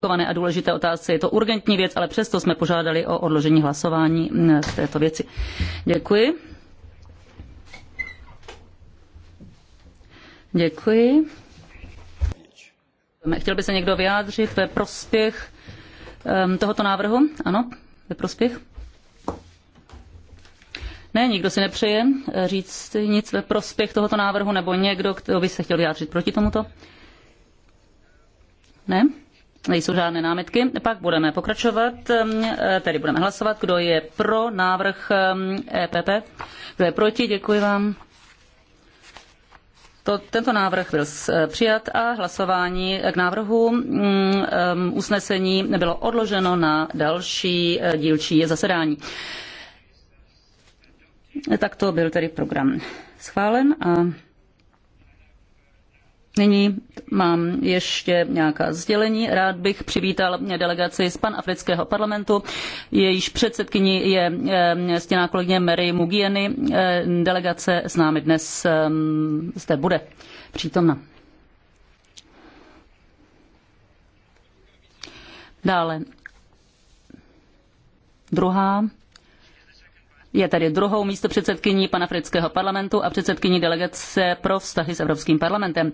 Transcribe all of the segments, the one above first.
komplikované a důležité otázce. Je to urgentní věc, ale přesto jsme požádali o odložení hlasování eh, v této věci. Děkuji. Děkuji. Chtěl by se někdo vyjádřit ve prospěch ehm, tohoto návrhu? Ano, ve prospěch? Ne, nikdo si nepřeje eh, říct nic ve prospěch tohoto návrhu, nebo někdo, kdo by se chtěl vyjádřit proti tomuto? Ne? nejsou žádné námitky, pak budeme pokračovat, um, eh, tedy budeme hlasovat, kdo je pro návrh um, EPP, kdo je proti, děkuji vám. To, tento návrh byl eh, přijat a hlasování k návrhu mm, um, usnesení bylo odloženo na další eh, dílčí zasedání. Tak to byl tedy program schválen a Nyní mám ještě nějaká sdělení. Rád bych přivítal delegaci z panafrického parlamentu. Jejíž předsedkyní je eh, stěná kolegyně Mary Mugieny. Eh, delegace s námi dnes eh, zde bude přítomna. Dále. Druhá je tady druhou místo předsedkyní panafrického parlamentu a předsedkyní delegace pro vztahy s Evropským parlamentem.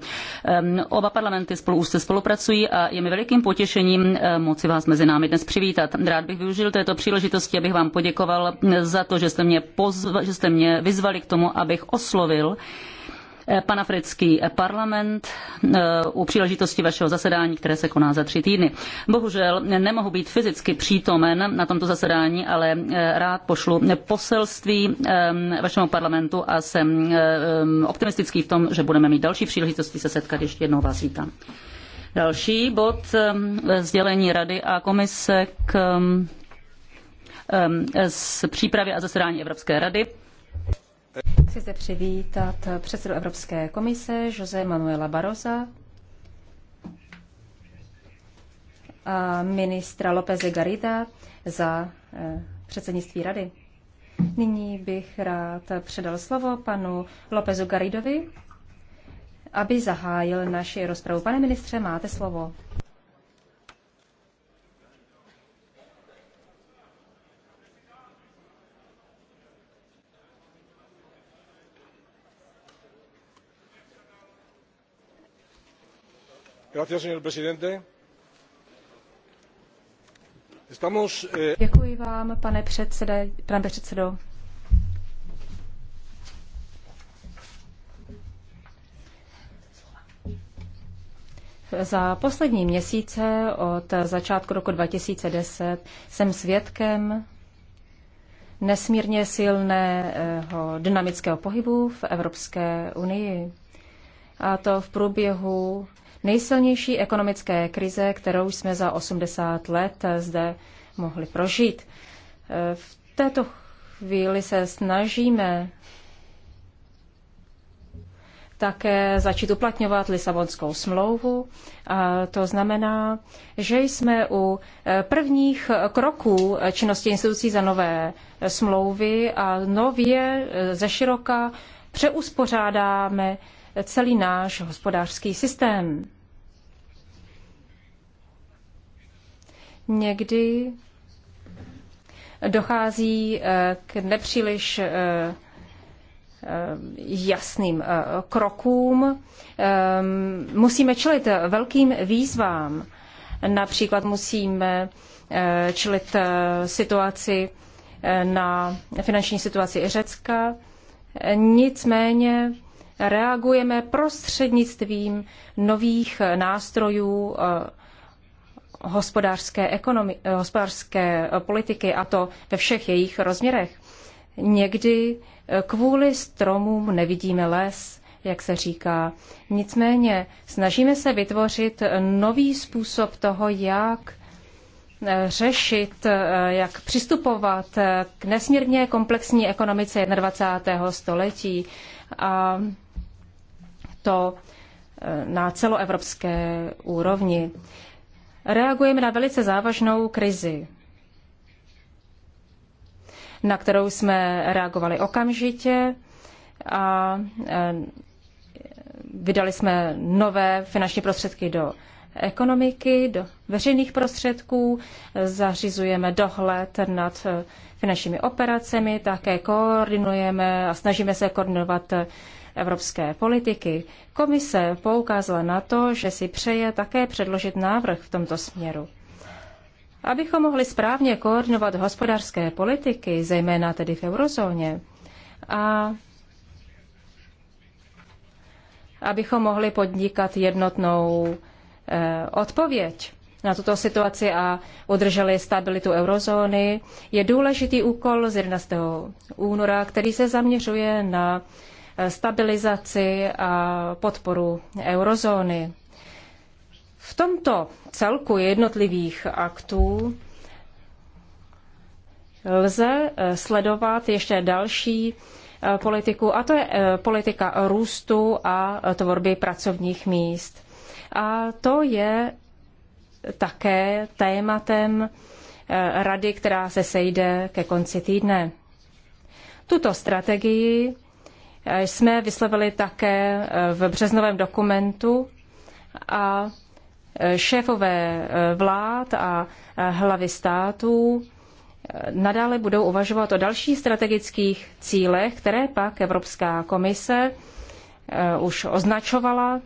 Oba parlamenty spolu úzce spolupracují a je mi velikým potěšením moci vás mezi námi dnes přivítat. Rád bych využil této příležitosti, abych vám poděkoval za to, že jste mě, pozva, že jste mě vyzvali k tomu, abych oslovil Eh, panafrický parlament eh, u příležitosti vašeho zasedání, které se koná za tři týdny. Bohužel nemohu být fyzicky přítomen na tomto zasedání, ale eh, rád pošlu poselství vašemu parlamentu a jsem optimistický v tom, že budeme mít další příležitosti se setkat. Ještě jednou vás vítám. Další bod sdělení Rady a komise k z přípravy a zasedání Evropské rady. Chci zde přivítat předsedu Evropské komise Jose Manuela Barroza a ministra Lópeze Garida za eh, předsednictví rady. Nyní bych rád předal slovo panu Lópezu Garidovi, aby zahájil naši rozpravu. Pane ministře, máte slovo. señor presidente. Estamos... Eh, Děkuji vám, pane, předsede, pane předsedo. Za poslední měsíce od začátku roku 2010 jsem svědkem nesmírně silného dynamického pohybu v Evropské unii. A to v průběhu nejsilnější ekonomické krize, kterou jsme za 80 let zde mohli prožít. V této chvíli se snažíme také začít uplatňovat Lisabonskou smlouvu. A to znamená, že jsme u prvních kroků činnosti institucí za nové smlouvy a nově ze široka přeuspořádáme celý náš hospodářský systém. někdy dochází eh, k nepříliš eh, eh, jasným krokům. Musíme čelit velkým výzvám. Například musíme čelit situaci na finanční situaci Řecka. Nicméně reagujeme prostřednictvím nových nástrojů hospodářské, ekonomi, eh, hospodářské eh, politiky, a to ve všech jejich rozměrech. Někdy eh, kvůli stromům nevidíme les, jak se říká. Nicméně snažíme se vytvořit nový způsob toho, jak řešit, jak přistupovat k nesmírně komplexní ekonomice 21. století a to na celoevropské úrovni reagujeme na velice závažnou krizi, na kterou jsme reagovali okamžitě a e, vydali jsme nové finanční prostředky do ekonomiky, do veřejných prostředků, zařizujeme dohled nad finančními operacemi, také koordinujeme a snažíme se koordinovat evropské politiky, komise poukázala na to, že si přeje také předložit návrh v tomto směru. Abychom mohli správně koordinovat hospodářské politiky, zejména tedy v eurozóně, a abychom mohli podnikat jednotnou eh, odpověď na tuto situaci a udrželi stabilitu eurozóny, je důležitý úkol z 11. února, který se zaměřuje na stabilizaci a podporu eurozóny. V tomto celku jednotlivých aktů lze eh, sledovat ještě další eh, politiku, a to je eh, politika růstu a tvorby pracovních míst. A to je také tématem rady, která se sejde ke konci týdne. Tuto strategii jsme vyslovili také eh, v březnovém dokumentu a eh, šéfové eh, vlád a hlavy států nadále budou uvažovat o dalších strategických cílech, které pak Evropská komise už označovala.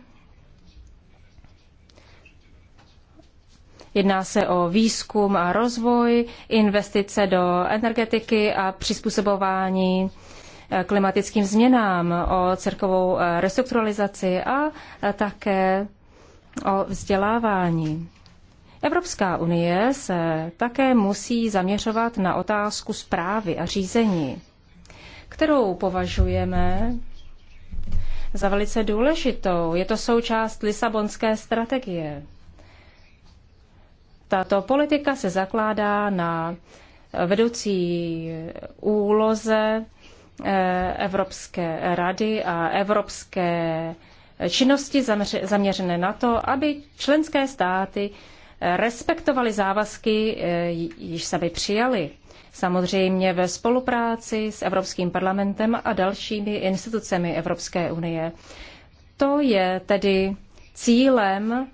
Jedná se o výzkum a rozvoj, investice do energetiky a přizpůsobování klimatickým změnám, o církovou eh, restrukturalizaci a eh, také o vzdělávání. Evropská unie se také musí zaměřovat na otázku zprávy a řízení, kterou považujeme za velice důležitou. Je to součást Lisabonské strategie. Tato politika se zakládá na vedoucí úloze Eh, evropské rady a evropské činnosti zaměřené na to, aby členské státy eh, respektovaly závazky, eh, již sami přijali. Samozřejmě ve spolupráci s Evropským parlamentem a dalšími institucemi Evropské unie. To je tedy cílem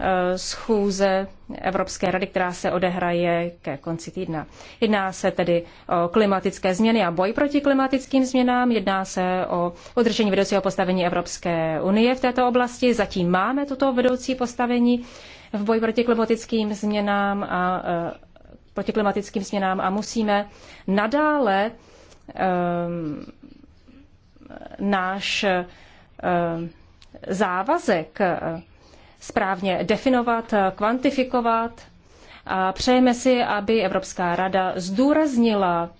Eh, schůze Evropské rady, která se odehraje ke konci týdne. Jedná se tedy o klimatické změny a boj proti klimatickým změnám, jedná se o udržení vedoucího postavení Evropské unie v této oblasti. Zatím máme toto vedoucí postavení v boji proti klimatickým změnám a eh, proti klimatickým změnám a musíme nadále um, náš um, závazek správně definovat, kvantifikovat. A přejeme si, aby Evropská rada zdůraznila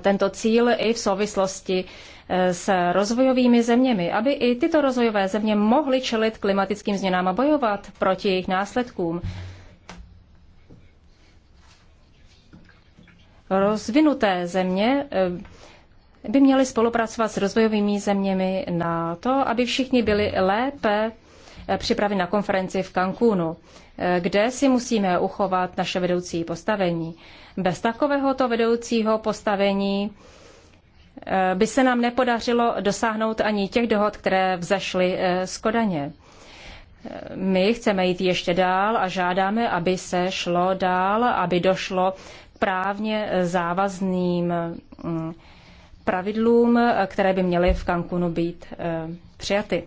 tento cíl i v souvislosti eh, s rozvojovými zeměmi, aby i tyto rozvojové země mohly čelit klimatickým změnám a bojovat proti jejich následkům. Rozvinuté země eh, by měly spolupracovat s rozvojovými zeměmi na to, aby všichni byli lépe Eh, Přípravy na konferenci v Cancúnu, eh, kde si musíme uchovat naše vedoucí postavení. Bez takovéhoto vedoucího postavení eh, by se nám nepodařilo dosáhnout ani těch dohod, které vzešly z Kodaně. My chceme jít ještě dál a žádáme, aby se šlo dál, aby došlo k právně závazným mm, pravidlům, které by měly v Cancunu být přijaty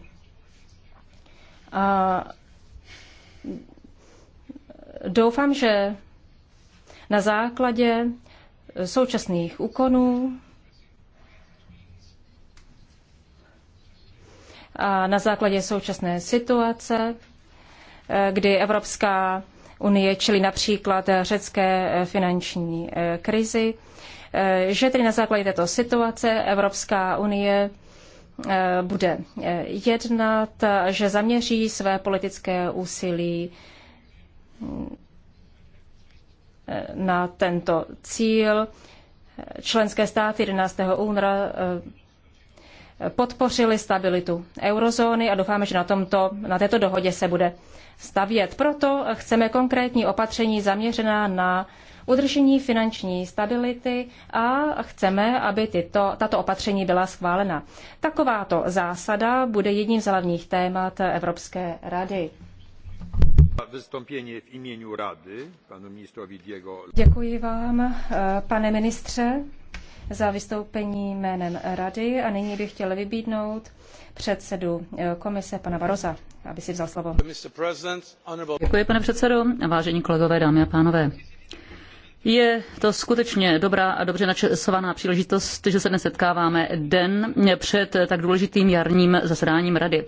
doufám, že na základě současných úkonů a na základě současné situace, kdy Evropská unie čili například řecké finanční eh, krizi, eh, že tedy na základě této situace Evropská unie Eh, bude eh, jednat, že zaměří své politické úsilí eh, na tento cíl. Členské státy 11. února podpořili stabilitu eurozóny a doufáme, že na, tomto, na této dohodě se bude stavět. Proto chceme konkrétní opatření zaměřená na udržení finanční stability a chceme, aby tyto, tato opatření byla schválena. Takováto zásada bude jedním z hlavních témat Evropské rady. Vystoupení rady Děkuji vám, eh, pane ministře, za vystoupení jménem rady a nyní bych chtěl vybídnout předsedu eh, komise pana Baroza, aby si vzal slovo. Děkuji, pane předsedo, vážení kolegové, dámy a pánové. Je to skutečně dobrá a dobře načasovaná příležitost, že se dnes setkáváme den před tak důležitým jarním zasedáním Rady.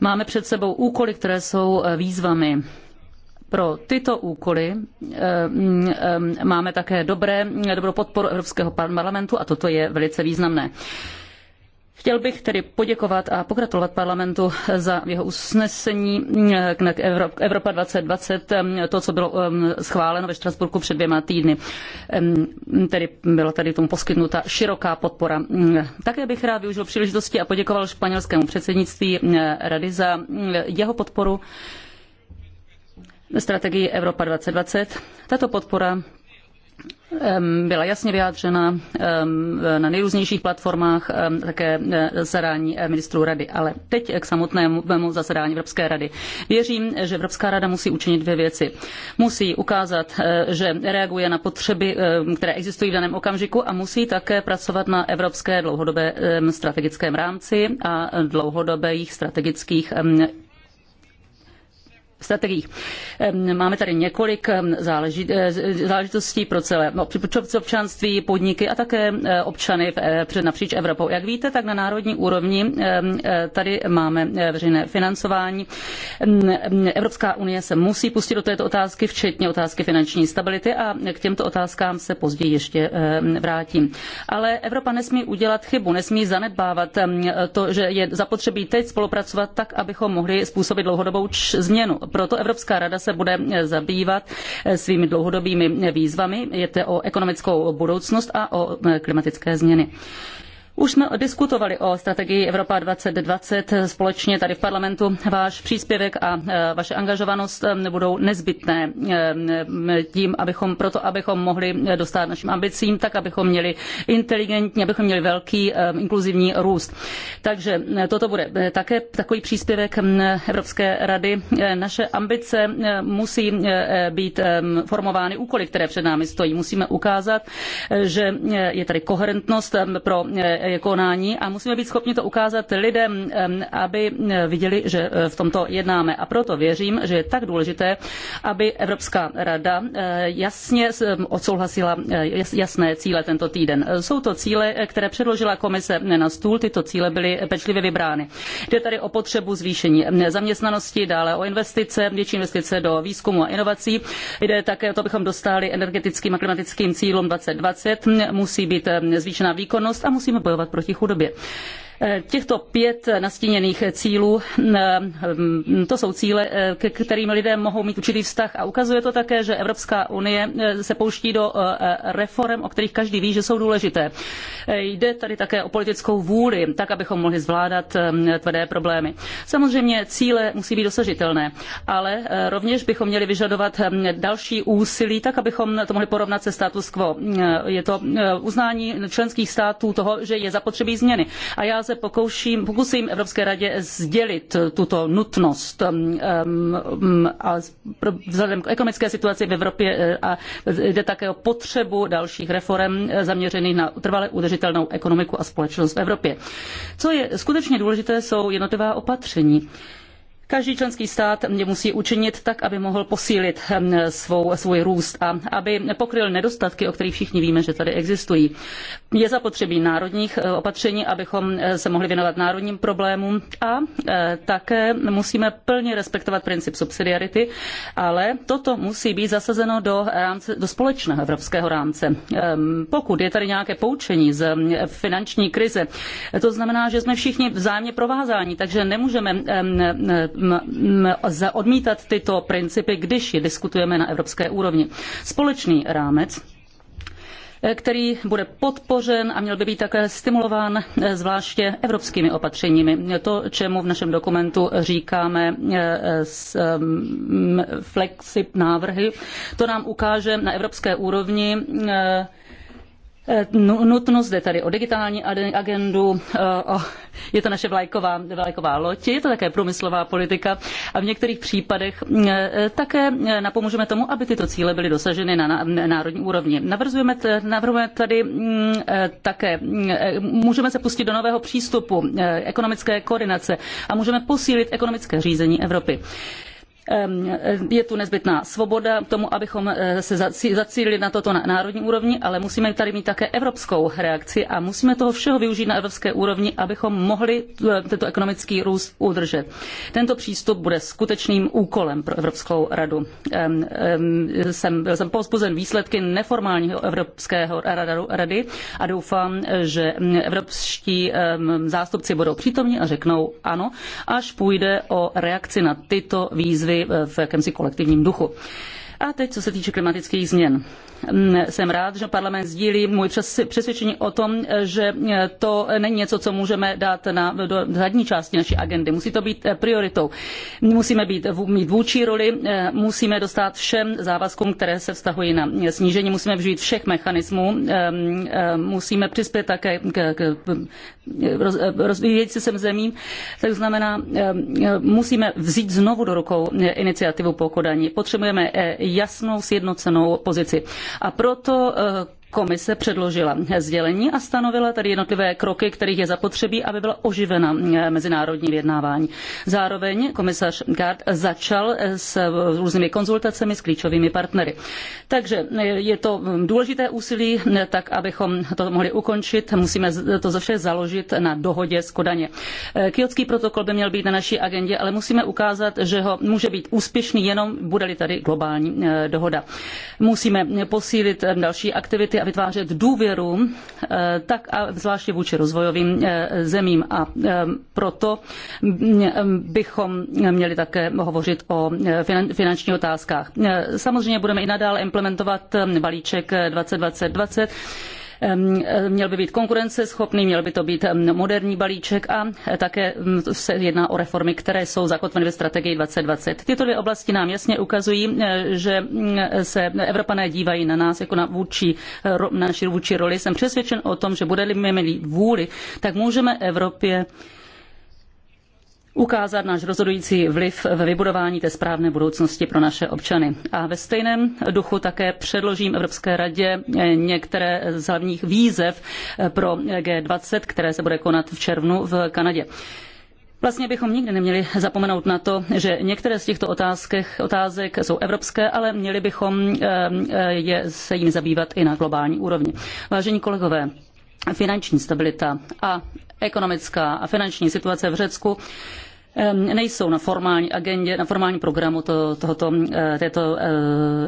Máme před sebou úkoly, které jsou výzvami. Pro tyto úkoly eh, mm, eh, máme také dobré, dobrou podporu Evropského parlamentu a toto je velice významné. Chtěl bych tedy poděkovat a pogratulovat parlamentu za jeho usnesení k Evropa 2020, to, co bylo schváleno ve Štrasburku před dvěma týdny. Tedy byla tady tomu poskytnuta široká podpora. Také bych rád využil příležitosti a poděkoval španělskému předsednictví Rady za jeho podporu strategii Evropa 2020. Tato podpora byla jasně vyjádřena na nejrůznějších platformách také eh, zasedání eh, ministrů rady. Ale teď k samotnému zasedání Evropské rady. Věřím, že Evropská rada musí učinit dvě věci. Musí ukázat, eh, že reaguje na potřeby, které existují v daném okamžiku a musí také pracovat na evropské dlouhodobé strategickém rámci a dlouhodobých strategických strategiích. Máme tady několik e, e, záležitostí pro celé no, občanství, podniky a také e, občany napříč Evropou. Jak víte, tak na národní úrovni tady máme veřejné financování. Evropská unie se musí pustit do této otázky, včetně otázky finanční stability a k těmto otázkám se později ještě vrátím. Ale Evropa nesmí udělat chybu, nesmí zanedbávat to, že je zapotřebí teď spolupracovat tak, abychom mohli způsobit dlouhodobou změnu proto Evropská rada se bude zabývat eh, svými dlouhodobými výzvami. Je to o ekonomickou budoucnost a o eh, klimatické změny. Už jsme diskutovali o strategii Evropa 2020 společně tady v parlamentu. Váš příspěvek a e, vaše angažovanost e, budou nezbytné e, tím, abychom, proto abychom mohli dostat našim ambicím, tak abychom měli inteligentní, abychom měli velký inkluzivní růst. Takže toto bude také takový příspěvek Evropské rady. Naše ambice musí být formovány úkoly, které před námi stojí. Musíme ukázat, že je tady koherentnost pro Eh, konání a musíme být schopni to ukázat lidem, aby eh, viděli, že eh, v tomto jednáme. A proto věřím, že je tak důležité, aby Evropská rada jasně odsouhlasila jasné cíle tento týden. Jsou to cíle, které předložila komise na stůl, tyto cíle byly pečlivě vybrány. Jde tady o potřebu zvýšení zaměstnanosti, dále o investice, větší investice do výzkumu a inovací. Jde také o to, abychom dostali energetickým a klimatickým cílům 2020. Musí být zvýšena výkonnost a musíme bojovat proti chudobě. Těchto pět nastíněných cílů, eh, to jsou cíle, eh, k kterým lidé mohou mít určitý vztah a ukazuje to také, že Evropská unie eh, se pouští do reform, o kterých každý ví, že jsou důležité. Jde tady také o politickou vůli, tak abychom mohli zvládat tvrdé problémy. Samozřejmě cíle musí být dosažitelné, ale rovněž bychom měli vyžadovat další úsilí, tak abychom to mohli porovnat se status quo. Je to uznání členských států toho, že je zapotřebí změny. A já se pokouším, pokusím Evropské radě sdělit tuto nutnost um, um, a vzhledem k ekonomické situaci v Evropě eh, a jde také o potřebu dalších reform eh, zaměřených na trvale udržitelnou ekonomiku a společnost v Evropě. Co je skutečně důležité, jsou jednotlivá opatření. Každý členský stát musí učinit tak, aby mohl posílit hm, svou, svůj růst a aby pokryl nedostatky, o kterých všichni víme, že tady existují. Je zapotřebí národních eh, opatření, abychom eh, se mohli věnovat národním problémům a eh, také musíme plně respektovat princip subsidiarity, ale toto musí být zasazeno do, rámce, do společného evropského rámce. Ehm, pokud je tady nějaké poučení z hm, finanční krize, to znamená, že jsme všichni vzájemně provázáni, takže nemůžeme hm, odmítat tyto principy, když je diskutujeme na evropské úrovni. Společný rámec e, který bude podpořen a měl by být také stimulován e, zvláště evropskými opatřeními. To, čemu v našem dokumentu říkáme e, flexip návrhy, to nám ukáže na evropské úrovni Eh, nutnost, jde tady o digitální agendu, eh, o, je to naše vlajková, vlajková loď, je to také průmyslová politika a v některých případech eh, také napomůžeme tomu, aby tyto cíle byly dosaženy na národní úrovni. Navrzujeme, navrhujeme tady mm, také, mm, můžeme se pustit do nového přístupu ekonomické koordinace a můžeme posílit ekonomické řízení Evropy. Ehm, je tu nezbytná svoboda k tomu, abychom eh, se zacílili na toto na národní úrovni, ale musíme tady mít také evropskou reakci a musíme toho všeho využít na evropské úrovni, abychom mohli eh, tento ekonomický růst udržet. Tento přístup bude skutečným úkolem pro Evropskou radu. Ehm, ehm, jsem, byl jsem pozbuzen výsledky neformálního Evropského rady a doufám, že evropští zástupci budou přítomni a řeknou ano, až půjde o reakci na tyto výzvy v jakémsi kolektivním duchu. A teď, co se týče klimatických změn. Mm, jsem rád, že parlament sdílí můj přesvědčení o tom, že to není něco, co můžeme dát na, do zadní části naší agendy. Musí to být eh, prioritou. Musíme být, mít vůči roli, eh, musíme dostat všem závazkům, které se vztahují na snížení, musíme vžít všech mechanismů, eh, musíme přispět také k, k roz, rozvíjejícím se zemím. To znamená, musíme vzít znovu do rukou iniciativu po Kodani. Potřebujeme jasnou sjednocenou pozici. A proto eh, Komise předložila sdělení a stanovila tady jednotlivé kroky, kterých je zapotřebí, aby byla oživena eh, mezinárodní vyjednávání. Zároveň komisař Gard začal eh, s eh, různými konzultacemi s klíčovými partnery. Takže je to mm, důležité úsilí, tak abychom to mohli ukončit, musíme to za vše založit na dohodě z Kodaně. Kyotský protokol by měl být na naší agendě, ale musíme ukázat, že ho může být úspěšný jenom bude-li tady globální dohoda. Musíme posílit další aktivity a vytvářet důvěru, eh, tak a zvláště vůči rozvojovým eh, zemím. A eh, proto mm, bychom měli také hovořit o finančních otázkách. Samozřejmě budeme i nadále implementovat balíček 2020 20 Eh, měl by být konkurenceschopný, měl by to být moderní balíček a eh, také se jedná o reformy, které jsou zakotveny ve strategii 2020. Tyto dvě oblasti nám jasně ukazují, eh, že mm, se Evropané dívají na nás jako na, vůči, na naši vůči roli. Jsem přesvědčen o tom, že budeme-li vůli, tak můžeme Evropě ukázat náš rozhodující vliv ve vybudování té správné budoucnosti pro naše občany. A ve stejném duchu také předložím Evropské radě eh, některé z hlavních výzev eh, pro G20, které se bude konat v červnu v Kanadě. Vlastně bychom nikdy neměli zapomenout na to, že některé z těchto otázek jsou evropské, ale měli bychom eh, je, se jimi zabývat i na globální úrovni. Vážení kolegové, finanční stabilita a ekonomická a finanční situace v Řecku nejsou na formální agendě, na formální programu to, tohoto, této eh,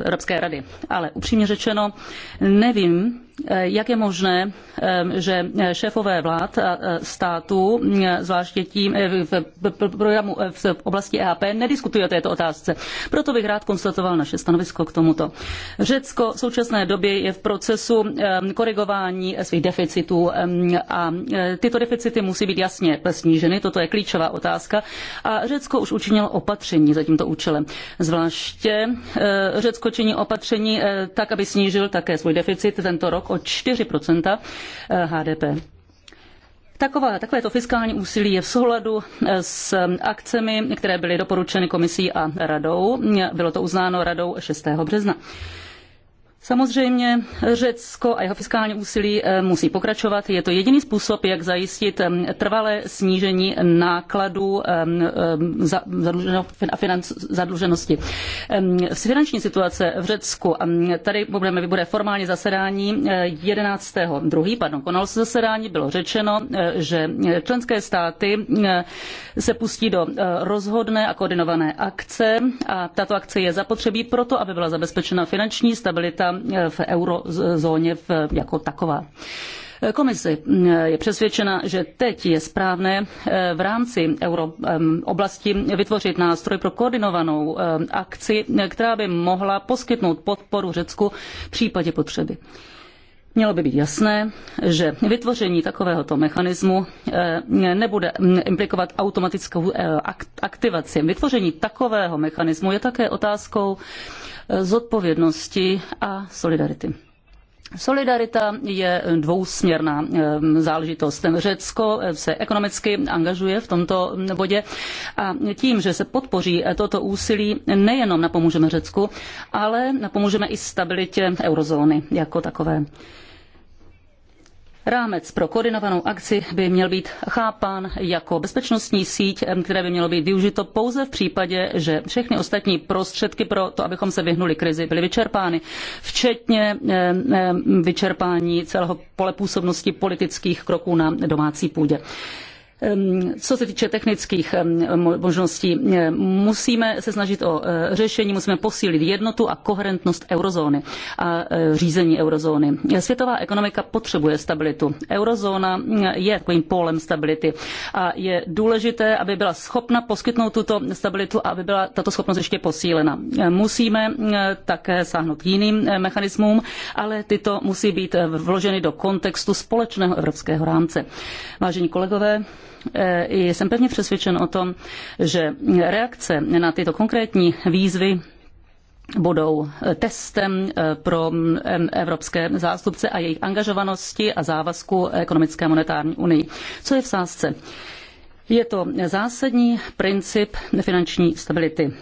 Evropské rady. Ale upřímně řečeno, nevím, Eh, jak je možné, eh, že šéfové vlád eh, států, zvláště tím v, programu, v oblasti EAP, nediskutují o této otázce. Proto bych rád konstatoval naše stanovisko k tomuto. Řecko v současné době je v procesu ehm, korigování svých deficitů ehm, a tyto deficity musí být jasně sníženy, toto je klíčová otázka. A Řecko už učinilo opatření za tímto účelem. Zvláště Řecko činí opatření tak, aby snížil také svůj deficit tento rok rok o 4 eh, HDP. Taková, takovéto fiskální úsilí je v souladu eh, s eh, akcemi, které byly doporučeny komisí a radou. Bylo to uznáno radou 6. března. Samozřejmě Řecko a jeho fiskální úsilí eh, musí pokračovat. Je to jediný způsob, jak zajistit trvalé snížení nákladů zadluženosti. Finanční situace v Řecku, tady budeme, bude formálně zasedání 11. Eh, 2. Pardon, konalo se zasedání, bylo řečeno, eh, že členské státy se pustí do rozhodné a koordinované akce a tato akce je zapotřebí proto, aby byla zabezpečena finanční stabilita v eurozóně jako taková. Komise je přesvědčena, že teď je správné eh, v rámci euro eh, oblasti vytvořit nástroj pro koordinovanou eh, akci, která by mohla poskytnout podporu Řecku v případě potřeby. Mělo by být jasné, že vytvoření takovéhoto mechanismu eh, nebude mm, implikovat automatickou eh, aktivaci. Vytvoření takového mechanismu je také otázkou eh, zodpovědnosti a solidarity. Solidarita je dvousměrná záležitost. Řecko se ekonomicky angažuje v tomto mm, bodě a tím, že se podpoří toto úsilí, nejenom napomůžeme Řecku, ale napomůžeme i stabilitě eurozóny jako takové. Rámec pro koordinovanou akci by měl být chápán jako bezpečnostní síť, které by mělo být využito pouze v případě, že všechny ostatní prostředky pro to, abychom se vyhnuli krizi, byly vyčerpány, včetně vyčerpání celého pole působnosti politických kroků na domácí půdě. Co se týče technických možností, musíme se snažit o e, řešení, musíme posílit jednotu a koherentnost eurozóny a e, řízení eurozóny. Světová ekonomika potřebuje stabilitu. Eurozóna e, je takovým pólem stability a je důležité, aby byla schopna poskytnout tuto stabilitu a aby byla tato schopnost ještě posílena. Musíme také sáhnout k jiným mechanismům, ale tyto musí být vloženy do kontextu společného evropského rámce. Vážení kolegové, Eh, jsem pevně přesvědčen o tom, že reakce na tyto konkrétní výzvy budou eh, testem eh, pro mm, evropské zástupce a jejich angažovanosti a závazku ekonomické a monetární unii. Co je v sázce? Je to zásadní princip finanční stability,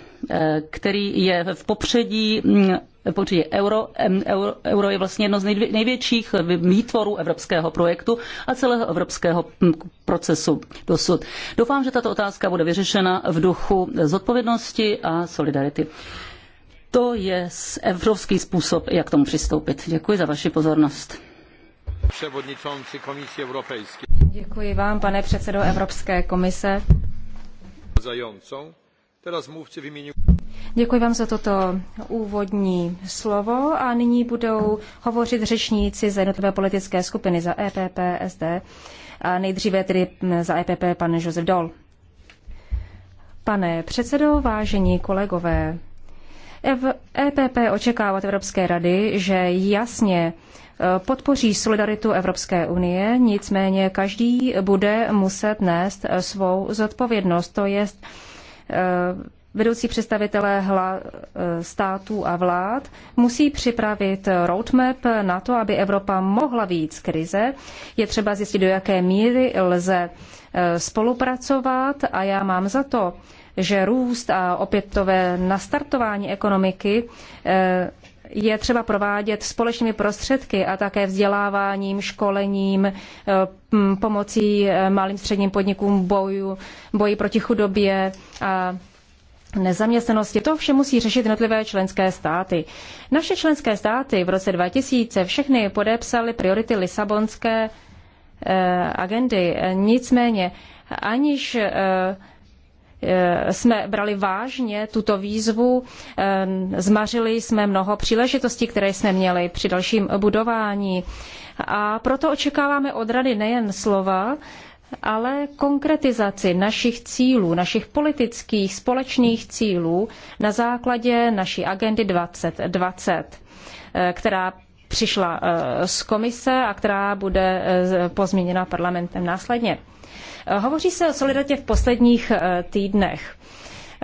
který je v popředí mm, Protože euro, euro, euro je vlastně jedno z největších eh, výtvorů evropského projektu a celého evropského hm, procesu dosud. Doufám, že tato otázka bude vyřešena v duchu zodpovědnosti a solidarity. To je evropský způsob, jak tomu přistoupit. Děkuji za vaši pozornost. Děkuji vám, pane předsedo Evropské komise. Teraz Děkuji vám za toto úvodní slovo a nyní budou hovořit řečníci za jednotlivé politické skupiny, za EPP, SD a nejdříve tedy za EPP pan Josef Dol. Pane předsedo, vážení kolegové, v EPP očekává od Evropské rady, že jasně eh, podpoří solidaritu Evropské unie, nicméně každý bude muset nést eh, svou zodpovědnost, to je vedoucí představitelé hla, e, států a vlád musí připravit roadmap na to, aby Evropa mohla víc krize. Je třeba zjistit, do jaké míry lze e, spolupracovat a já mám za to, že růst a opětové nastartování ekonomiky e, je třeba provádět společnými prostředky a také vzděláváním, školením, pomocí malým středním podnikům boju, boji proti chudobě a nezaměstnanosti. To vše musí řešit jednotlivé členské státy. Naše členské státy v roce 2000 všechny podepsaly priority Lisabonské eh, agendy. Nicméně, aniž eh, eh, jsme brali vážně tuto výzvu, zmařili jsme mnoho příležitostí, které jsme měli při dalším budování. A proto očekáváme od rady nejen slova, ale konkretizaci našich cílů, našich politických společných cílů na základě naší agendy 2020, eh, která přišla eh, z komise a která bude eh, pozměněna parlamentem následně. Hovoří se o solidaritě v posledních týdnech.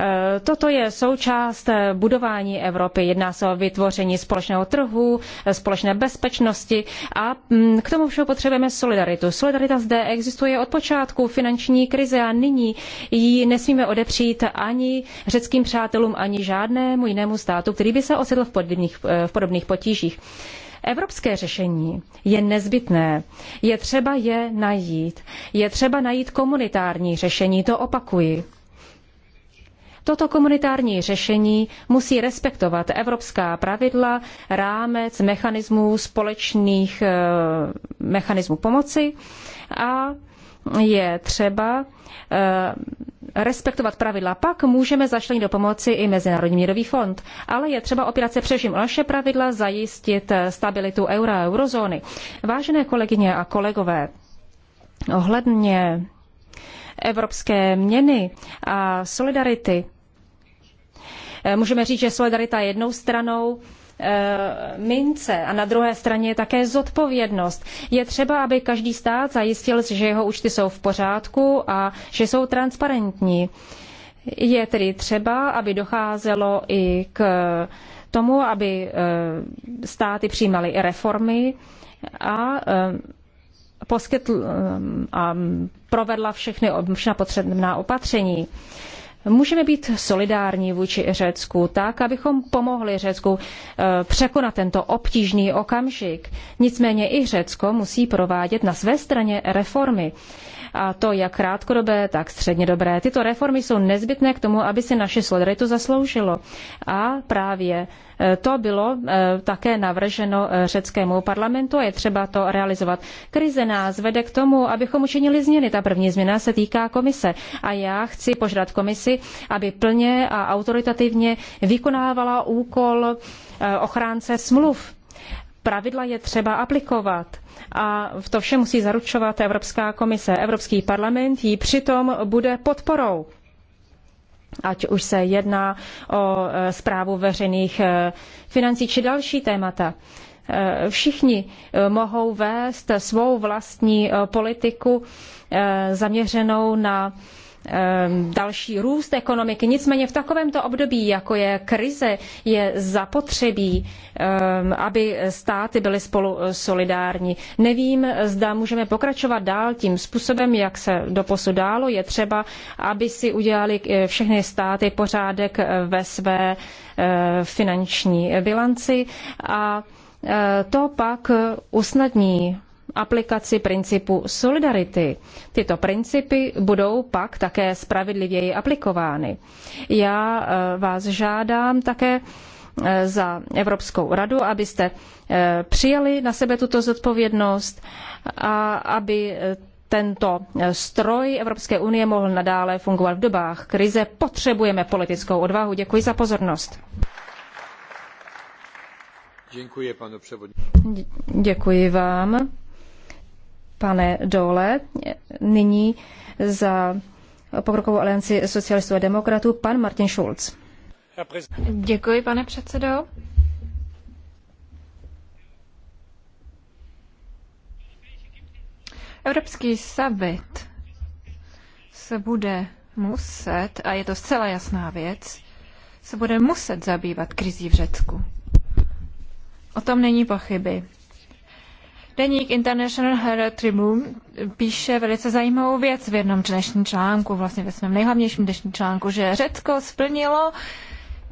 Eh, toto je součást eh, budování Evropy. Jedná se o vytvoření společného trhu, eh, společné bezpečnosti a mm, k tomu všeho potřebujeme solidaritu. Solidarita zde existuje od počátku finanční krize a nyní ji nesmíme odepřít ani řeckým přátelům, ani žádnému jinému státu, který by se osedl v podobných, v podobných potížích. Evropské řešení je nezbytné. Je třeba je najít. Je třeba najít komunitární řešení, to opakuji. Toto komunitární řešení musí respektovat evropská pravidla, rámec mechanismů společných eh, mechanismů pomoci a je třeba eh, respektovat pravidla, pak můžeme začlenit do pomoci i Mezinárodní mírový fond. Ale je třeba opírat se především o naše pravidla, zajistit eh, stabilitu eura a eurozóny. Vážené kolegyně a kolegové, ohledně evropské měny a solidarity Eh, můžeme říct, že solidarita je jednou stranou eh, mince a na druhé straně je také zodpovědnost. Je třeba, aby každý stát zajistil, že jeho účty jsou v pořádku a že jsou transparentní. Je tedy třeba, aby docházelo i k tomu, aby eh, státy přijímaly reformy a poskytl a provedla všechny, všechna potřebná opatření. Můžeme být solidární vůči Řecku tak, abychom pomohli Řecku eh, překonat tento obtížný okamžik. Nicméně i Řecko musí provádět na své straně reformy a to jak krátkodobé, tak střednědobé. Tyto reformy jsou nezbytné k tomu, aby si naše solidaritu zasloužilo. A právě e, to bylo e, také navrženo e, řeckému parlamentu a je třeba to realizovat. Krize nás vede k tomu, abychom učinili změny. Ta první změna se týká komise a já chci požádat komisi, aby plně a autoritativně vykonávala úkol ochránce smluv pravidla je třeba aplikovat. A v to vše musí zaručovat Evropská komise. Evropský parlament ji přitom bude podporou ať už se jedná o e, zprávu veřejných e, financí či další témata. E, všichni mohou vést svou vlastní politiku zaměřenou na Ehm, další růst ekonomiky. Nicméně v takovémto období, jako je krize, je zapotřebí, ehm, aby státy byly spolu eh, solidární. Nevím, zda můžeme pokračovat dál tím způsobem, jak se doposud dálo. Je třeba, aby si udělali eh, všechny státy pořádek eh, ve své finanční bilanci a to pak usnadní aplikaci principu solidarity. Tyto principy budou pak také spravedlivěji aplikovány. Já eh, vás žádám také eh, za Evropskou radu, abyste eh, přijali na sebe tuto zodpovědnost a aby tento stroj Evropské unie mohl nadále fungovat v dobách krize. Potřebujeme politickou odvahu. Děkuji za pozornost. Děkuji, panu Děkuji vám pane Dole. Nyní za pokrokovou alianci socialistů a demokratů pan Martin Schulz. Děkuji, pane předsedo. Evropský savit se bude muset, a je to zcela jasná věc, se bude muset zabývat krizí v Řecku. O tom není pochyby. Deník International Herald Tribune píše velice zajímavou věc v jednom dnešním článku, vlastně ve svém nejhlavnějším dnešním článku, že Řecko splnilo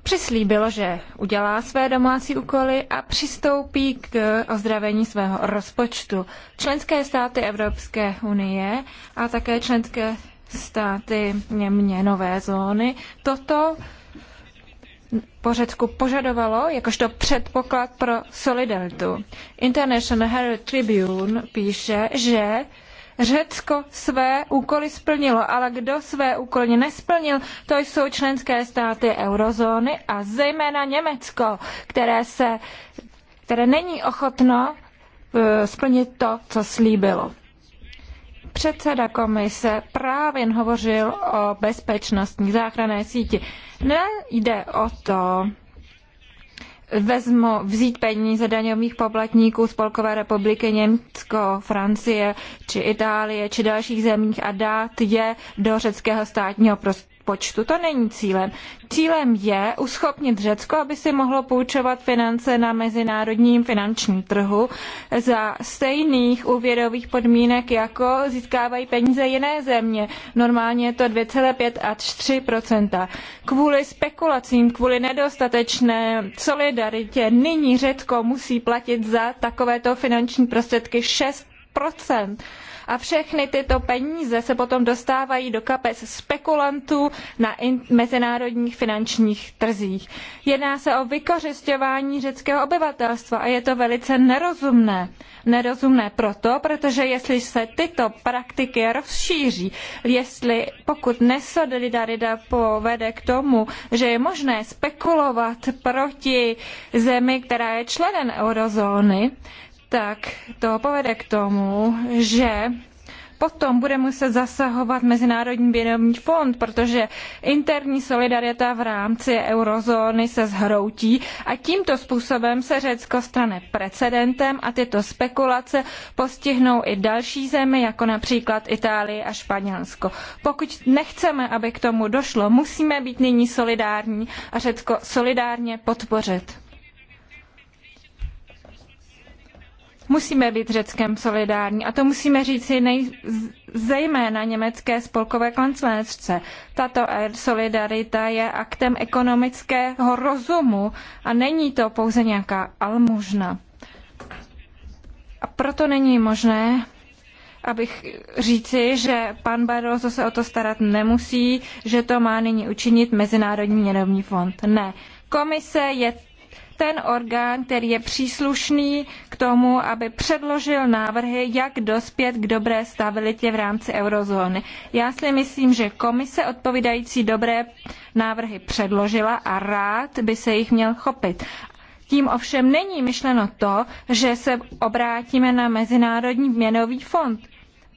Přislíbilo, že udělá své domácí úkoly a přistoupí k ozdravení svého rozpočtu. Členské státy Evropské unie a také členské státy měnové zóny toto po Řecku požadovalo jakožto předpoklad pro solidaritu. International Herald Tribune píše, že Řecko své úkoly splnilo, ale kdo své úkoly nesplnil, to jsou členské státy eurozóny a zejména Německo, které, se, které není ochotno eh, splnit to, co slíbilo předseda komise právě hovořil o bezpečnostní záchranné síti. Nejde o to, vezmo vzít peníze daňových poplatníků Spolkové republiky Německo, Francie či Itálie či dalších zemích a dát je do řeckého státního prostoru počtu. To není cílem. Cílem je uschopnit Řecko, aby si mohlo půjčovat finance na mezinárodním finančním trhu za stejných úvěrových podmínek, jako získávají peníze jiné země. Normálně je to 2,5 až 3 Kvůli spekulacím, kvůli nedostatečné solidaritě nyní Řecko musí platit za takovéto finanční prostředky 6 a všechny tyto peníze se potom dostávají do kapes spekulantů na mezinárodních finančních trzích. Jedná se o vykořišťování řeckého obyvatelstva a je to velice nerozumné. Nerozumné proto, protože jestli se tyto praktiky rozšíří, jestli pokud nesolidarita povede k tomu, že je možné spekulovat proti zemi, která je členem eurozóny, tak to povede k tomu, že potom bude muset zasahovat Mezinárodní věnovní fond, protože interní solidarita v rámci eurozóny se zhroutí a tímto způsobem se Řecko stane precedentem a tyto spekulace postihnou i další zemi, jako například Itálii a Španělsko. Pokud nechceme, aby k tomu došlo, musíme být nyní solidární a Řecko solidárně podpořit. Musíme být Řeckem solidární a to musíme říci nej, zejména německé spolkové kancelářce. Tato er- solidarita je aktem ekonomického rozumu a není to pouze nějaká almužna. A proto není možné, abych říci, že pan Barroso se o to starat nemusí, že to má nyní učinit Mezinárodní měnový fond. Ne. Komise je ten orgán, který je příslušný k tomu, aby předložil návrhy, jak dospět k dobré stabilitě v rámci eurozóny. Já si myslím, že komise odpovídající dobré návrhy předložila a rád by se jich měl chopit. Tím ovšem není myšleno to, že se obrátíme na Mezinárodní měnový fond.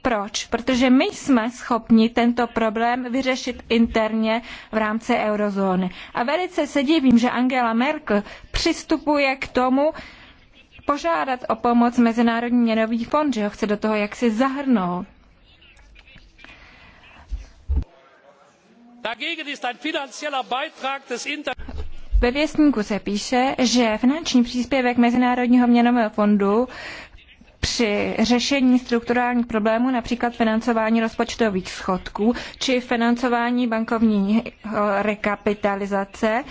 Proč? Protože my jsme schopni tento problém vyřešit interně v rámci eurozóny. A velice se divím, že Angela Merkel přistupuje k tomu požádat o pomoc Mezinárodní měnový fond, že ho chce do toho jaksi zahrnout. ve věstníku se píše, že finanční příspěvek Mezinárodního měnového fondu při řešení strukturálních problémů, například financování rozpočtových schodků či financování bankovní rekapitalizace,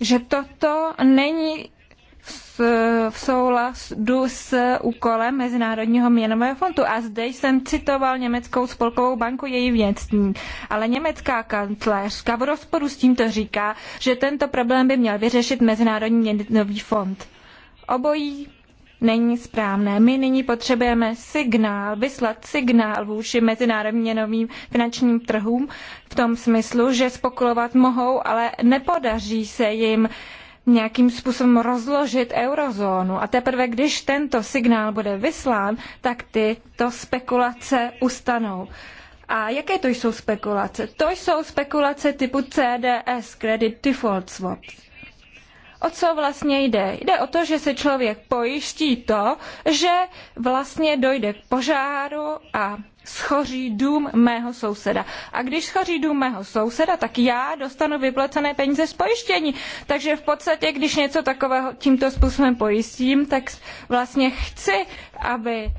že toto není v souladu s úkolem Mezinárodního měnového fondu. A zde jsem citoval Německou spolkovou banku, její věcní. Ale německá kancléřka v rozporu s tímto říká, že tento problém by měl vyřešit Mezinárodní měnový fond. Obojí není správné. My nyní potřebujeme signál, vyslat signál vůči mezinárodním měnovým finančním trhům v tom smyslu, že spekulovat mohou, ale nepodaří se jim nějakým způsobem rozložit eurozónu. A teprve, když tento signál bude vyslán, tak tyto spekulace ustanou. A jaké to jsou spekulace? To jsou spekulace typu CDS, Credit Default Swaps. O co vlastně jde? Jde o to, že se člověk pojiští to, že vlastně dojde k požáru a schoří dům mého souseda. A když schoří dům mého souseda, tak já dostanu vyplacené peníze z pojištění. Takže v podstatě, když něco takového tímto způsobem pojistím, tak vlastně chci, aby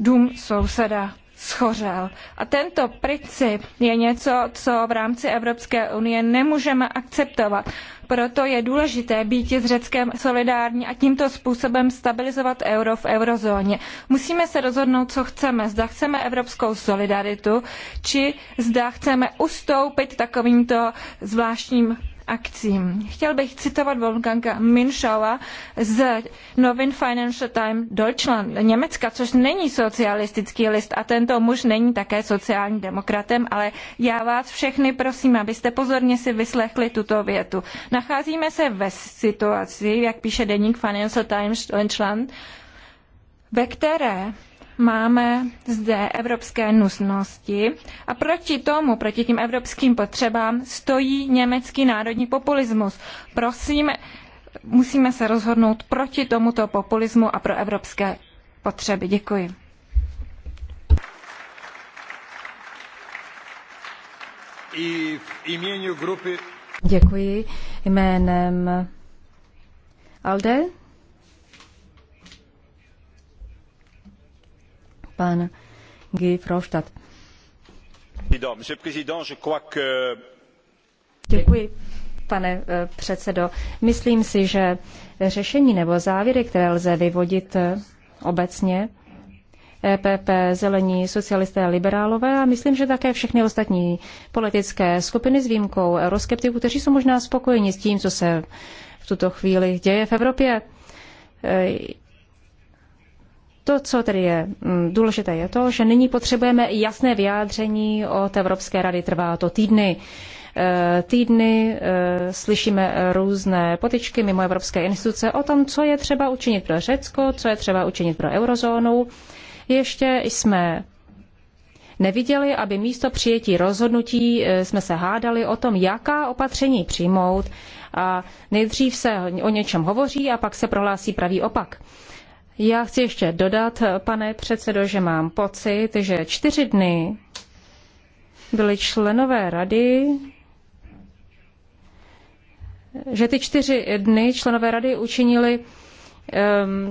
dům souseda schořel. A tento princip je něco, co v rámci Evropské unie nemůžeme akceptovat. Proto je důležité být s Řeckem solidární a tímto způsobem stabilizovat euro v eurozóně. Musíme se rozhodnout, co chceme. Zda chceme evropskou solidaritu, či zda chceme ustoupit takovýmto zvláštním akcím. Chtěl bych citovat Wolfganga Minschauer z novin Financial Times Deutschland Německa, což není socialistický list a tento muž není také sociálním demokratem, ale já vás všechny prosím, abyste pozorně si vyslechli tuto větu. Nacházíme se ve situaci, jak píše deník Financial Times Deutschland, ve které máme zde evropské nutnosti a proti tomu, proti tím evropským potřebám, stojí německý národní populismus. Prosím, musíme se rozhodnout proti tomuto populismu a pro evropské potřeby. Děkuji. I v imieniu grupy... Děkuji. Jménem Alde pan Guy Děkuji, pane eh, předsedo. Myslím si, že řešení nebo závěry, které lze vyvodit eh, obecně, EPP, Zelení, socialisté a liberálové a myslím, že také všechny ostatní politické skupiny s výjimkou euroskeptiků, kteří jsou možná spokojeni s tím, co se v tuto chvíli děje v Evropě. E, to, co tedy je mm, důležité, je to, že nyní potřebujeme jasné vyjádření od Evropské rady. Trvá to týdny. E, týdny e, slyšíme různé potičky mimo evropské instituce o tom, co je třeba učinit pro Řecko, co je třeba učinit pro eurozónu. Ještě jsme neviděli, aby místo přijetí rozhodnutí e, jsme se hádali o tom, jaká opatření přijmout. A nejdřív se o něčem hovoří a pak se prohlásí pravý opak. Já chci ještě dodat, pane předsedo, že mám pocit, že čtyři dny byli členové rady, že ty čtyři dny členové rady učinili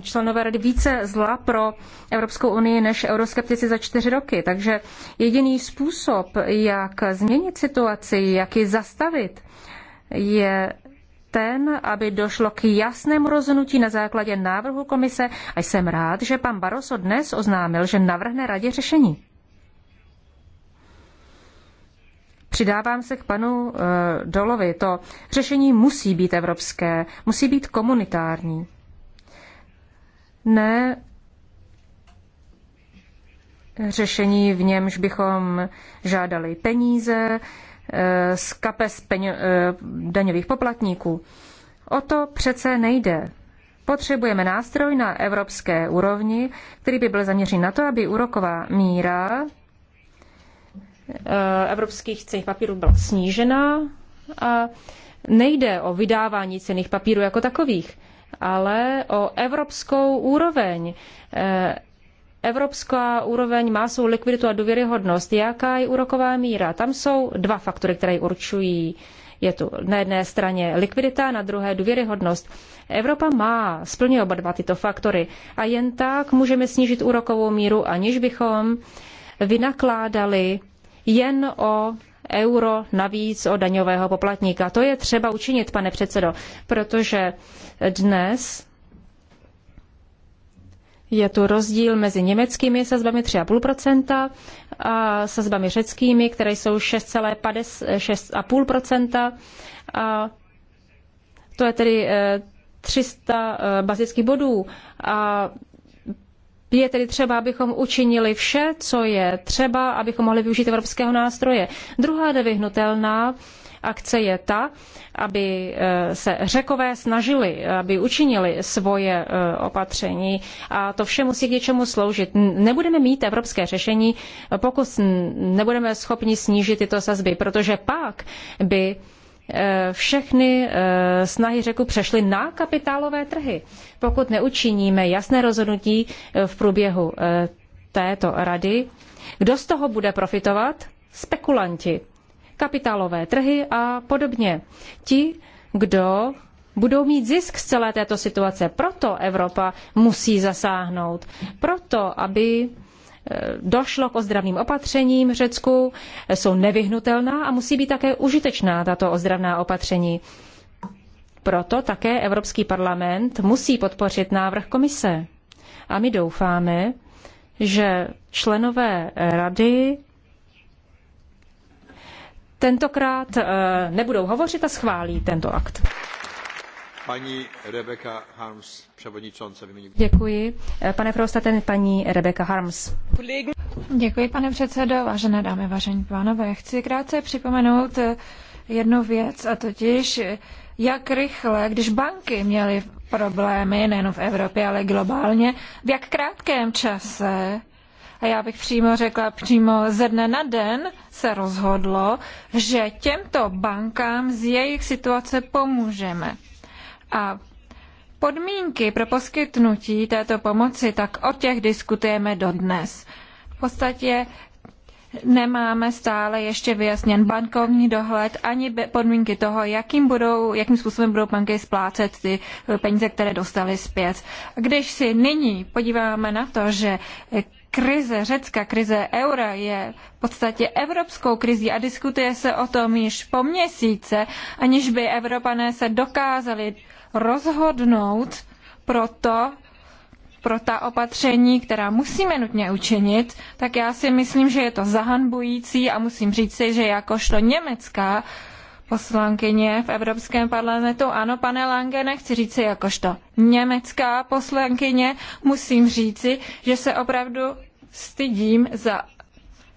členové rady více zla pro Evropskou unii než euroskeptici za čtyři roky. Takže jediný způsob, jak změnit situaci, jak ji zastavit, je ten, aby došlo k jasnému rozhodnutí na základě návrhu komise a jsem rád, že pan Baroso dnes oznámil, že navrhne radě řešení. Přidávám se k panu e, Dolovi. To řešení musí být evropské, musí být komunitární. Ne řešení, v němž bychom žádali peníze, Eh, z kapes peň, eh, daňových poplatníků. O to přece nejde. Potřebujeme nástroj na evropské úrovni, který by byl zaměřen na to, aby úroková míra eh, evropských cených papírů byla snížena a nejde o vydávání cených papírů jako takových, ale o evropskou úroveň Evropská úroveň má svou likviditu a důvěryhodnost. Jaká je úroková míra? Tam jsou dva faktory, které určují. Je tu na jedné straně likvidita, na druhé důvěryhodnost. Evropa má, splňuje oba dva tyto faktory. A jen tak můžeme snížit úrokovou míru, aniž bychom vynakládali jen o euro navíc o daňového poplatníka. To je třeba učinit, pane předsedo, protože dnes je tu rozdíl mezi německými sazbami 3,5% a sazbami řeckými, které jsou 6,5%. A to je tedy 300 eh, eh, bazických bodů. A je tedy třeba, abychom učinili vše, co je třeba, abychom mohli využít evropského nástroje. Druhá nevyhnutelná akce je ta, aby eh, se řekové snažili, aby učinili svoje eh, opatření a to vše musí k něčemu sloužit. Nebudeme mít evropské řešení, pokud nebudeme schopni snížit tyto sazby, protože pak by eh, všechny snahy řeku přešly na kapitálové trhy. Pokud neučiníme jasné rozhodnutí v průběhu této rady, kdo z toho bude profitovat? Spekulanti kapitálové trhy a podobně. Ti, kdo budou mít zisk z celé této situace. Proto Evropa musí zasáhnout. Proto, aby eh, došlo k ozdravným opatřením v Řecku, jsou nevyhnutelná a musí být také užitečná tato ozdravná opatření. Proto také Evropský parlament musí podpořit návrh komise. A my doufáme, že členové rady tentokrát eh, nebudou hovořit a schválí tento akt. Paní Rebecca Harms, převodničonce Děkuji. Eh, pane Frostaten, paní Rebecca Harms. Děkuji, pane předsedo, vážené dámy, vážení pánové. Chci krátce připomenout eh, jednu věc, a totiž jak rychle, když banky měly problémy nejen v Evropě, ale globálně, v jak krátkém čase a já bych přímo řekla, přímo ze dne na den se rozhodlo, že těmto bankám z jejich situace pomůžeme. A podmínky pro poskytnutí této pomoci, tak o těch diskutujeme dodnes. V podstatě nemáme stále ještě vyjasněn bankovní dohled ani podmínky toho, jakým, budou, jakým způsobem budou banky splácet ty eh, peníze, které dostaly zpět. Když si nyní podíváme na to, že krize Řecka, krize eura je v podstatě evropskou krizí a diskutuje se o tom již po měsíce, aniž by Evropané se dokázali rozhodnout pro to, pro ta opatření, která musíme nutně učinit, tak já si myslím, že je to zahanbující a musím říci, že jakožto německá poslankyně v Evropském parlamentu. Ano, pane Lange, nechci říci jakožto německá poslankyně, musím říci, že se opravdu stydím za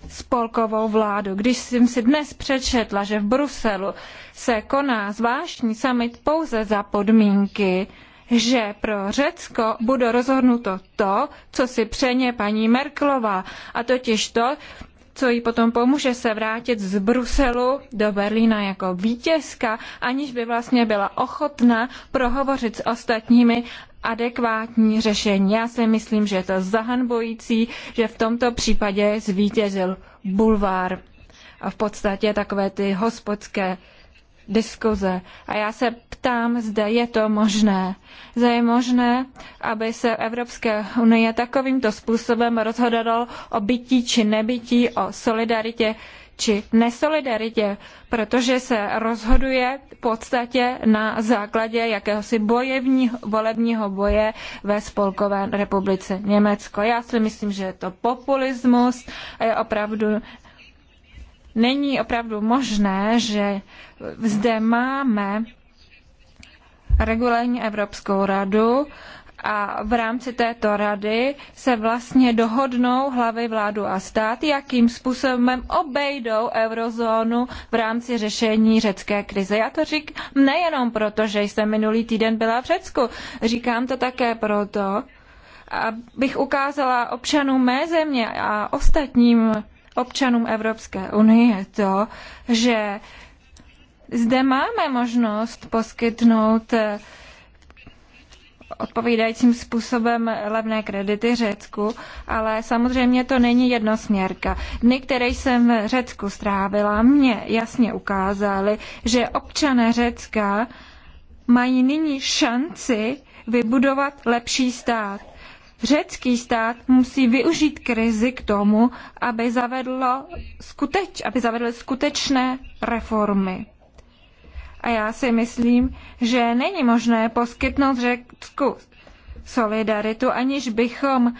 spolkovou vládu. Když jsem si dnes přečetla, že v Bruselu se koná zvláštní summit pouze za podmínky, že pro Řecko bude rozhodnuto to, co si přeje paní Merkelová, a totiž to, co jí potom pomůže se vrátit z Bruselu do Berlína jako vítězka, aniž by vlastně byla ochotná prohovořit s ostatními adekvátní řešení. Já si myslím, že je to zahanbojící, že v tomto případě zvítězil bulvár a v podstatě takové ty hospodské diskuze. A já se ptám, zda je to možné. Zda je možné, aby se Evropské unie takovýmto způsobem rozhodovalo o bytí či nebytí, o solidaritě či nesolidaritě, protože se rozhoduje v podstatě na základě jakéhosi bojevního, volebního boje ve Spolkové republice Německo. Já si myslím, že je to populismus a je opravdu není opravdu možné, že zde máme regulární Evropskou radu a v rámci této rady se vlastně dohodnou hlavy vládu a stát, jakým způsobem obejdou eurozónu v rámci řešení řecké krize. Já to říkám nejenom proto, že jsem minulý týden byla v Řecku, říkám to také proto, abych ukázala občanům mé země a ostatním občanům Evropské unie je to, že zde máme možnost poskytnout eh, odpovídajícím způsobem levné kredity Řecku, ale samozřejmě to není jednosměrka. Dny, které jsem v Řecku strávila, mě jasně ukázaly, že občané Řecka mají nyní šanci vybudovat lepší stát. Řecký stát musí využít krizi k tomu, aby, zavedlo skuteč, aby zavedl skutečné reformy. A já si myslím, že není možné poskytnout Řecku solidaritu, aniž bychom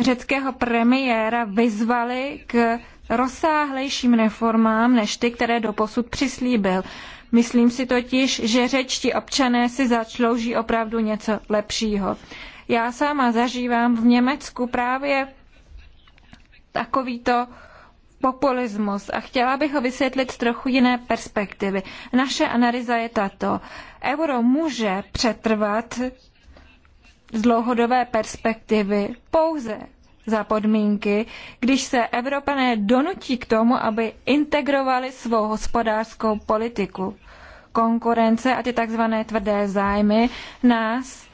řeckého premiéra vyzvali k rozsáhlejším reformám než ty, které doposud přislíbil. Myslím si totiž, že řečtí občané si zaslouží opravdu něco lepšího. Já sama zažívám v Německu právě takovýto populismus a chtěla bych ho vysvětlit z trochu jiné perspektivy. Naše analýza je tato. Euro může přetrvat z dlouhodobé perspektivy pouze za podmínky, když se Evropané donutí k tomu, aby integrovali svou hospodářskou politiku. Konkurence a ty takzvané tvrdé zájmy nás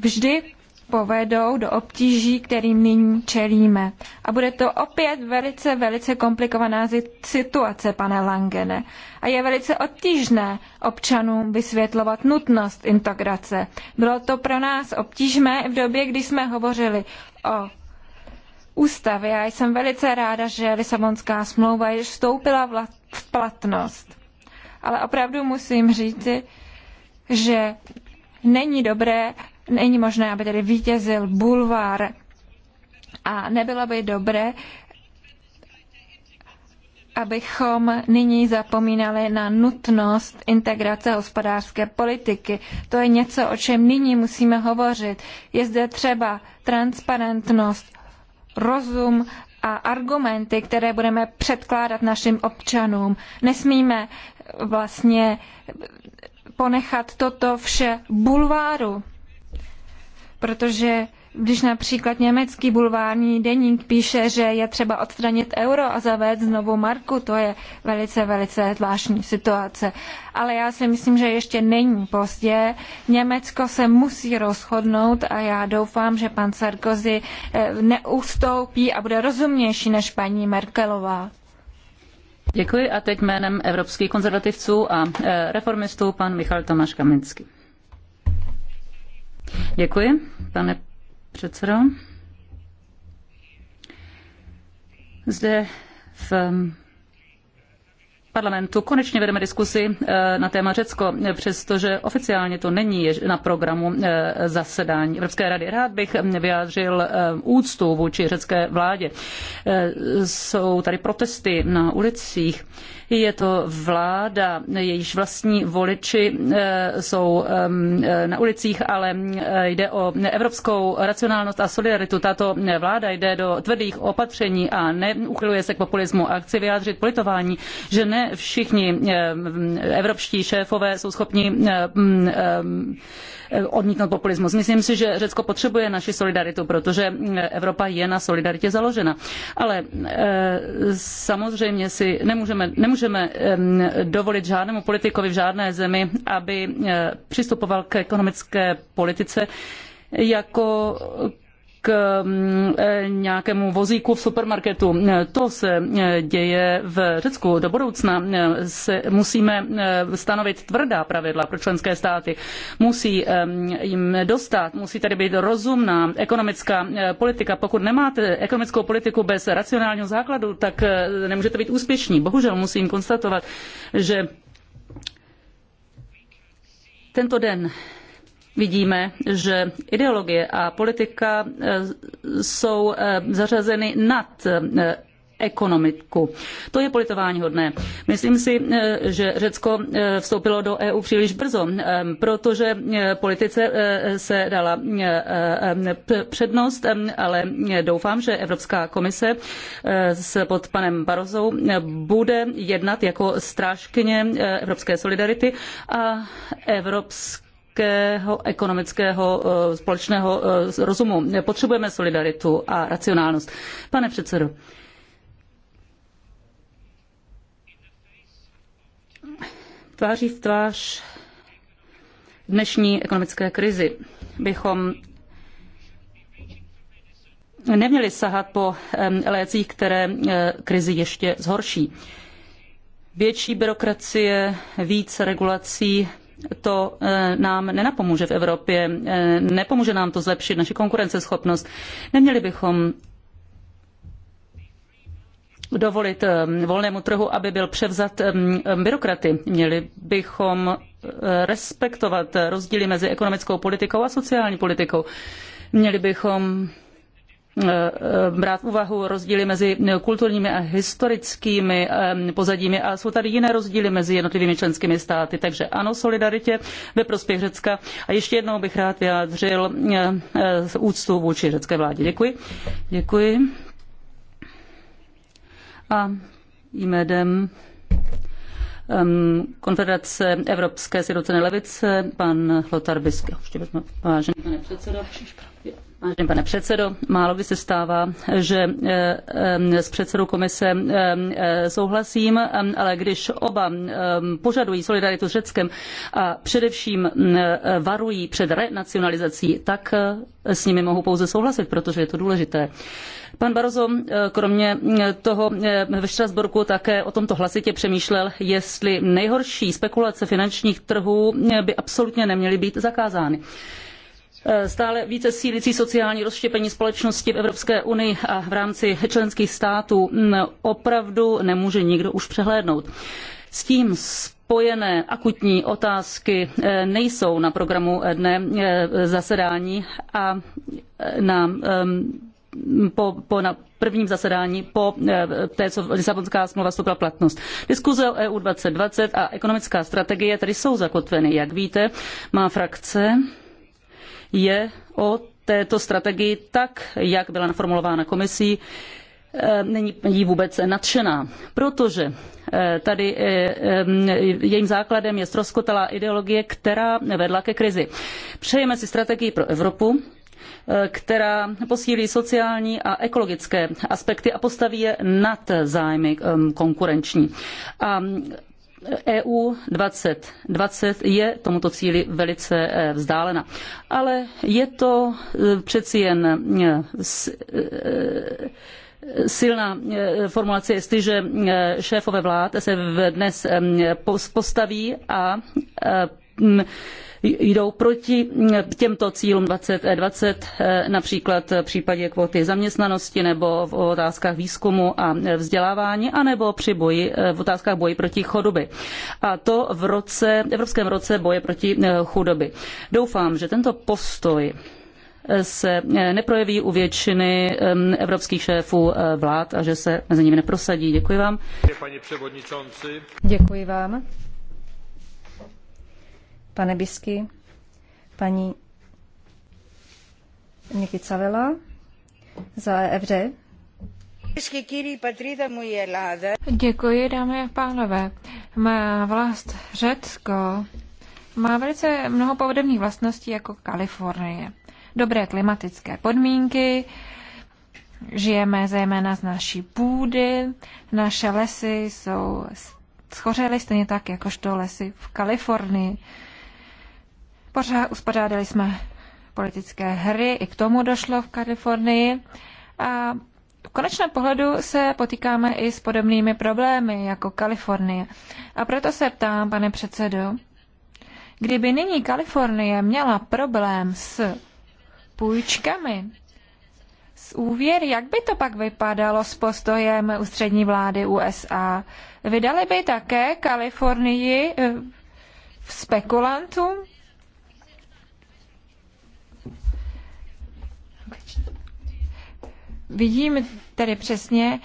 vždy povedou do obtíží, kterým nyní čelíme. A bude to opět velice, velice komplikovaná situace, pane Langene. A je velice obtížné občanům vysvětlovat nutnost integrace. Bylo to pro nás obtížné v době, kdy jsme hovořili o ústavě. Já jsem velice ráda, že Lisabonská smlouva již vstoupila v platnost. Ale opravdu musím říci, že není dobré Není možné, aby tedy vítězil bulvár a nebylo by dobré, abychom nyní zapomínali na nutnost integrace hospodářské politiky. To je něco, o čem nyní musíme hovořit. Je zde třeba transparentnost, rozum a argumenty, které budeme předkládat našim občanům. Nesmíme vlastně ponechat toto vše bulváru protože když například německý bulvární deník píše, že je třeba odstranit euro a zavést znovu marku, to je velice, velice zvláštní situace. Ale já si myslím, že ještě není pozdě. Německo se musí rozhodnout a já doufám, že pan Sarkozy eh, neustoupí a bude rozumnější než paní Merkelová. Děkuji a teď jménem evropských konzervativců a eh, reformistů pan Michal Tomáš Kaminsky. Děkuji, pane předsedo. Zde v um, parlamentu konečně vedeme diskusi uh, na téma Řecko, přestože oficiálně to není na programu uh, zasedání Evropské rady. Rád bych vyjádřil uh, úctu vůči řecké vládě. Jsou tady protesty na ulicích je to vláda, jejíž vlastní voliči eh, jsou ehm, eh, na ulicích, ale eh, jde o evropskou racionálnost a solidaritu. Tato vláda jde do tvrdých opatření a neuchyluje se k populismu. A chci vyjádřit politování, že ne všichni ehm, evropští šéfové jsou schopni mm, ehm, Eh, odmítnout populismus. Myslím si, že Řecko potřebuje naši solidaritu, protože eh, Evropa je na solidaritě založena. Ale eh, samozřejmě si nemůžeme, nemůžeme dovolit žádnému politikovi v žádné zemi, aby přistupoval k ekonomické politice jako k mm, e, nějakému vozíku v supermarketu. E, to se e, děje v Řecku. Do budoucna se musíme stanovit tvrdá pravidla pro členské státy. Musí jim dostat, musí tady být rozumná ekonomická politika. Pokud nemáte ekonomickou politiku bez racionálního základu, tak nemůžete být úspěšní. Bohužel musím konstatovat, že tento den vidíme, že ideologie a politika eh, jsou eh, zařazeny nad eh, ekonomiku. To je politování hodné. Myslím si, že Řecko vstoupilo do EU příliš brzo, protože politice se dala přednost, ale doufám, že Evropská komise s pod panem Barozou bude jednat jako strážkyně evropské solidarity a evropské nějakého ekonomického eh, společného eh, rozumu. Potřebujeme solidaritu a racionálnost. Pane předsedo, tváří v tvář dnešní ekonomické krizi bychom neměli sahat po lécích, které eh, krizi ještě zhorší. Větší byrokracie, více regulací, to eh, nám nenapomůže v Evropě, eh, nepomůže nám to zlepšit naši konkurenceschopnost. Neměli bychom dovolit eh, volnému trhu, aby byl převzat byrokraty. Měli bychom respektovat rozdíly mezi ekonomickou politikou a sociální politikou. Měli bychom Eh, brát v úvahu rozdíly mezi kulturními a historickými eh, pozadími a jsou tady jiné rozdíly mezi jednotlivými členskými státy. Takže ano, solidaritě ve prospěch Řecka. A ještě jednou bych rád vyjádřil eh, úctu vůči řecké vládě. Děkuji. Děkuji. A jménem ehm, Konfederace Evropské sjednocené levice, pan Lothar Biske. Vážený pane předsedo, Vážený pane předsedo, málo by se stává, že eh, eh, s předsedou komise eh, souhlasím, ale když oba požadují solidaritu s Řeckem a především varují před renacionalizací, tak s nimi mohu pouze souhlasit, protože je to důležité. Pan Barroso kromě toho ve Štrasburku také o tomto hlasitě přemýšlel, jestli nejhorší spekulace finančních trhů by absolutně neměly být zakázány. Eh, stále více sílící sociální rozštěpení společnosti v Evropské unii a v rámci členských států mm, opravdu nemůže nikdo už přehlédnout. S tím spojené akutní otázky eh, nejsou na programu eh, dne zasedání a na ehm, po, po na prvním zasedání po té, co Lisabonská smlouva vstoupila v platnost. Diskuze o EU 2020 a ekonomická strategie tady jsou zakotveny. Jak víte, má frakce je o této strategii tak, jak byla naformulována komisí, eh, není jí vůbec nadšená, protože eh, tady eh, jejím základem je stroskotalá ideologie, která vedla ke krizi. Přejeme si strategii pro Evropu, která posílí sociální a ekologické aspekty a postaví je nad zájmy konkurenční. A EU 2020 je tomuto cíli velice eh, vzdálena. Ale je to eh, přeci jen eh, silná formulace, jestliže šéfové vlád se dnes postaví a jdou proti mm, těmto cílům 2020, eh, například v případě kvóty zaměstnanosti nebo v otázkách výzkumu a vzdělávání, anebo při boji, eh, v otázkách boji proti choroby. A to v roce, Evropském roce boje proti eh, chudobě. Doufám, že tento postoj se neprojeví u většiny ehm, evropských šéfů vlád a že se mezi nimi neprosadí. Děkuji vám. Děkuji vám. Pane Bisky, paní Cavela za EFD. Děkuji, dámy a pánové. Má vlast Řecko má velice mnoho povodebních vlastností jako Kalifornie. Dobré klimatické podmínky, žijeme zejména z naší půdy, naše lesy jsou schořely stejně tak, jakožto lesy v Kalifornii. Uspořádali jsme politické hry, i k tomu došlo v Kalifornii. A v konečném pohledu se potýkáme i s podobnými problémy jako Kalifornie. A proto se ptám, pane předsedo, kdyby nyní Kalifornie měla problém s půjčkami, s úvěry, jak by to pak vypadalo s postojem ústřední vlády USA? Vydali by také Kalifornii eh, spekulantům? vidím tedy přesně,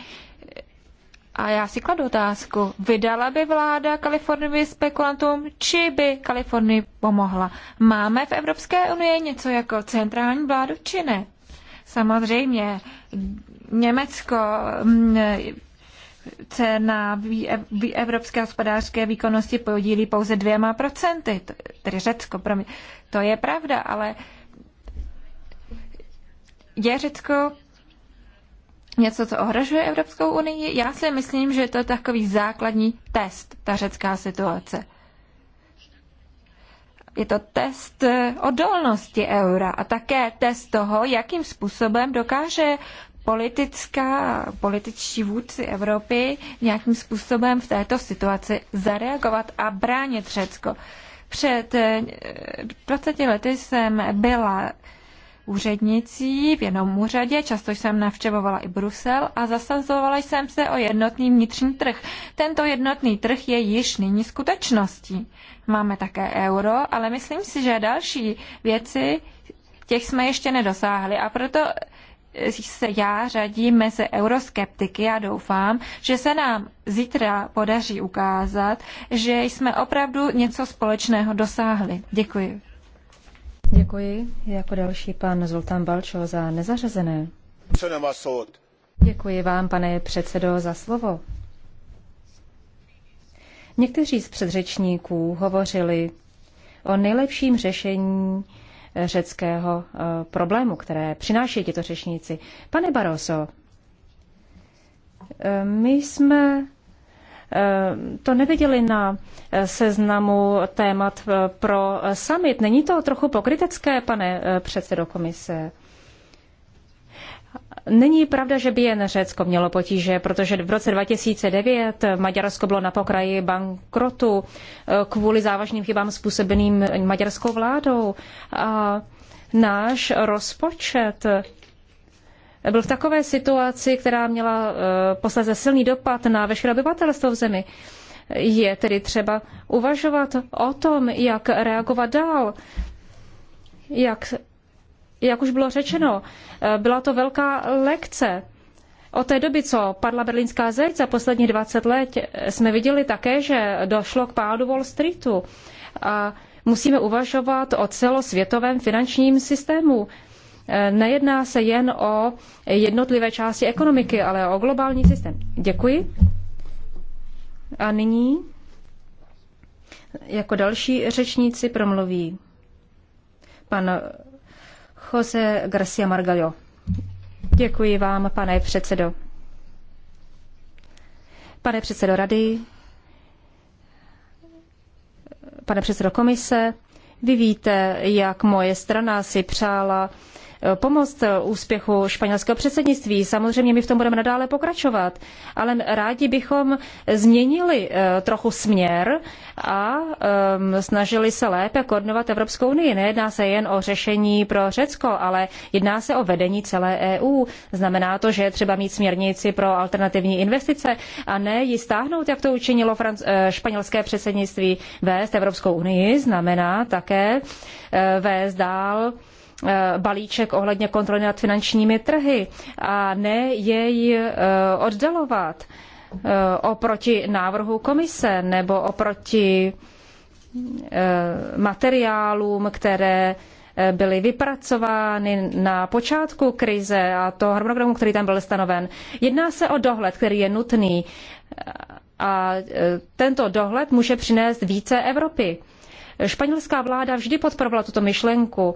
a já si kladu otázku, vydala by vláda Kalifornii spekulantům, či by Kalifornii pomohla? Máme v Evropské unii něco jako centrální vládu, či ne? Samozřejmě, Německo se mm, na evropské hospodářské výkonnosti podílí pouze dvěma procenty, tedy Řecko, promiň. To je pravda, ale je Řecko něco, co ohrožuje Evropskou unii? Já si myslím, že to je takový základní test, ta řecká situace. Je to test eh, odolnosti eura a také test toho, jakým způsobem dokáže politická, političtí vůdci Evropy nějakým způsobem v této situaci zareagovat a bránit Řecko. Před 20 eh, lety jsem byla úřednicí v jednom úřadě, často jsem navštěvovala i Brusel a zasazovala jsem se o jednotný vnitřní trh. Tento jednotný trh je již nyní skutečností. Máme také euro, ale myslím si, že další věci, těch jsme ještě nedosáhli a proto se já řadím mezi euroskeptiky a doufám, že se nám zítra podaří ukázat, že jsme opravdu něco společného dosáhli. Děkuji. Děkuji. Jako další pan Zoltán Balčo za nezařazené. Děkuji vám, pane předsedo, za slovo. Někteří z předřečníků hovořili o nejlepším řešení eh, řeckého eh, problému, které přináší tyto řečníci. Pane Baroso, eh, my jsme Eh, to neviděli na eh, seznamu témat eh, pro summit. Není to trochu pokrytecké, pane předsedo komise? Není pravda, že by jen Řecko mělo potíže, protože v roce 2009 Maďarsko bylo na pokraji bankrotu kvůli závažným chybám způsobeným maďarskou vládou. A náš rozpočet byl v takové situaci, která měla eh, posledně silný dopad na veškeré obyvatelstvo v zemi. Je tedy třeba uvažovat o tom, jak reagovat dál. Jak, jak už bylo řečeno, eh, byla to velká lekce. Od té doby, co padla berlínská zeď za posledních 20 let, jsme viděli také, že došlo k pádu Wall Streetu. A musíme uvažovat o celosvětovém finančním systému Eh, nejedná se jen o jednotlivé části ekonomiky, ale o globální systém. Děkuji. A nyní jako další řečníci promluví pan Jose Garcia Margallo. Děkuji vám, pane předsedo. Pane předsedo rady, pane předsedo komise, vy víte, jak moje strana si přála Eh, pomoct eh, úspěchu španělského předsednictví. Samozřejmě my v tom budeme nadále pokračovat, ale rádi bychom změnili eh, trochu směr a ehm, snažili se lépe koordinovat Evropskou unii. Nejedná se jen o řešení pro Řecko, ale jedná se o vedení celé EU. Znamená to, že je třeba mít směrnici pro alternativní investice a ne ji stáhnout, jak to učinilo španělské předsednictví. Vést Evropskou unii znamená také vést dál Eh, balíček ohledně kontroly nad finančními trhy a ne jej eh, oddalovat eh, oproti návrhu komise nebo oproti materiálům, které byly vypracovány na počátku krize a to harmonogramu, který tam byl stanoven. Jedná se o dohled, který je nutný a tento dohled může přinést více Evropy. Španělská vláda vždy podporovala tuto myšlenku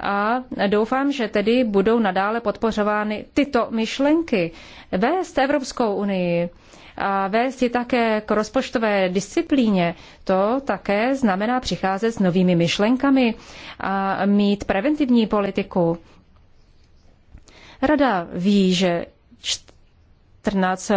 a doufám, že tedy budou nadále podpořovány tyto myšlenky. Vést Evropskou unii a vést ji také k rozpočtové disciplíně, to také znamená přicházet s novými myšlenkami a mít preventivní politiku. Rada ví, že 14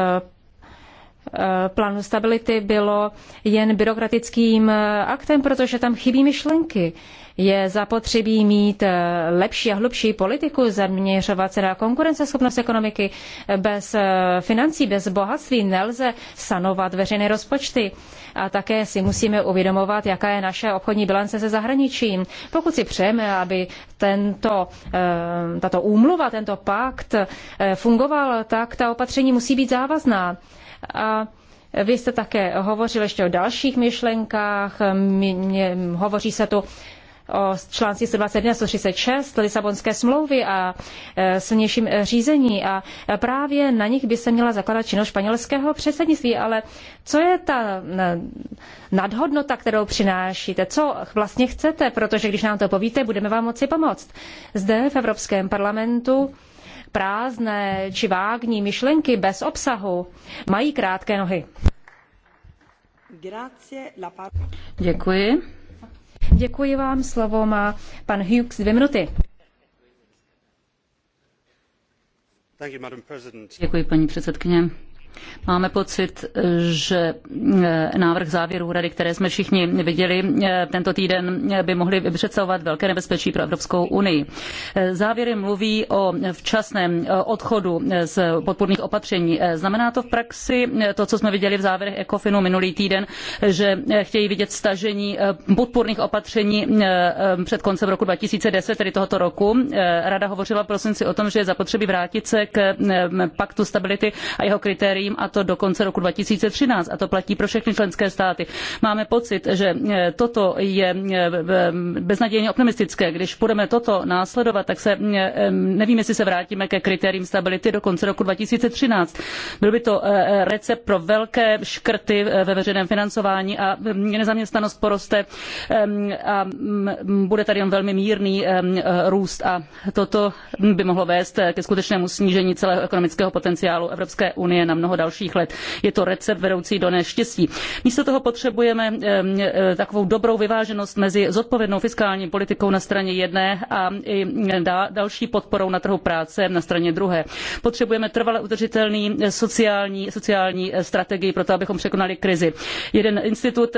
Eh, plánu stability bylo jen byrokratickým eh, aktem, protože tam chybí myšlenky. Je zapotřebí mít eh, lepší a hlubší politiku, zaměřovat se na konkurenceschopnost ekonomiky. Bez financí, bez bohatství nelze sanovat veřejné rozpočty. A také si musíme uvědomovat, jaká je naše obchodní bilance se zahraničím. Pokud si přejeme, aby tento, tato úmluva, tento pakt fungoval, tak ta opatření musí být závazná. A vy jste také hovořil ještě o dalších myšlenkách, mě, hovoří se tu o článci 121 136 Lisabonské smlouvy a e, silnějším e, řízení. A e, právě na nich by se měla zakládat činnost španělského předsednictví. Ale co je ta e, nadhodnota, kterou přinášíte? Co vlastně chcete? Protože když nám to povíte, budeme vám moci pomoct. Zde v Evropském parlamentu prázdné či vágní myšlenky bez obsahu mají krátké nohy. Děkuji. Děkuji vám. Slovo má pan Hughes dvě minuty. Děkuji, paní předsedkyně. Máme pocit, že eh, návrh závěrů rady, které jsme všichni viděli eh, tento týden, eh, by mohly představovat velké nebezpečí pro Evropskou unii. Závěry mluví o včasném odchodu z podpůrných opatření. Znamená to v praxi to, co jsme viděli v závěrech ECOFINu minulý týden, že chtějí vidět stažení podpůrných opatření před koncem roku 2010, tedy tohoto roku. Rada hovořila v prosinci o tom, že je zapotřebí vrátit se k paktu stability a jeho kritérií jim a to do konce roku 2013 a to platí pro všechny členské státy. Máme pocit, že eh, toto je eh, beznadějně optimistické. Když budeme toto následovat, tak se eh, nevím, jestli se vrátíme ke kritériím stability do konce roku 2013. Byl by to recept pro velké škrty ve veřejném financování a mm, nezaměstnanost poroste a mm, bude tady jen velmi mírný růst a toto by mohlo vést ke skutečnému snížení celého ekonomického potenciálu Evropské unie na mnoho mnoho dalších let. Je to recept vedoucí do neštěstí. Místo toho potřebujeme takovou dobrou vyváženost mezi zodpovědnou fiskální politikou na straně jedné a i další podporou na trhu práce na straně druhé. Potřebujeme trvale udržitelný sociální, sociální eh, strategii pro to, abychom překonali krizi. Jeden institut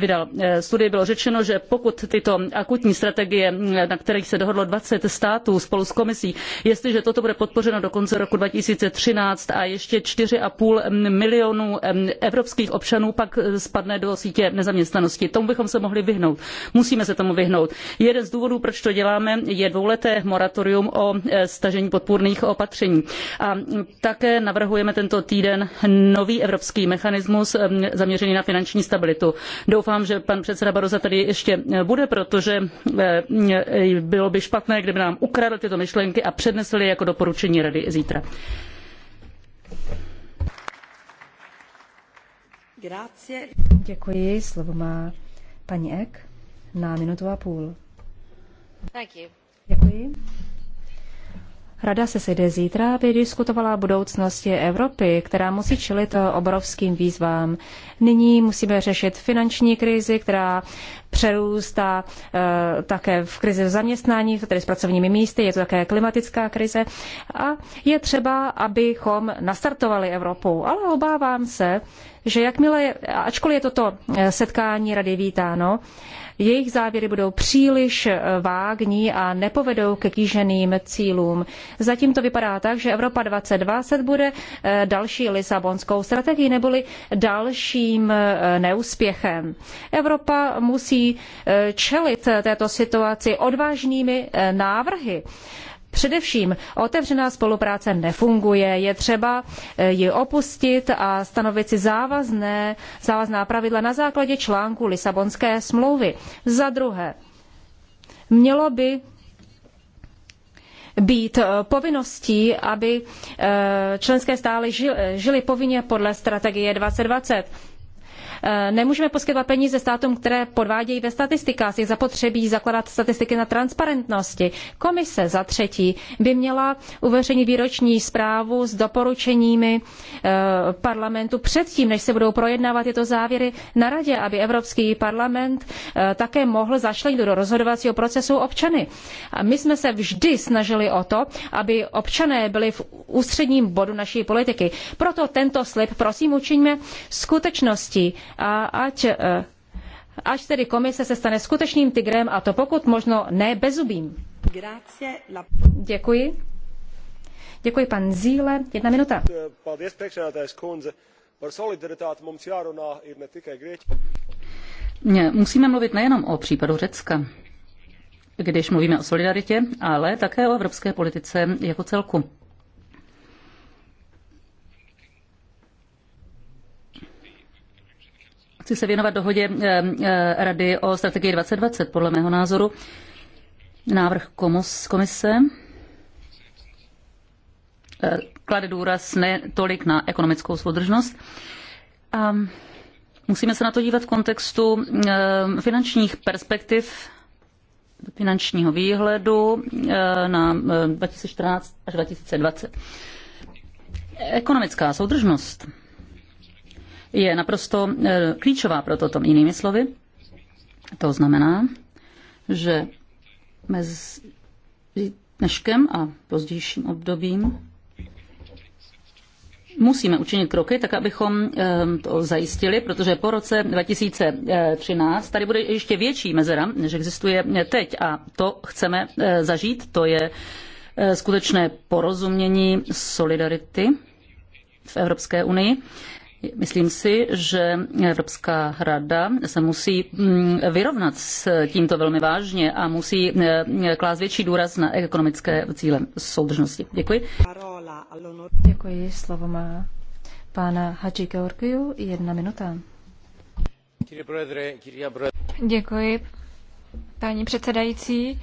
vydal eh, studii, bylo řečeno, že pokud tyto akutní strategie, na kterých se dohodlo 20 států spolu s komisí, jestliže toto bude podpořeno do konce roku 2013 a ještě 4 4,5 mm, milionů mm, evropských občanů pak eh, spadne do sítě nezaměstnanosti. Tomu bychom se mohli vyhnout. Musíme se tomu vyhnout. Jeden z důvodů, proč to děláme, je dvouleté moratorium o eh, stažení podpůrných opatření. A mm, také navrhujeme tento týden nový evropský mechanismus eh, zaměřený na finanční stabilitu. Doufám, že pan předseda Baroza tady ještě bude, protože bylo by špatné, kdyby nám ukradl tyto myšlenky a přednesl je jako doporučení rady zítra. Děkuji, slovo má paní Ek na minutu a půl. Thank you. Děkuji. Rada se sejde zítra, aby diskutovala o budoucnosti Evropy, která musí čelit eh, obrovským výzvám. Nyní musíme řešit finanční krizi, která přerůstá e, také v krizi v zaměstnání, tedy s pracovními místy, je to také klimatická krize. A je třeba, abychom nastartovali Evropu. Ale obávám se, že jakmile, ačkoliv je toto eh, setkání rady vítáno, e, jejich závěry budou příliš eh, vágní a nepovedou ke kýženým cílům. Zatím to vypadá tak, že Evropa 2020 bude eh, další Lisabonskou strategií neboli dalším eh, neúspěchem. Evropa musí čelit této situaci odvážnými návrhy Především otevřená spolupráce nefunguje, je třeba eh, ji opustit a stanovit si závazné, závazná pravidla na základě článku Lisabonské smlouvy. Za druhé, mělo by být eh, povinností, aby eh, členské stály žily povinně podle strategie 2020 Eh, nemůžeme poskytovat peníze státům, které podvádějí ve statistikách. Je zapotřebí zakládat statistiky na transparentnosti. Komise za třetí by měla uveřejnit výroční zprávu s doporučeními eh, parlamentu předtím, než se budou projednávat tyto závěry na radě, aby Evropský parlament eh, také mohl začlenit do rozhodovacího procesu občany. A my jsme se vždy snažili o to, aby občané byli v ústředním bodu naší politiky. Proto tento slib prosím učiňme skutečností a ať, e, až tedy komise se stane skutečným tigrem a to pokud možno ne bezubým. Děkuji. Děkuji pan Zíle. Jedna minuta. Musíme mluvit nejenom o případu Řecka, když mluvíme o solidaritě, ale také o evropské politice jako celku. Chci se věnovat dohodě eh, eh, Rady o strategii 2020, podle mého názoru. Návrh komise eh, klade důraz ne tolik na ekonomickou soudržnost. A musíme se na to dívat v kontextu finančních perspektiv finančního výhledu na 2014 až 2020. Ekonomická soudržnost je naprosto eh, klíčová pro toto. Jinými slovy, to znamená, že mezi dneškem a pozdějším obdobím musíme učinit kroky, tak abychom eh, to zajistili, protože po roce 2013 tady bude ještě větší mezera, než existuje teď a to chceme eh, zažít, to je skutečné porozumění solidarity v Evropské unii Myslím si, že Evropská rada se musí mm, vyrovnat s tímto velmi vážně a musí mm, klást větší důraz na ekonomické cíle soudržnosti. Děkuji. Děkuji. Slovo má pána Hadži Georgiu. Jedna minuta. Děkuji, paní předsedající.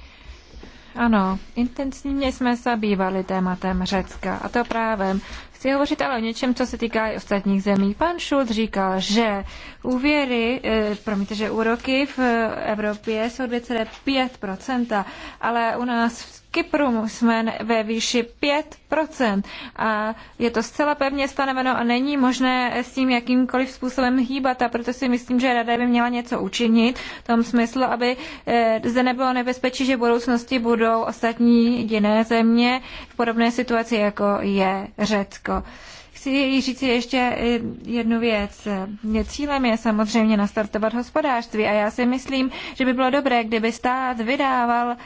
Ano, intenzivně jsme zabývali tématem Řecka a to právě chci hovořit ale o něčem, co se týká i ostatních zemí. Pan Schulz říkal, že úvěry, eh, promiňte, že úroky v Evropě jsou 2,5%, ale u nás v Kypru jsme ve výši 5%. A je to zcela pevně stanoveno a není možné s tím jakýmkoliv způsobem hýbat a proto si myslím, že Rada by měla něco učinit v tom smyslu, aby eh, zde nebylo nebezpečí, že v budoucnosti budou ostatní jiné země v podobné situaci, jako je Řecko chci říct ještě eh, jednu věc. Cílem je samozřejmě nastartovat hospodářství a já si myslím, že by bylo dobré, kdyby stát vydával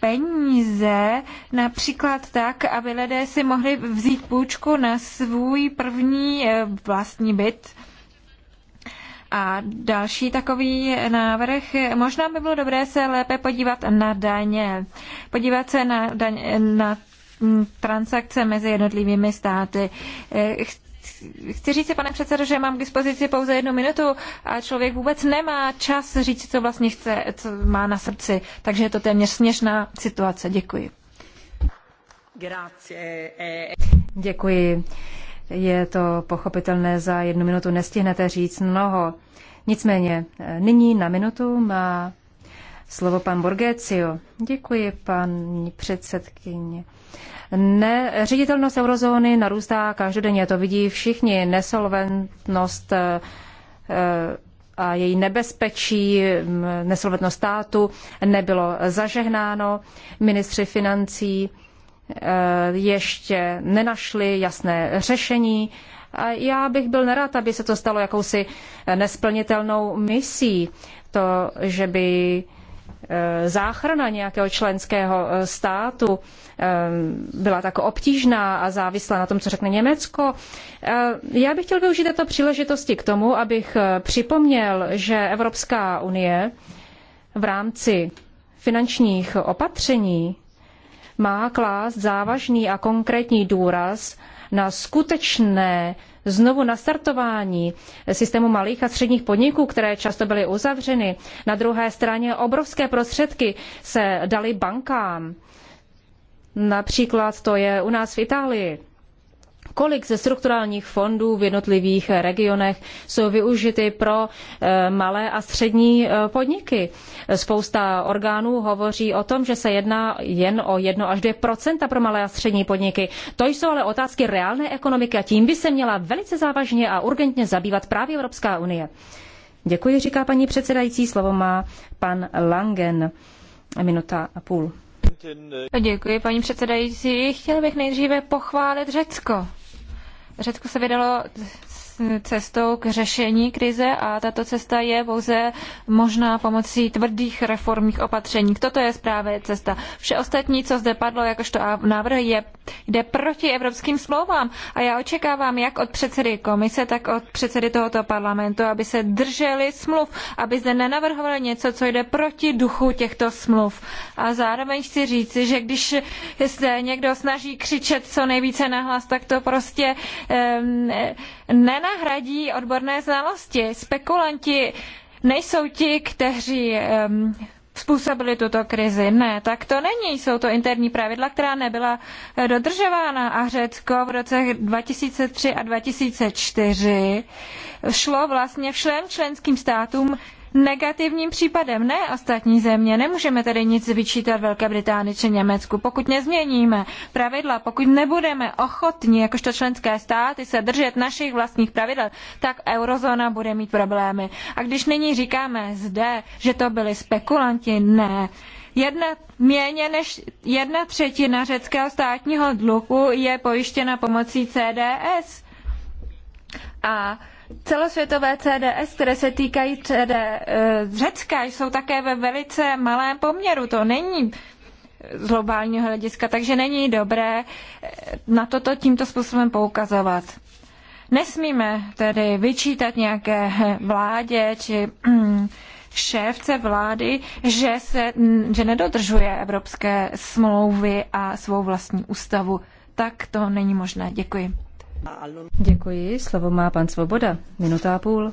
peníze, například tak, aby lidé si mohli vzít půjčku na svůj první eh, vlastní byt. A další takový návrh, možná by bylo dobré se lépe podívat na daně. Podívat se na, daň, na transakce mezi jednotlivými státy. Eh, chci říct si, pane předsedo, že mám k dispozici pouze jednu minutu a člověk vůbec nemá čas říct, co vlastně chce, co má na srdci. Takže je to téměř směšná situace. Děkuji. Děkuji. Je to pochopitelné, za jednu minutu nestihnete říct mnoho. Nicméně, nyní na minutu má slovo pan Borgecio. Děkuji, paní předsedkyně ředitelnost eurozóny narůstá každodenně, to vidí všichni. Nesolventnost eh, eh, a její nebezpečí, mm, nesolventnost státu nebylo zažehnáno. Ministři financí eh, ještě nenašli jasné řešení. A já bych byl nerad, aby se to stalo jakousi nesplnitelnou misí, to, že by Eh, záchrana nějakého členského eh, státu eh, byla tak obtížná a závislá na tom, co řekne Německo. Já bych chtěl využít této příležitosti k tomu, abych připomněl, že Evropská unie v rámci finančních opatření má klást závažný a konkrétní důraz na skutečné znovu nastartování systému malých a středních podniků, které často byly uzavřeny. Na druhé straně obrovské prostředky se daly bankám. Například to je u nás v Itálii kolik ze strukturálních fondů v jednotlivých regionech jsou využity pro eh, malé a střední eh, podniky. Spousta orgánů hovoří o tom, že se jedná jen o 1 až 2 pro malé a střední podniky. To jsou ale otázky reálné ekonomiky a tím by se měla velice závažně a urgentně zabývat právě Evropská unie. Děkuji, říká paní předsedající. Slovo má pan Langen. Minuta a půl. Děkuji, paní předsedající. Chtěl bych nejdříve pochválit Řecko. Řecko se vydalo cestou k řešení krize a tato cesta je pouze možná pomocí tvrdých reformních opatření. Toto je správná cesta. Vše ostatní, co zde padlo, jakožto návrh, je, jde proti evropským smlouvám a já očekávám jak od předsedy komise, tak od předsedy tohoto parlamentu, aby se drželi smluv, aby zde nenavrhovali něco, co jde proti duchu těchto smluv. A zároveň chci říci, že když se někdo snaží křičet co nejvíce nahlas, tak to prostě um, nenahradí odborné znalosti. Spekulanti nejsou ti, kteří um, způsobili tuto krizi. Ne, tak to není. Jsou to interní pravidla, která nebyla eh, dodržována a Řecko v roce 2003 a 2004 šlo vlastně všem členským státům negativním případem, ne ostatní země. Nemůžeme tedy nic vyčítat Velké Británii či Německu. Pokud nezměníme pravidla, pokud nebudeme ochotní, jakožto členské státy, se držet našich vlastních pravidel, tak eurozóna bude mít problémy. A když nyní říkáme zde, že to byli spekulanti, ne. Jedna, méně než jedna třetina řeckého státního dluhu je pojištěna pomocí CDS. A celosvětové CDS, které se týkají CD, eh, Řecka, jsou také ve velice malém poměru. To není z globálního hlediska, takže není dobré eh, na toto tímto způsobem poukazovat. Nesmíme tedy vyčítat nějaké vládě či mm, šéfce vlády, že, se, mm, že nedodržuje evropské smlouvy a svou vlastní ústavu. Tak to není možné. Děkuji. Děkuji. Slovo má pan Svoboda. Minuta a půl.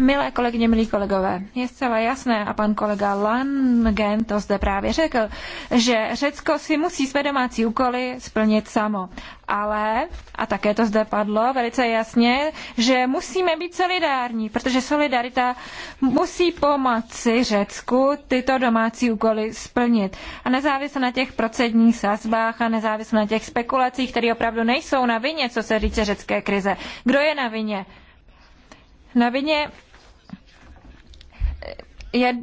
Milé kolegyně, milí kolegové, je zcela jasné, a pan kolega Langen to zde právě řekl, že Řecko si musí své domácí úkoly splnit samo. Ale, a také to zde padlo velice jasně, že musíme být solidární, protože solidarita musí pomoci Řecku tyto domácí úkoly splnit. A nezávisle na těch procedních sazbách a nezávisle na těch spekulacích, které opravdu nejsou na vině, co se říče řecké krize. Kdo je na vině? na vině je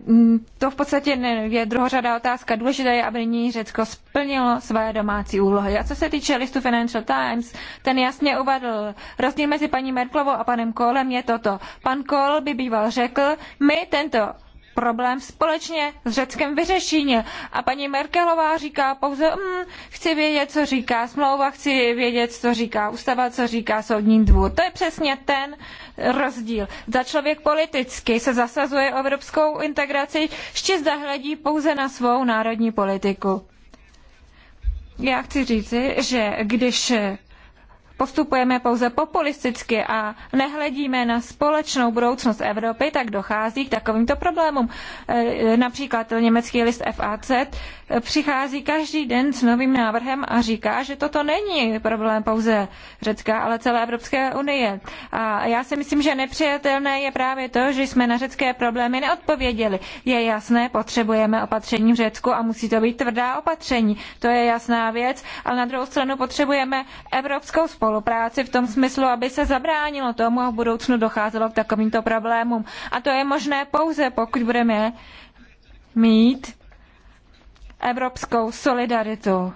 to v podstatě je druhořadá otázka. Důležité je, aby nyní Řecko splnilo své domácí úlohy. A co se týče listu Financial Times, ten jasně uvedl, rozdíl mezi paní Merklovou a panem Kolem je toto. Pan Kohl by býval řekl, my tento problém společně s Řeckem vyřeší. A paní Merkelová říká pouze, mm, chci vědět, co říká smlouva, chci vědět, co říká ústava, co říká soudní dvůr. To je přesně ten rozdíl. Za člověk politicky se zasazuje o evropskou integraci, ještě zahledí pouze na svou národní politiku. Já chci říci, že když postupujeme pouze populisticky a nehledíme na společnou budoucnost Evropy, tak dochází k takovýmto problémům. E, například německý list FAC přichází každý den s novým návrhem a říká, že toto není problém pouze Řecka, ale celé Evropské unie. A já si myslím, že nepřijatelné je právě to, že jsme na řecké problémy neodpověděli. Je jasné, potřebujeme opatření v Řecku a musí to být tvrdá opatření. To je jasná věc, ale na druhou stranu potřebujeme evropskou spolupráci spolupráci v tom smyslu, aby se zabránilo tomu a v budoucnu docházelo k takovýmto problémům. A to je možné pouze, pokud budeme mít evropskou solidaritu.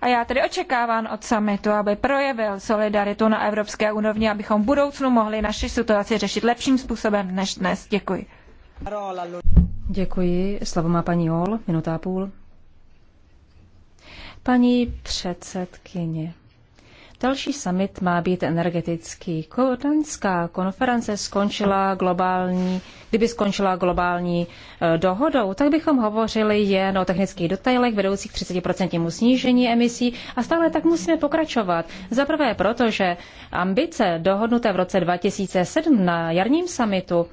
A já tedy očekávám od summitu, aby projevil solidaritu na evropské úrovni, abychom v budoucnu mohli naši situaci řešit lepším způsobem než dnes. Děkuji. Děkuji. Slovo má paní Ol, minuta a půl. Paní předsedkyně, Další summit má být energetický. Kodaňská konference skončila globální, kdyby skončila globální eh, dohodou, tak bychom hovořili jen o technických detailech vedoucích k 30% snížení emisí a stále tak musíme pokračovat. Za prvé proto, že ambice dohodnuté v roce 2007 na jarním summitu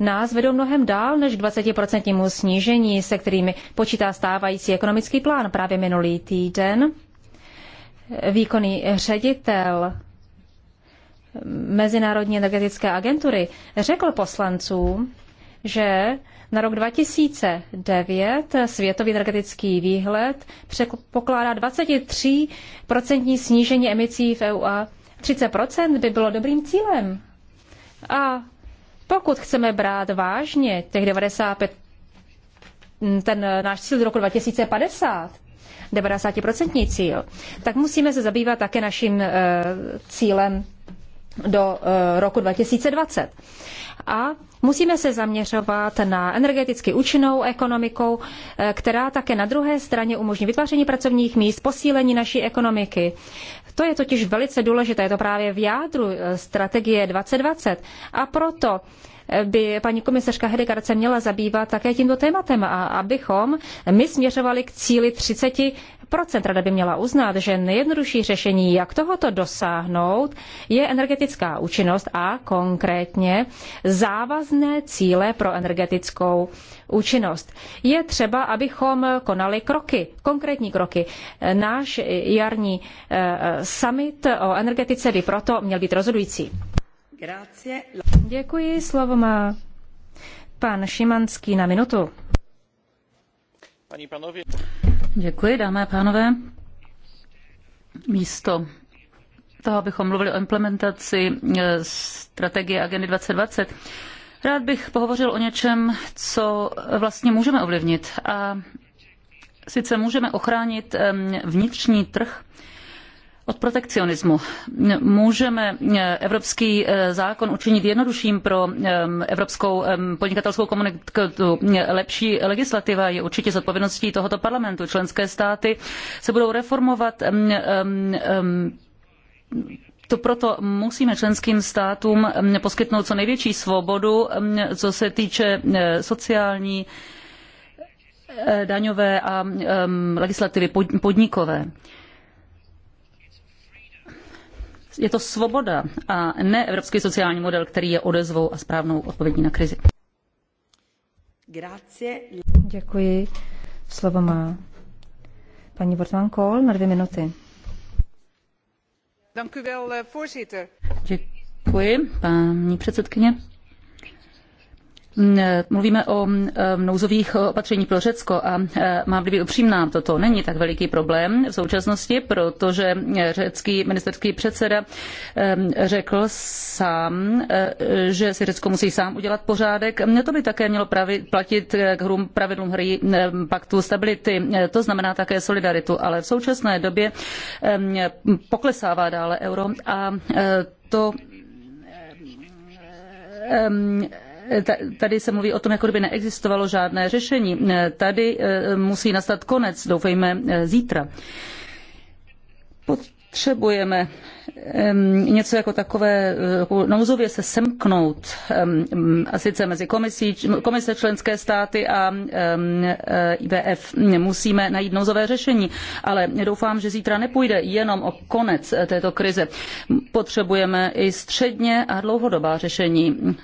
nás vedou mnohem dál než k 20% snížení, se kterými počítá stávající ekonomický plán právě minulý týden výkonný ředitel Mezinárodní energetické agentury řekl poslancům, že na rok 2009 světový energetický výhled pokládá 23% snížení emisí v EU a 30% by bylo dobrým cílem. A pokud chceme brát vážně těch 95, ten náš cíl do roku 2050, 90% cíl, tak musíme se zabývat také naším eh, cílem do eh, roku 2020. A musíme se zaměřovat na energeticky účinnou ekonomikou, eh, která také na druhé straně umožní vytváření pracovních míst, posílení naší ekonomiky. To je totiž velice důležité, je to právě v jádru strategie 2020. A proto by paní komisařka Hedegaard se měla zabývat také tímto tématem a abychom my směřovali k cíli 30 Rada by měla uznat, že nejjednodušší řešení, jak tohoto dosáhnout, je energetická účinnost a konkrétně závazné cíle pro energetickou účinnost. Je třeba, abychom konali kroky, konkrétní kroky. Náš jarní eh, summit o energetice by proto měl být rozhodující. Grazie. Děkuji, slovo má pan Šimanský na minutu. Děkuji, dámy a pánové. Místo toho, abychom mluvili o implementaci e, strategie Agendy 2020, rád bych pohovořil o něčem, co vlastně můžeme ovlivnit. A sice můžeme ochránit vnitřní trh od protekcionismu. Můžeme eh, evropský eh, zákon učinit jednodušším pro eh, evropskou podnikatelskou komunitu. Lepší legislativa je určitě zodpovědností tohoto parlamentu. Členské státy se budou reformovat mm, mm, to proto musíme členským státům mm, poskytnout co největší svobodu, co se týče sociální, daňové a legislativy podnikové. Je to svoboda a ne evropský sociální model, který je odezvou a správnou odpovědí na krizi. Děkuji. Slovo má paní Wortmann Kohl na dvě minuty. Eh, Děkuji, paní předsedkyně. Mm, eh, mluvíme o mm, eh, nouzových opatření pro Řecko a eh, mám být upřímná, toto není tak veliký problém v současnosti, protože řecký ministerský předseda řekl sám, že si Řecko musí sám udělat pořádek. To by také mělo pravi, platit k hrům, pravidlům hry paktu stability. To znamená také solidaritu, ale v současné době poklesává dále euro a to tady se mluví o tom, jako kdyby neexistovalo žádné řešení. Tady eh, musí nastat konec, doufejme, eh, zítra. Potřebujeme něco jako takové eh, nouzově se semknout, a sice mezi komisí, komise členské státy a IVF. Musíme najít nouzové řešení, ale doufám, že zítra nepůjde jenom o konec této krize. Potřebujeme i středně a dlouhodobá řešení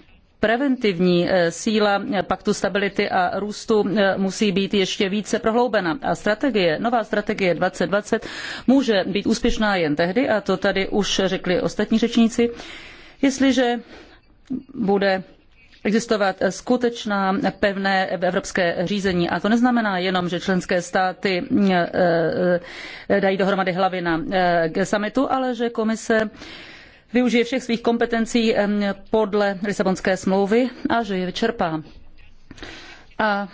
preventivní eh, síla paktu stability a růstu eh, musí být ještě více prohloubena. A strategie, nová strategie 2020 může být úspěšná jen tehdy, a to tady už řekli ostatní řečníci, jestliže bude existovat skutečná pevné evropské řízení. A to neznamená jenom, že členské státy eh, dají dohromady hlavy na summitu, ale že komise využije všech svých kompetencí podle Lisabonské smlouvy a že je vyčerpá. A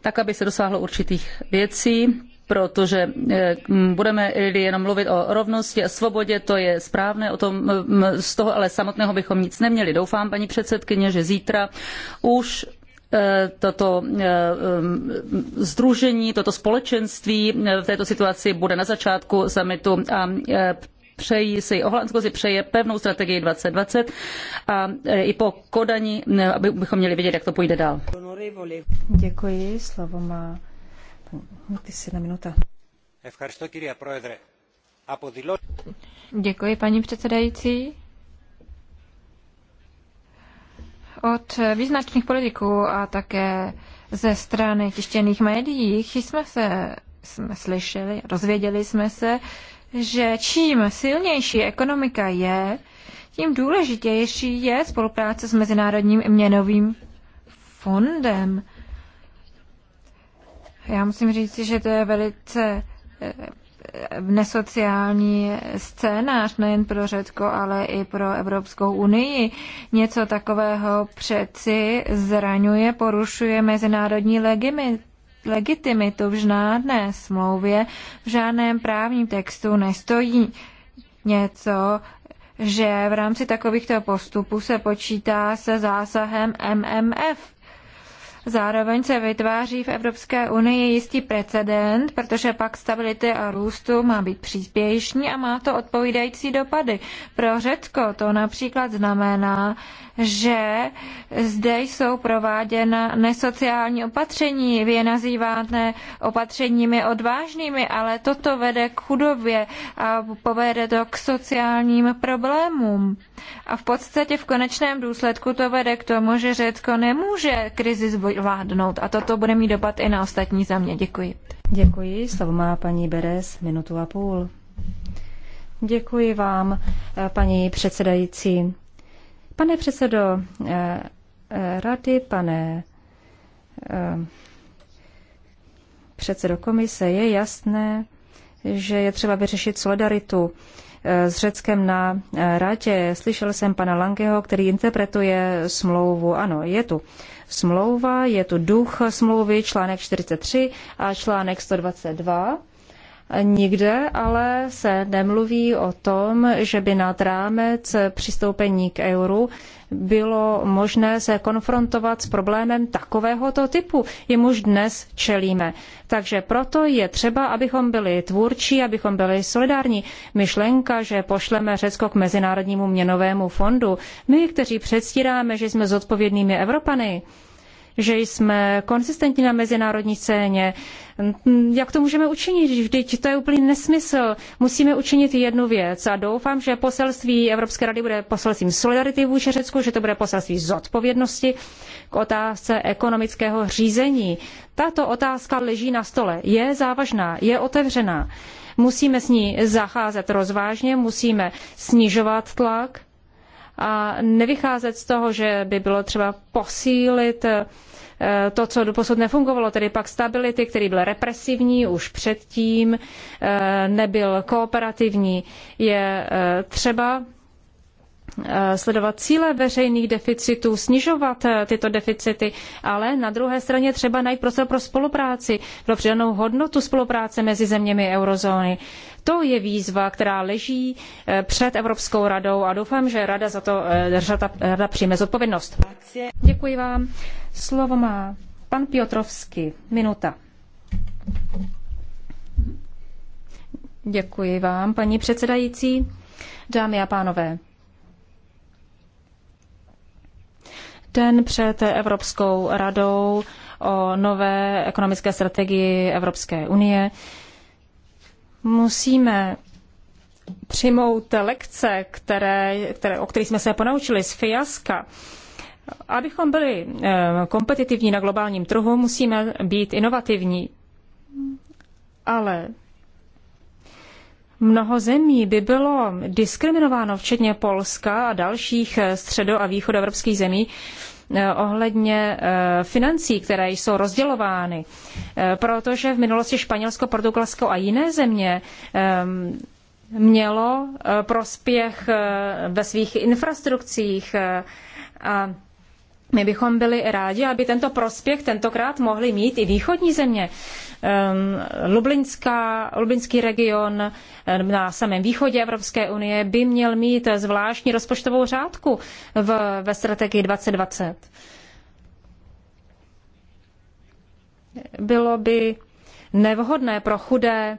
tak, aby se dosáhlo určitých věcí, protože eh, budeme jenom mluvit o rovnosti a svobodě, to je správné, o tom, z toho ale samotného bychom nic neměli. Doufám, paní předsedkyně, že zítra už eh, toto eh, združení, toto společenství v této situaci bude na začátku summitu a přejí si, Holandsko si přeje pevnou strategii 2020 a e, i po Kodani, abychom měli vidět, jak to půjde dál. Děkuji, slovo má na minuta. Děkuji, paní předsedající. Od význačných politiků a také ze strany tištěných médií jsme se jsme slyšeli, rozvěděli jsme se, že čím silnější ekonomika je, tím důležitější je spolupráce s Mezinárodním měnovým fondem. Já musím říct, že to je velice eh, nesociální scénář nejen pro Řecko, ale i pro Evropskou unii. Něco takového přeci zraňuje, porušuje mezinárodní legimit legitimitu v žádné smlouvě, v žádném právním textu nestojí něco, že v rámci takovýchto postupů se počítá se zásahem MMF. Zároveň se vytváří v Evropské unii jistý precedent, protože pak stability a růstu má být příspěšní a má to odpovídající dopady. Pro Řecko to například znamená, že zde jsou prováděna nesociální opatření. Vy je nazýváte opatřeními odvážnými, ale toto vede k chudobě a povede to k sociálním problémům. A v podstatě v konečném důsledku to vede k tomu, že Řecko nemůže krizi zvládnout a toto bude mít dopad i na ostatní země. Děkuji. Děkuji. Slovo má paní Beres, minutu a půl. Děkuji vám, paní předsedající. Pane předsedo eh, eh, rady, pane eh, předsedo komise, je jasné, že je třeba vyřešit solidaritu s Řeckem na radě. Slyšel jsem pana Langeho, který interpretuje smlouvu. Ano, je tu smlouva, je tu duch smlouvy, článek 43 a článek 122 nikde, ale se nemluví o tom, že by nad rámec přistoupení k euru bylo možné se konfrontovat s problémem takovéhoto typu, jemuž dnes čelíme. Takže proto je třeba, abychom byli tvůrčí, abychom byli solidární. Myšlenka, že pošleme Řecko k Mezinárodnímu měnovému fondu, my, kteří předstíráme, že jsme zodpovědnými Evropany, že jsme konzistentní na mezinárodní scéně. Jak to můžeme učinit? Vždyť to je úplný nesmysl. Musíme učinit jednu věc a doufám, že poselství Evropské rady bude poselstvím solidarity vůči Řecku, že to bude poselství zodpovědnosti k otázce ekonomického řízení. Tato otázka leží na stole, je závažná, je otevřená. Musíme s ní zacházet rozvážně, musíme snižovat tlak a nevycházet z toho, že by bylo třeba posílit eh, to, co doposud nefungovalo, tedy pak stability, který byl represivní už předtím, eh, nebyl kooperativní, je eh, třeba Eh, sledovat cíle veřejných deficitů, snižovat eh, tyto deficity, ale na druhé straně třeba najít prostor pro spolupráci, pro přidanou hodnotu spolupráce mezi zeměmi eurozóny. To je výzva, která leží eh, před Evropskou radou a doufám, že rada za to rada, rada přijme zodpovědnost. Děkuji vám. Slovo má pan Piotrovský. Minuta. Děkuji vám, paní předsedající. Dámy a pánové, den před Evropskou radou o nové ekonomické strategii Evropské unie musíme přijmout lekce, které, které, o kterých jsme se ponaučili z fiaska. Abychom byli eh, kompetitivní na globálním trhu, musíme být inovativní. Ale Mnoho zemí by bylo diskriminováno, včetně Polska a dalších eh, středo- a východoevropských zemí, eh, ohledně eh, financí, které jsou rozdělovány, protože v minulosti Španělsko, Portugalsko a jiné země ehm, mělo prospěch ve svých infrastrukcích a my bychom byli rádi, aby tento prospěch tentokrát mohli mít i východní země. Ehm, Lublinská, Lublinský region ehm, na samém východě Evropské unie by měl mít zvláštní rozpočtovou řádku v, ve strategii 2020. Bylo by nevhodné pro chudé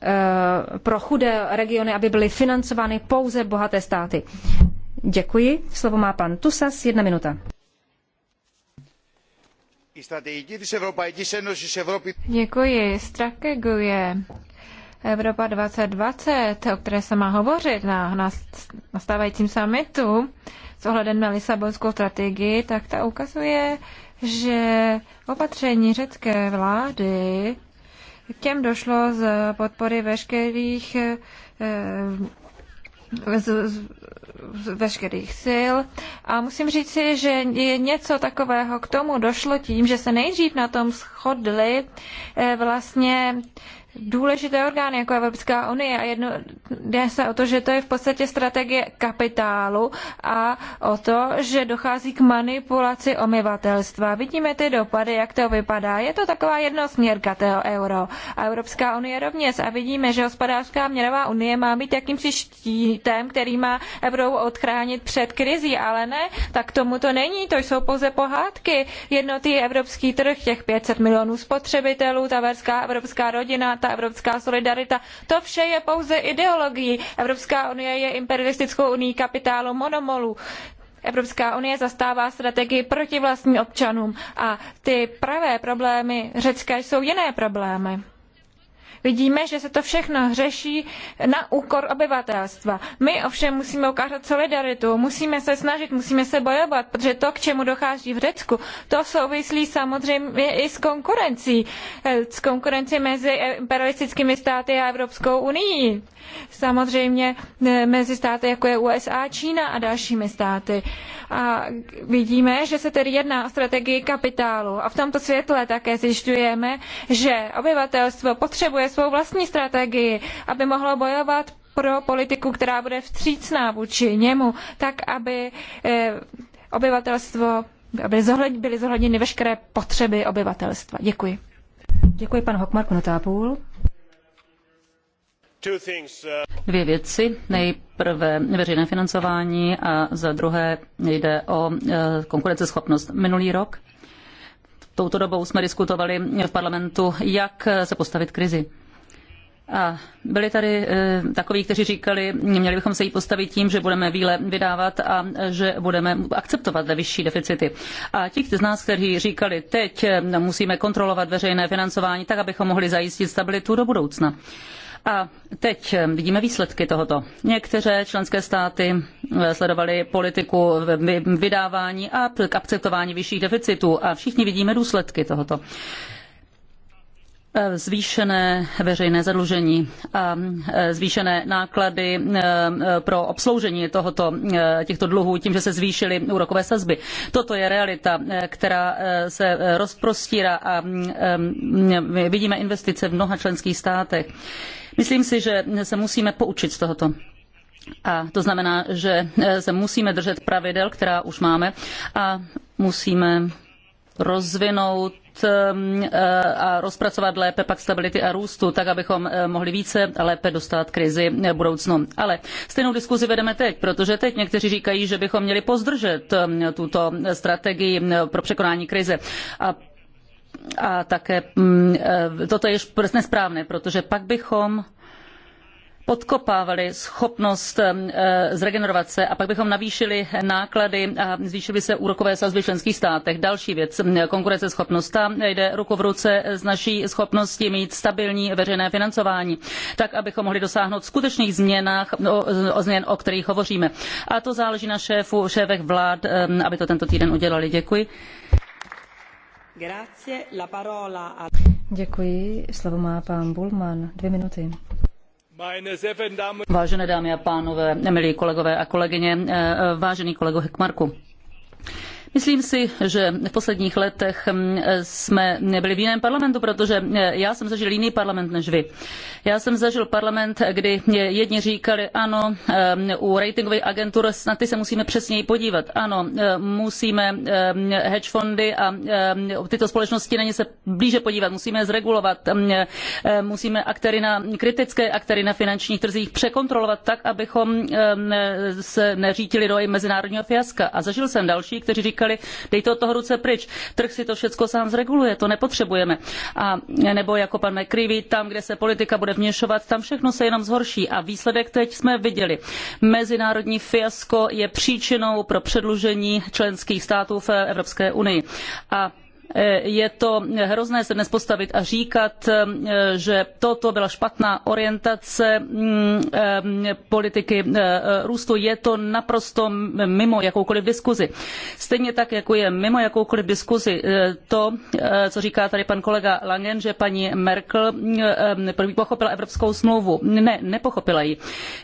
ehm, pro chudé regiony, aby byly financovány pouze bohaté státy. Děkuji. Slovo má pan Tusas, jedna minuta. Děkuji. Strategie Evropa 2020, o které se má hovořit na, na nastávajícím summitu s ohledem na Lisabonskou strategii, tak ta ukazuje, že opatření řecké vlády k těm došlo z podpory veškerých eh, z, z, z veškerých sil. A musím říct si, že něco takového k tomu došlo tím, že se nejdřív na tom shodli eh, vlastně důležité orgány, jako Evropská unie a jedno, jde se o to, že to je v podstatě strategie kapitálu a o to, že dochází k manipulaci omyvatelstva. Vidíme ty dopady, jak to vypadá. Je to taková jednosměrka toho euro a Evropská unie rovněž a vidíme, že hospodářská měnová unie má být jakýmsi štítem, který má Evropu odchránit před krizí, ale ne, tak tomu to není, to jsou pouze pohádky. Jednotý evropský trh, těch 500 milionů spotřebitelů, ta verská evropská rodina, ta evropská solidarita. To vše je pouze ideologií. Evropská unie je imperialistickou unii kapitálu monomolů. Evropská unie zastává strategii proti vlastním občanům a ty pravé problémy Řecka jsou jiné problémy. Vidíme, že se to všechno řeší na úkor obyvatelstva. My ovšem musíme ukázat solidaritu, musíme se snažit, musíme se bojovat, protože to, k čemu dochází v Řecku, to souvislí samozřejmě i s konkurencí. S konkurencí mezi imperialistickými státy a Evropskou unii. Samozřejmě e, mezi státy, jako je USA, Čína a dalšími státy. A vidíme, že se tedy jedná o strategii kapitálu. A v tomto světle také zjišťujeme, že obyvatelstvo potřebuje svou vlastní strategii, aby mohlo bojovat pro politiku, která bude vstřícná vůči němu, tak aby eh, obyvatelstvo, aby byly zohledněny veškeré potřeby obyvatelstva. Děkuji. Děkuji panu Hokmarku Notápůl. Uh, Dvě věci. Nejprve veřejné financování a za druhé jde o uh, konkurenceschopnost. Minulý rok touto dobou jsme diskutovali v parlamentu, jak uh, se postavit krizi. A byli tady e, takoví, kteří říkali, měli bychom se jí postavit tím, že budeme víle vydávat a že budeme akceptovat vyšší deficity. A ti z nás, kteří říkali, teď musíme kontrolovat veřejné financování tak, abychom mohli zajistit stabilitu do budoucna. A teď vidíme výsledky tohoto. Některé členské státy eh, sledovaly politiku vydávání a akceptování vyšších deficitů a všichni vidíme důsledky tohoto. Eh, zvýšené veřejné zadlužení a eh, zvýšené náklady eh, pro obsloužení tohoto, těchto dluhů tím, že se zvýšily úrokové sazby. Toto je realita, která se rozprostírá a vidíme investice v mnoha členských státech. Myslím si, že se musíme poučit z tohoto. A to znamená, že se musíme držet pravidel, která už máme a musíme rozvinout ehm, eh, a rozpracovat lépe pak stability a růstu, tak abychom eh, mohli více a lépe dostat krizi v eh, budoucnu. Ale stejnou diskuzi vedeme teď, protože teď někteří říkají, že bychom měli pozdržet ehm, tuto strategii ehm, pro překonání krize. A a také mm, toto je nesprávné, protože pak bychom podkopávaly schopnost eh, eh, zregenerovat se a pak bychom navýšili náklady a zvýšily by se úrokové sazby v členských státech. Další věc, hm, konkurenceschopnost, ta jde ruku v ruce s naší schopností mít stabilní veřejné financování, tak abychom mohli dosáhnout skutečných změnách, o, změn, o kterých hovoříme. A to záleží na šéfu, šéfech vlád, hm, aby to tento týden udělali. Děkuji. Děkuji. Slovo má pán Bulman. Dvě minuty. Vážené dámy a pánové, milí kolegové a kolegyně, eh, eh, vážený kolego Hekmarku. Myslím si, že v posledních letech hm, jsme byli v jiném parlamentu, protože hm, já jsem zažil jiný parlament než vy. Já jsem zažil parlament, kdy jedni říkali, ano, hm, u ratingových agentur na ty se musíme přesněji podívat. Ano, musíme hedge fondy a tyto společnosti na ně se blíže podívat, musíme je zregulovat, musíme aktéry na kritické aktéry na finančních trzích překontrolovat tak, abychom se neřítili do mezinárodního fiaska. A zažil jsem další, kteří říkali, říkali, dejte od toho ruce pryč, trh si to všechno sám zreguluje, to nepotřebujeme. A nebo jako pan McCreevy, tam, kde se politika bude vměšovat, tam všechno se jenom zhorší. A výsledek teď jsme viděli. Mezinárodní fiasko je příčinou pro předlužení členských států v Evropské unii. A Eh, je to hrozné se dnes postavit a říkat, eh, že toto byla špatná orientace mm, eh, politiky růstu. Je to naprosto mimo jakoukoliv diskuzi. Stejně tak, jako je mimo jakoukoliv diskuzi to, co říká tady pan kolega Langen, že paní Merkel pochopila Evropskou smlouvu. Ne, nepochopila ji.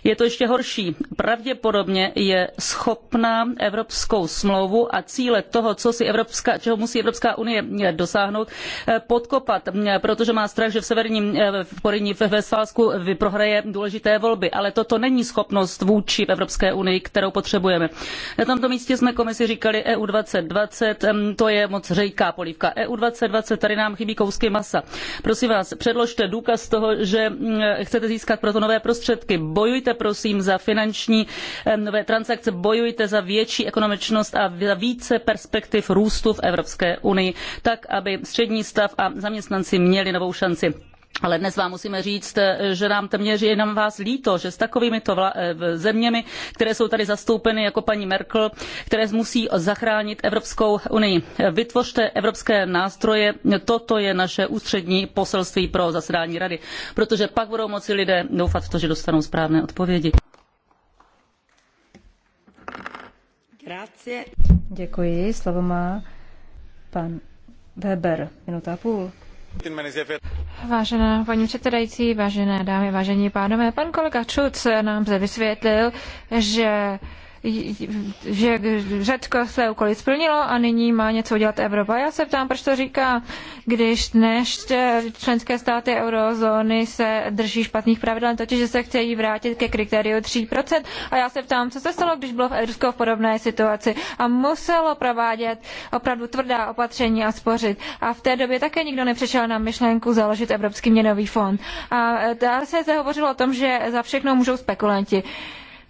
Je to ještě horší. Pravděpodobně je schopná Evropskou smlouvu a cíle toho, co si Evropská, čeho musí Evropská unie je dosáhnout, eh, podkopat, eh, protože má strach, že v severním eh, v ve Vesfálsku prohraje důležité volby. Ale toto není schopnost vůči Evropské unii, kterou potřebujeme. Na tomto místě jsme komisi říkali EU 2020, to je moc mocřejká polívka. EU 2020, tady nám chybí kousky masa. Prosím vás, předložte důkaz toho, že mm, chcete získat proto nové prostředky. Bojujte prosím za finanční nové transakce, bojujte za větší ekonomičnost a za více perspektiv růstu v Evropské unii tak aby střední stav a zaměstnanci měli novou šanci. Ale dnes vám musíme říct, že nám téměř je nám vás líto, že s takovými to eh, zeměmi, které jsou tady zastoupeny jako paní Merkel, které musí zachránit Evropskou unii. Vytvořte evropské nástroje, toto je naše ústřední poselství pro zasedání rady, protože pak budou moci lidé doufat v to, že dostanou správné odpovědi. Grazie. Děkuji, slovo má pan Weber, minuta půl. Vážená paní předsedající, vážené dámy, vážení pánové, pan kolega Čuc nám zde vysvětlil, že že Řecko své úkoly splnilo a nyní má něco dělat Evropa. Já se ptám, proč to říká, když dnes členské státy eurozóny se drží špatných pravidel, totiž že se chtějí vrátit ke kritériu 3%. A já se ptám, co se stalo, když bylo v Evropsku v podobné situaci a muselo provádět opravdu tvrdá opatření a spořit. A v té době také nikdo nepřišel na myšlenku založit Evropský měnový fond. A dále se zde hovořilo o tom, že za všechno můžou spekulanti.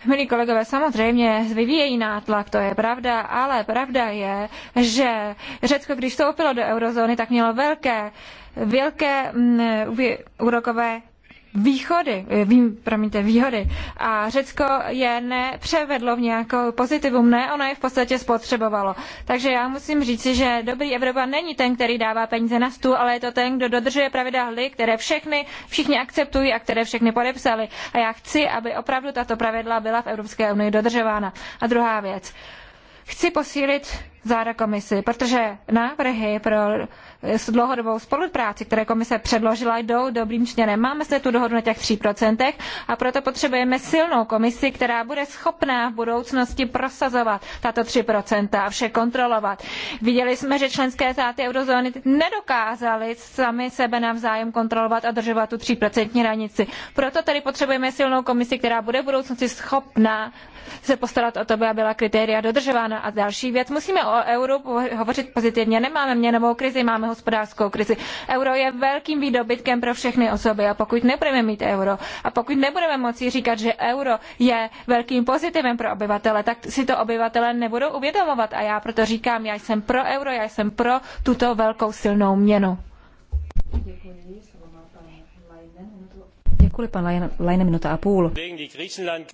Milí kolegové, samozřejmě vyvíjejí nátlak, to je pravda, ale pravda je, že Řecko, když vstoupilo do eurozóny, tak mělo velké, velké mm, úrokové východy, eh, vím, promiňte, výhody. A Řecko je nepřevedlo v nějakou pozitivum, ne, ono je v podstatě spotřebovalo. Takže já musím říci, že dobrý Evropa není ten, který dává peníze na stůl, ale je to ten, kdo dodržuje pravidla hry, které všechny, všichni akceptují a které všechny podepsali. A já chci, aby opravdu tato pravidla byla v Evropské unii dodržována. A druhá věc. Chci posílit záda komisi, protože návrhy pro Eh, s dlouhodobou spolupráci, které komise předložila, jdou dobrým směrem. Máme zde tu dohodu na těch 3% a proto potřebujeme silnou komisi, která bude schopná v budoucnosti prosazovat tato 3% a vše kontrolovat. Viděli jsme, že členské státy eurozóny nedokázaly sami sebe navzájem kontrolovat a držovat tu 3% hranici. Proto tedy potřebujeme silnou komisi, která bude v budoucnosti schopná se postarat o to, aby byla kritéria dodržována. A další věc, musíme o euru hovořit pozitivně. Nemáme měnovou krizi, máme hospodářskou krizi. Euro je velkým výdobytkem pro všechny osoby a pokud nebudeme mít euro a pokud nebudeme moci říkat, že euro je velkým pozitivem pro obyvatele, tak si to obyvatele nebudou uvědomovat a já proto říkám, já jsem pro euro, já jsem pro tuto velkou silnou měnu. Děkuji. Děkuji, pan minuta a půl.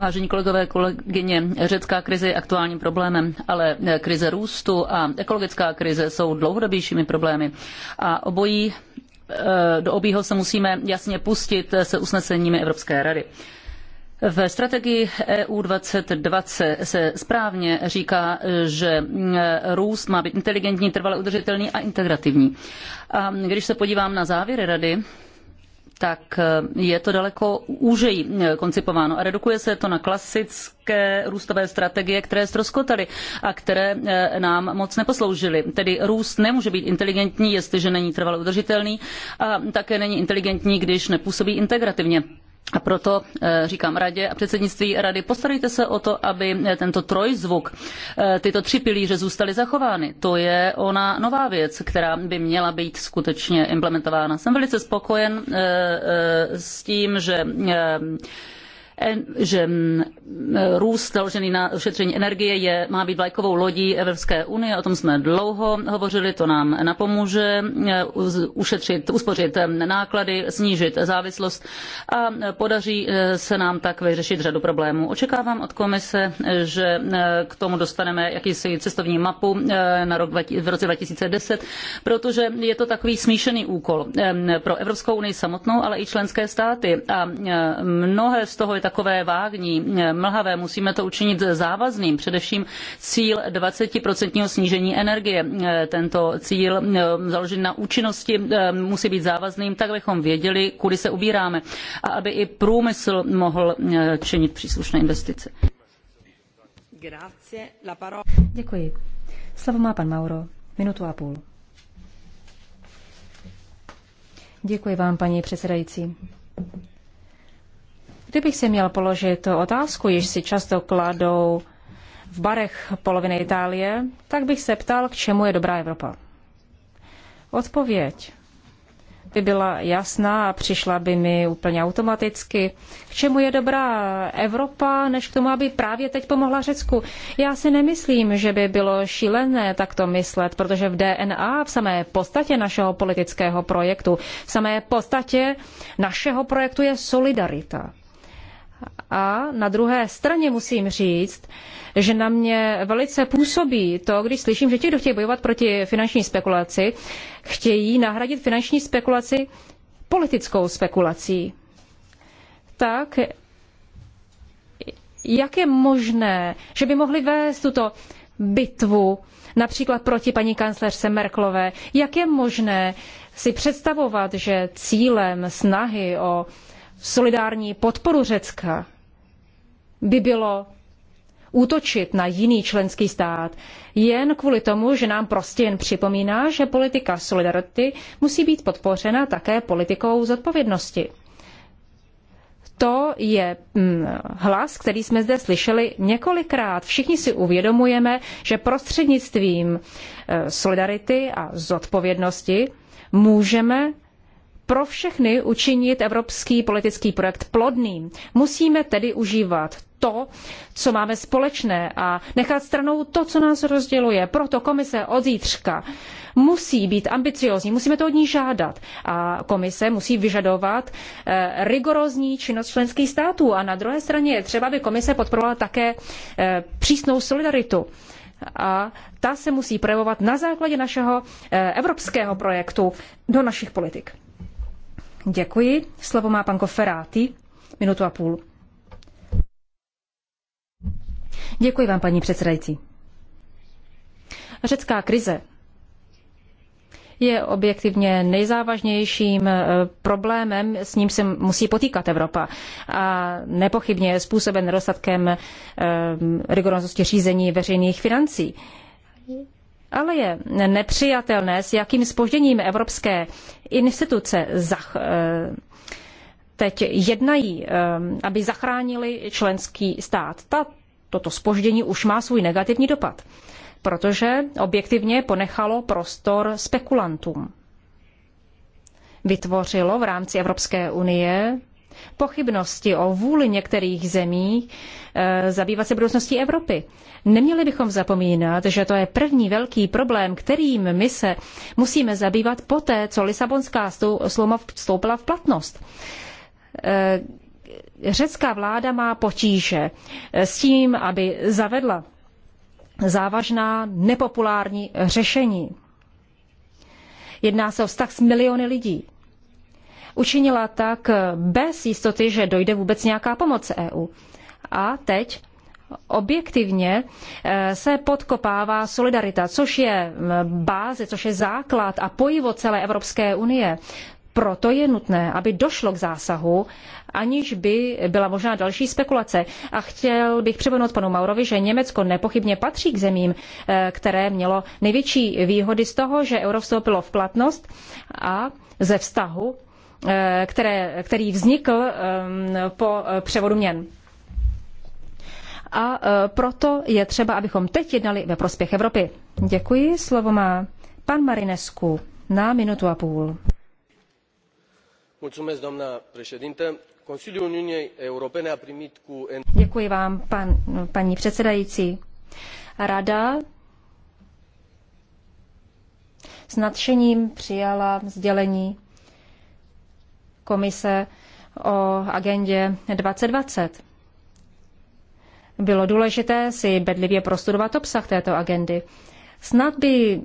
Vážení kolegové, kolegyně, řecká krize je aktuálním problémem, ale krize růstu a ekologická krize jsou dlouhodobějšími problémy a obojí e, do obího se musíme jasně pustit se usneseními Evropské rady. V strategii EU 2020 se správně říká, že e, růst má být inteligentní, trvale udržitelný a integrativní. A když se podívám na závěry rady, tak eh, je to daleko úžeji eh, koncipováno a redukuje se to na klasické růstové strategie, které ztroskotaly a které eh, nám moc neposloužily. Tedy růst nemůže být inteligentní, jestliže není trvale udržitelný a také není inteligentní, když nepůsobí integrativně. A proto eh, říkám radě a předsednictví rady, postarejte se o to, aby eh, tento trojzvuk, eh, tyto tři pilíře zůstaly zachovány. To je ona nová věc, která by měla být skutečně implementována. Jsem velice spokojen s tím, že Eh, že mm, eh, růst založený na ušetření energie je, má být vlajkovou lodí Evropské unie. O tom jsme dlouho hovořili, to nám napomůže eh, ušetřit, uspořit náklady, snížit závislost a podaří se nám tak vyřešit řadu problémů. Očekávám od komise, že k tomu dostaneme jakýsi cestovní mapu na rok, v roce 2010, protože je to takový smíšený úkol pro Evropskou unii samotnou, ale i členské státy. A mnohé z toho je takové vágní, eh, mlhavé, musíme to učinit závazným, především cíl 20% snížení energie. Eh, tento cíl eh, založený na účinnosti musí být závazným, tak abychom věděli, kudy se ubíráme a aby i průmysl mohl činit příslušné investice. Děkuji. Slovo má pan Mauro. Minutu a půl. Děkuji vám, paní předsedající. Kdybych si měl položit otázku, jež si často kladou v barech poloviny Itálie, tak bych se ptal, k čemu je dobrá Evropa. Odpověď by byla jasná a přišla by mi úplně automaticky. K čemu je dobrá Evropa, než k tomu, aby právě teď pomohla Řecku? Já si nemyslím, že by bylo šílené takto myslet, protože v DNA, v samé podstatě našeho politického projektu, v samé podstatě našeho projektu je solidarita. A na druhé straně musím říct, že na mě velice působí to, když slyším, že ti, kdo chtějí bojovat proti finanční spekulaci, chtějí nahradit finanční spekulaci politickou spekulací. Tak jak je možné, že by mohli vést tuto bitvu například proti paní kancléřce Merklové? Jak je možné si představovat, že cílem snahy o solidární podporu Řecka by bylo útočit na jiný členský stát jen kvůli tomu, že nám prostě jen připomíná, že politika solidarity musí být podpořena také politikou zodpovědnosti. To je mm, hlas, který jsme zde slyšeli několikrát. Všichni si uvědomujeme, že prostřednictvím eh, solidarity a zodpovědnosti můžeme pro všechny učinit evropský politický projekt plodným. Musíme tedy užívat to, co máme společné a nechat stranou to, co nás rozděluje. Proto komise od zítřka musí být ambiciózní, musíme to od ní žádat. A komise musí vyžadovat eh, rigorózní činnost členských států. A na druhé straně je třeba, aby komise podporovala také eh, přísnou solidaritu a ta se musí projevovat na základě našeho eh, evropského projektu do našich politik. Děkuji. Slovo má pan Koferáty. Minutu a půl. Děkuji vám, paní předsedající. Řecká krize je objektivně nejzávažnějším eh, problémem, s ním se musí potýkat Evropa. A nepochybně je způsoben nedostatkem eh, rigoroznosti řízení veřejných financí. Ale je nepřijatelné, s jakým spožděním evropské instituce zach, eh, teď jednají, eh, aby zachránili členský stát. Ta, toto spoždění už má svůj negativní dopad, protože objektivně ponechalo prostor spekulantům. Vytvořilo v rámci Evropské unie pochybnosti o vůli některých zemí eh, zabývat se budoucností Evropy. Neměli bychom zapomínat, že to je první velký problém, kterým my se musíme zabývat poté, co Lisabonská sloma vstoupila v platnost. Eh, řecká vláda má potíže s tím, aby zavedla závažná nepopulární řešení. Jedná se o vztah s miliony lidí učinila tak bez jistoty, že dojde vůbec nějaká pomoc EU. A teď objektivně eh, se podkopává solidarita, což je báze, což je základ a pojivo celé Evropské unie. Proto je nutné, aby došlo k zásahu, aniž by byla možná další spekulace. A chtěl bych připomenout panu Maurovi, že Německo nepochybně patří k zemím, eh, které mělo největší výhody z toho, že euro vstoupilo v platnost a ze vztahu Eh, které, který vznikl eh, po převodu měn. A eh, proto je třeba, abychom teď jednali ve prospěch Evropy. Děkuji. Slovo má pan Marinescu na minutu a půl. Děkuji vám, pan, paní předsedající. Rada s nadšením přijala sdělení komise o agendě 2020. Bylo důležité si bedlivě prostudovat obsah této agendy. Snad by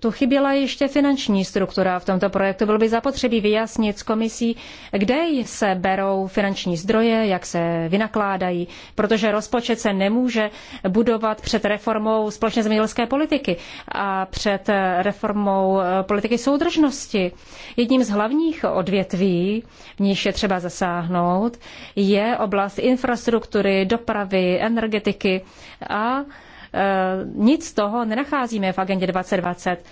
tu chyběla ještě finanční struktura v tomto projektu. Bylo by zapotřebí vyjasnit s komisí, kde se berou finanční zdroje, jak se vynakládají, protože rozpočet se nemůže budovat před reformou společné zemědělské politiky a před reformou eh, politiky soudržnosti. Jedním z hlavních odvětví, v níž je třeba zasáhnout, je oblast infrastruktury, dopravy, energetiky a Eh, nic z toho nenacházíme v agendě 2020.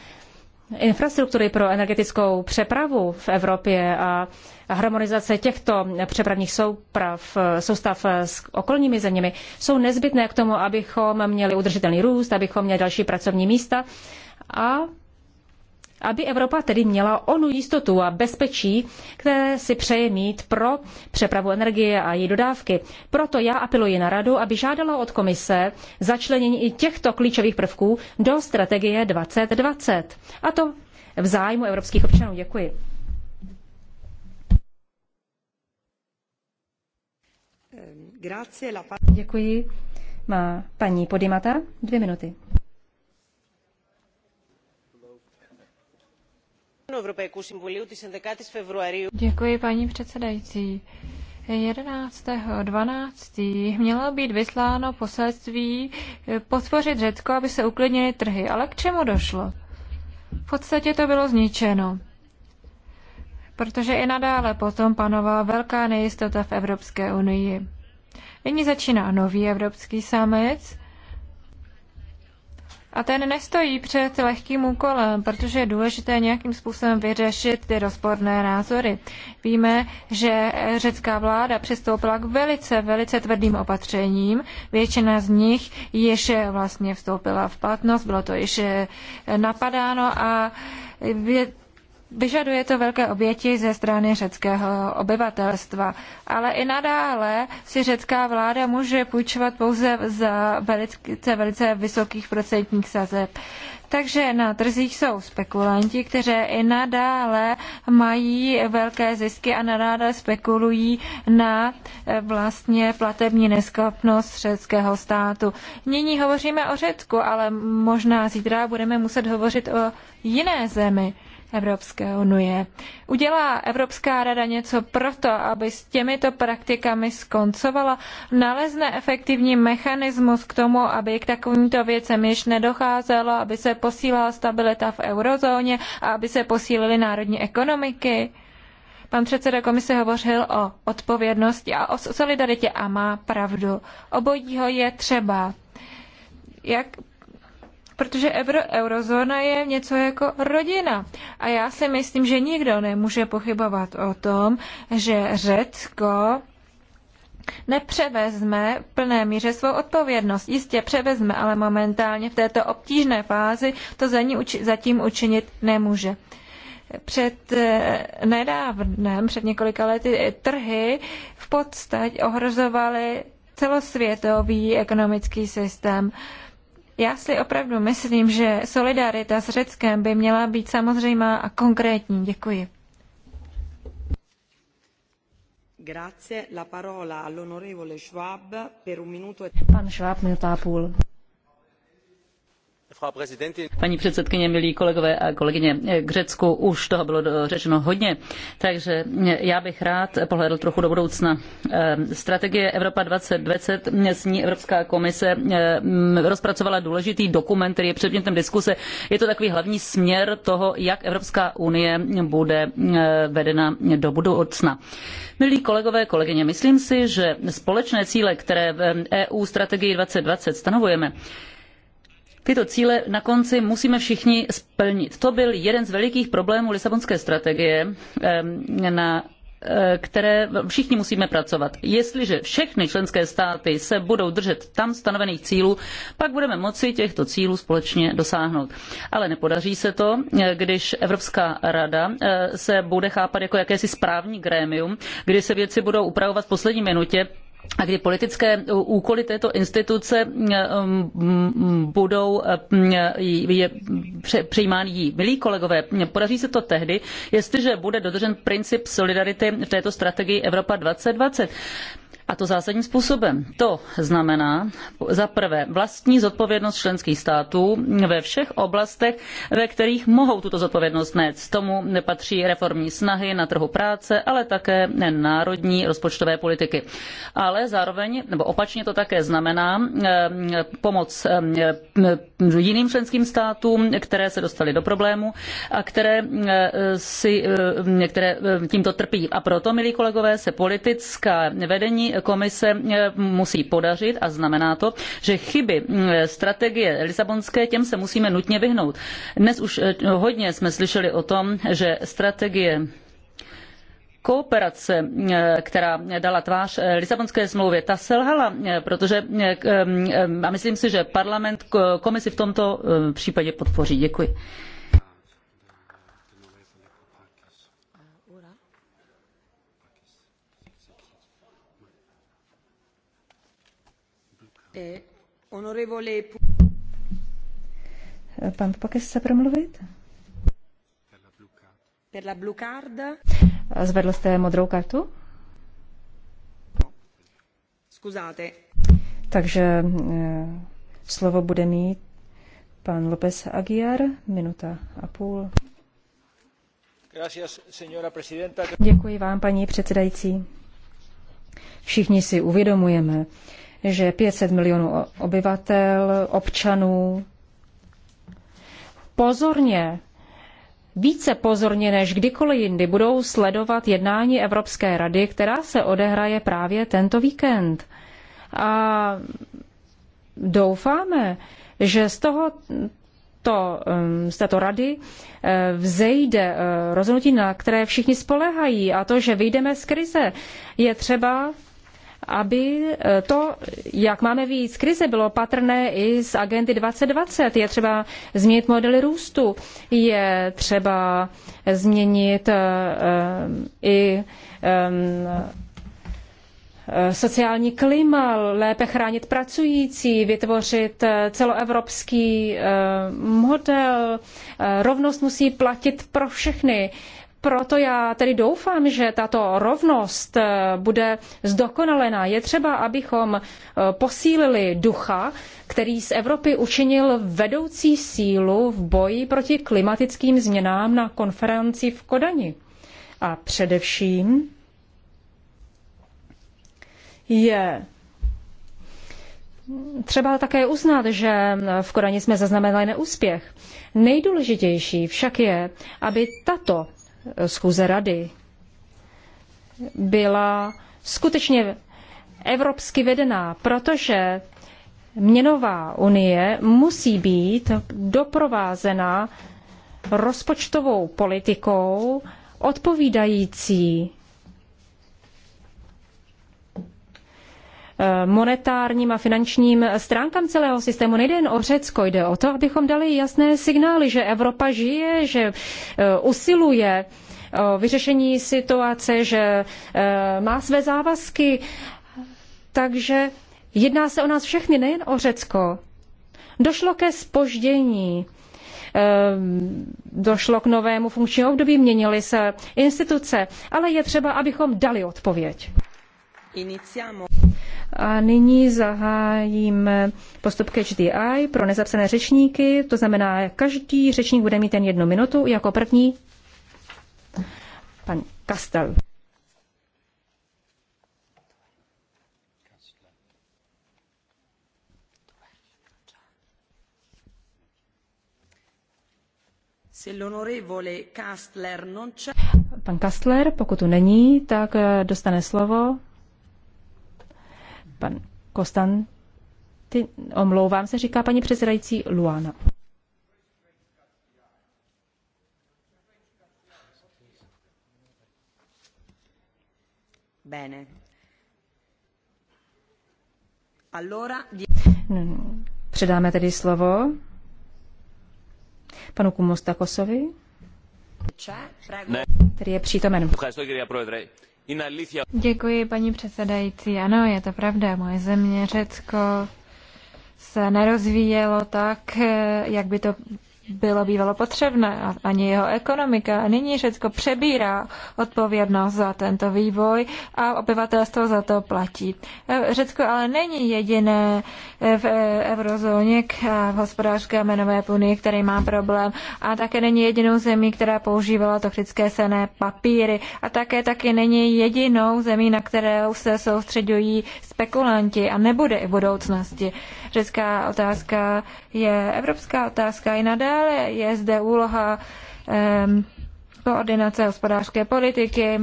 Infrastruktury pro energetickou přepravu v Evropě a harmonizace těchto přepravních souprav, eh, soustav eh, s okolními zeměmi jsou nezbytné k tomu, abychom měli udržitelný růst, abychom měli další pracovní místa a aby Evropa tedy měla onu jistotu a bezpečí, které si přeje mít pro přepravu energie a její dodávky. Proto já apeluji na radu, aby žádala od komise začlenění i těchto klíčových prvků do strategie 2020. A to v zájmu evropských občanů. Děkuji. Děkuji. Má paní Podimata dvě minuty. Děkuji, paní předsedající. 12. mělo být vysláno poselství eh, podpořit Řecko, aby se uklidnily trhy. Ale k čemu došlo? V podstatě to bylo zničeno. Protože i nadále potom panovala velká nejistota v Evropské unii. Nyní začíná nový evropský samec, a ten nestojí před lehkým úkolem, protože je důležité nějakým způsobem vyřešit ty rozporné názory. Víme, že řecká vláda přistoupila k velice, velice tvrdým opatřením. Většina z nich již vlastně vstoupila v platnost, bylo to již napadáno a Vyžaduje to velké oběti ze strany řeckého obyvatelstva, ale i nadále si řecká vláda může půjčovat pouze za velice, velice vysokých procentních sazeb. Takže na trzích jsou spekulanti, kteří i nadále mají velké zisky a nadále spekulují na eh, vlastně platební neschopnost řeckého státu. Nyní hovoříme o Řecku, ale možná zítra budeme muset hovořit o jiné zemi. Evropské unie. Udělá Evropská rada něco proto, aby s těmito praktikami skoncovala? Nalezne efektivní mechanismus k tomu, aby k takovýmto věcem již nedocházelo, aby se posílala stabilita v eurozóně a aby se posílily národní ekonomiky? Pan předseda komise hovořil o odpovědnosti a o solidaritě a má pravdu. Obojího je třeba. Jak protože euro, eurozóna je něco jako rodina. A já si myslím, že nikdo nemůže pochybovat o tom, že Řecko nepřevezme v plné míře svou odpovědnost. Jistě převezme, ale momentálně v této obtížné fázi to za ní uči, zatím učinit nemůže. Před eh, nedávnem, před několika lety, eh, trhy v podstatě ohrozovaly celosvětový ekonomický systém. Uh, já si opravdu myslím, že solidarita s Řeckem by měla být samozřejmá a konkrétní. Děkuji. Grazie, la parola all'onorevole Schwab per un minuto e... Pan Schwab, minuta a půl. Paní předsedkyně, milí kolegové a kolegyně, k Řecku už toho bylo řečeno hodně, takže já bych rád pohledl trochu do budoucna. Ehm, strategie Evropa 2020, s ní Evropská komise ehm, rozpracovala důležitý dokument, který je předmětem diskuse. Je to takový hlavní směr toho, jak Evropská unie bude ehm, vedena do budoucna. Milí kolegové, kolegyně, myslím si, že společné cíle, které v EU e strategii 2020 stanovujeme, Tyto cíle na konci musíme všichni splnit. To byl jeden z velikých problémů Lisabonské strategie, na e, které všichni musíme pracovat. Jestliže všechny členské státy se budou držet tam stanovených cílů, pak budeme moci těchto cílů společně dosáhnout. Ale nepodaří se to, e, když Evropská rada e, se bude chápat jako jakési správní grémium, kdy se věci budou upravovat v poslední minutě, a kdy politické úkoly této instituce mm, mm, budou mm, přijímány jí. Milí kolegové, podaří se to tehdy, jestliže bude dodržen princip solidarity v této strategii Evropa 2020 a to zásadním způsobem. To znamená za prvé vlastní zodpovědnost členských států ve všech oblastech, ve kterých mohou tuto zodpovědnost nést. Tomu nepatří reformní snahy na trhu práce, ale také národní rozpočtové politiky. Ale zároveň, nebo opačně to také znamená eh, pomoc eh, jiným členským státům, které se dostaly do problému a které, eh, si, které tímto trpí. A proto, milí kolegové, se politická vedení komise eh, musí podařit a znamená to, že chyby eh, strategie Lisabonské těm se musíme nutně vyhnout. Dnes už eh, hodně jsme slyšeli o tom, že strategie kooperace, která dala tvář Lisabonské smlouvě, ta selhala, protože a myslím si, že parlament komisi v tomto případě podpoří. Děkuji. Pan Pokes chce promluvit? Zvedl jste modrou kartu? No. Scusate. Takže eh, slovo bude mít pan López Aguiar, minuta a půl. Děkuji vám, paní předsedající. Všichni si uvědomujeme, že 500 milionů obyvatel, občanů, pozorně, více pozorně než kdykoliv jindy budou sledovat jednání Evropské rady, která se odehraje právě tento víkend. A doufáme, že z toho to, z této rady eh, vzejde eh, rozhodnutí, na které všichni spolehají a to, že vyjdeme z krize. Je třeba aby e, to, jak máme víc z krize, bylo patrné i z agendy 2020. Je třeba změnit modely růstu, je třeba změnit e, e, i sociální klima, lépe chránit pracující, vytvořit celoevropský model. Rovnost musí platit pro všechny. Proto já tedy doufám, že tato rovnost eh, bude zdokonalena. Je třeba, abychom eh, posílili ducha, který z Evropy učinil vedoucí sílu v boji proti klimatickým změnám na konferenci v Kodani. A především je třeba také uznat, že v Kodani jsme zaznamenali neúspěch. Nejdůležitější však je, aby tato schůze rady byla skutečně evropsky vedená, protože měnová unie musí být doprovázena rozpočtovou politikou odpovídající Eh, monetárním a finančním stránkám celého systému. Nejde jen o Řecko, jde o to, abychom dali jasné signály, že Evropa žije, že eh, usiluje o vyřešení situace, že eh, má své závazky. Takže jedná se o nás všechny, nejen o Řecko. Došlo ke spoždění došlo k novému funkčnímu období, měnily se instituce, ale je třeba, abychom dali odpověď. A nyní zahájím postup Catch the Eye pro nezapsané řečníky, to znamená, každý řečník bude mít ten jednu minutu. Jako první pan Kastel. Pan Kastler, pokud tu není, tak eh, dostane slovo Pan Konstantin, omlouvám se, říká paní předsedající Luana. Bene. Allora... No, no. Předáme tedy slovo panu Kumostakosovi, který je přítomen. Děkuji, paní předsedající. Ano, je to pravda. Moje země, Řecko, se nerozvíjelo tak, eh, jak by to bylo bývalo potřebné, ani jeho ekonomika. Nyní Řecko přebírá odpovědnost za tento vývoj a obyvatelstvo za to platí. Řecko ale není jediné v eurozóně k hospodářské menové puny, který má problém a také není jedinou zemí, která používala toxické sené papíry a také taky není jedinou zemí, na kterou se soustředují spekulanti a nebude i v budoucnosti. Řecká otázka je evropská otázka i nadále. Je zde úloha um, koordinace hospodářské politiky,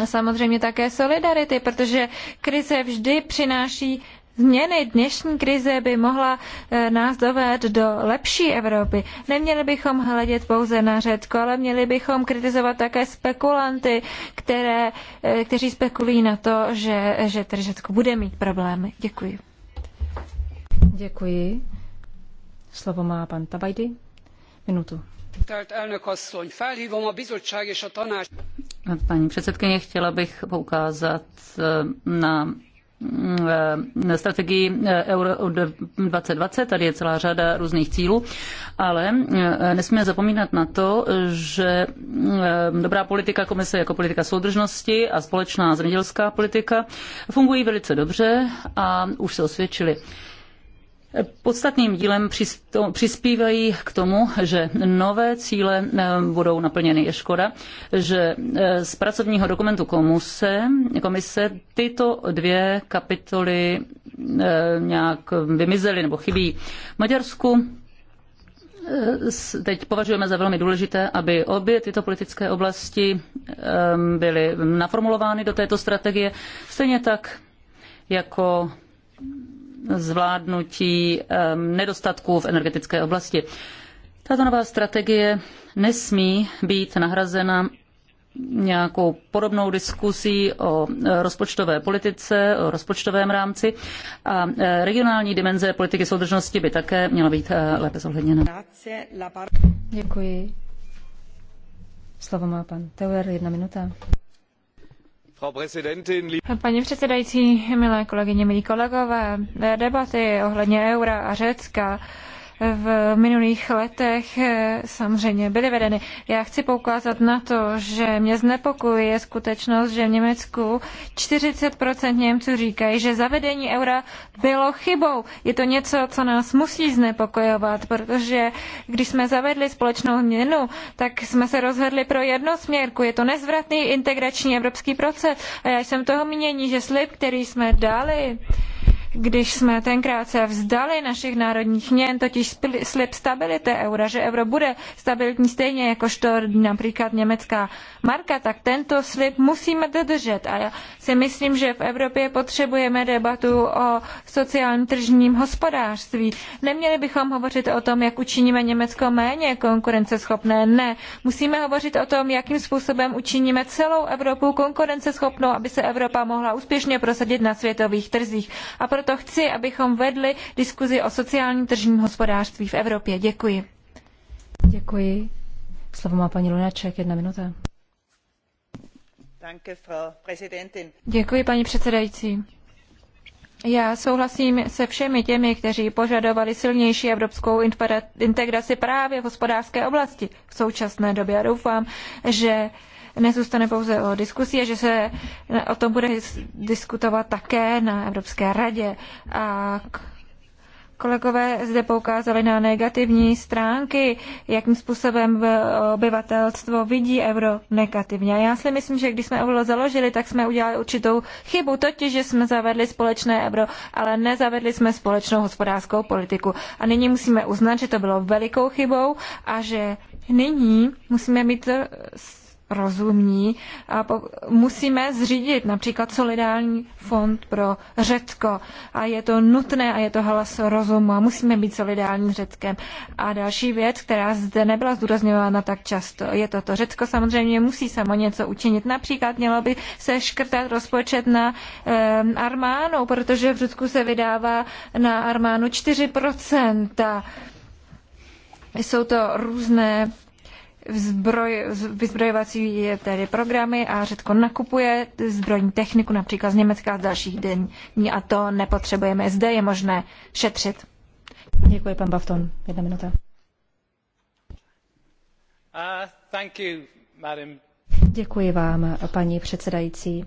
a samozřejmě také solidarity, protože krize vždy přináší změny dnešní krize by mohla eh, nás dovést do lepší Evropy. Neměli bychom hledět pouze na Řecko, ale měli bychom kritizovat také spekulanty, které, eh, kteří spekulují na to, že, že Řecko bude mít problémy. Děkuji. Děkuji. Slovo má pan Tabajdy. Minutu. Paní předsedkyně, chtěla bych poukázat eh, na Eh, strategii eh, Euro 2020, tady je celá řada různých cílů, ale eh, nesmíme zapomínat na to, že dobrá politika komise jako politika soudržnosti a společná zemědělská politika fungují velice dobře a už se osvědčily podstatným dílem přispívají k tomu, že nové cíle eh, budou naplněny. Je škoda, že eh, z pracovního dokumentu komise, komise tyto dvě kapitoly eh, nějak vymizely nebo chybí. V Maďarsku teď považujeme za velmi důležité, aby obě tyto politické oblasti byly naformulovány do této strategie, stejně tak jako zvládnutí ehm, nedostatků v energetické oblasti. Tato nová strategie nesmí být nahrazena nějakou podobnou diskusí o e, rozpočtové politice, o rozpočtovém rámci a e, regionální dimenze politiky soudržnosti by také měla být e, lépe zohledněna. Děkuji. Slovo má pan Teuer, jedna minuta. Paní předsedající, milé kolegyně, milí kolegové, debaty ohledně eura a Řecka v minulých letech eh, samozřejmě byly vedeny. Já chci poukázat na to, že mě znepokojuje skutečnost, že v Německu 40% Němců říkají, že zavedení eura bylo chybou. Je to něco, co nás musí znepokojovat, protože když jsme zavedli společnou měnu, tak jsme se rozhodli pro jednosměrku. Je to nezvratný integrační evropský proces. A já jsem toho mínění, že slib, který jsme dali, když jsme tenkrát se vzdali našich národních měn, totiž slib stability eura, že euro bude stabilní stejně jakožto například německá marka, tak tento slib musíme dodržet. A já si myslím, že v Evropě potřebujeme debatu o sociálním tržním hospodářství. Neměli bychom hovořit o tom, jak učiníme Německo méně konkurenceschopné. Ne. Musíme hovořit o tom, jakým způsobem učiníme celou Evropu konkurenceschopnou, aby se Evropa mohla úspěšně prosadit na světových trzích. A pro proto chci, abychom vedli diskuzi o sociálním tržním hospodářství v Evropě. Děkuji. Děkuji. Slovo má paní Lunaček, jedna minuta. Děkuji, paní předsedající. Já souhlasím se všemi těmi, kteří požadovali silnější evropskou integraci právě v hospodářské oblasti v současné době a doufám, že nezůstane pouze o diskusi že se o tom bude diskutovat také na Evropské radě. A kolegové zde poukázali na negativní stránky, jakým způsobem obyvatelstvo vidí euro negativně. A já si myslím, že když jsme euro založili, tak jsme udělali určitou chybu, totiž, že jsme zavedli společné euro, ale nezavedli jsme společnou hospodářskou politiku. A nyní musíme uznat, že to bylo velikou chybou a že nyní musíme mít rozumní a musíme zřídit například solidární fond pro Řecko a je to nutné a je to hlas rozumu a musíme být solidární s Řeckem. A další věc, která zde nebyla zdůrazňována tak často, je toto. Řecko samozřejmě musí samo něco učinit. Například mělo by se škrtat rozpočet na um, ehm, armánu, protože v Řecku se vydává na armánu 4%. Jsou to různé Vzbroj, vyzbrojovací je tedy programy a řetko nakupuje zbrojní techniku například z Německa a z dalších dní a to nepotřebujeme. Zde je možné šetřit. Děkuji, pan Bafton. Jedna minuta. Uh, thank you, madam. Děkuji vám, paní předsedající.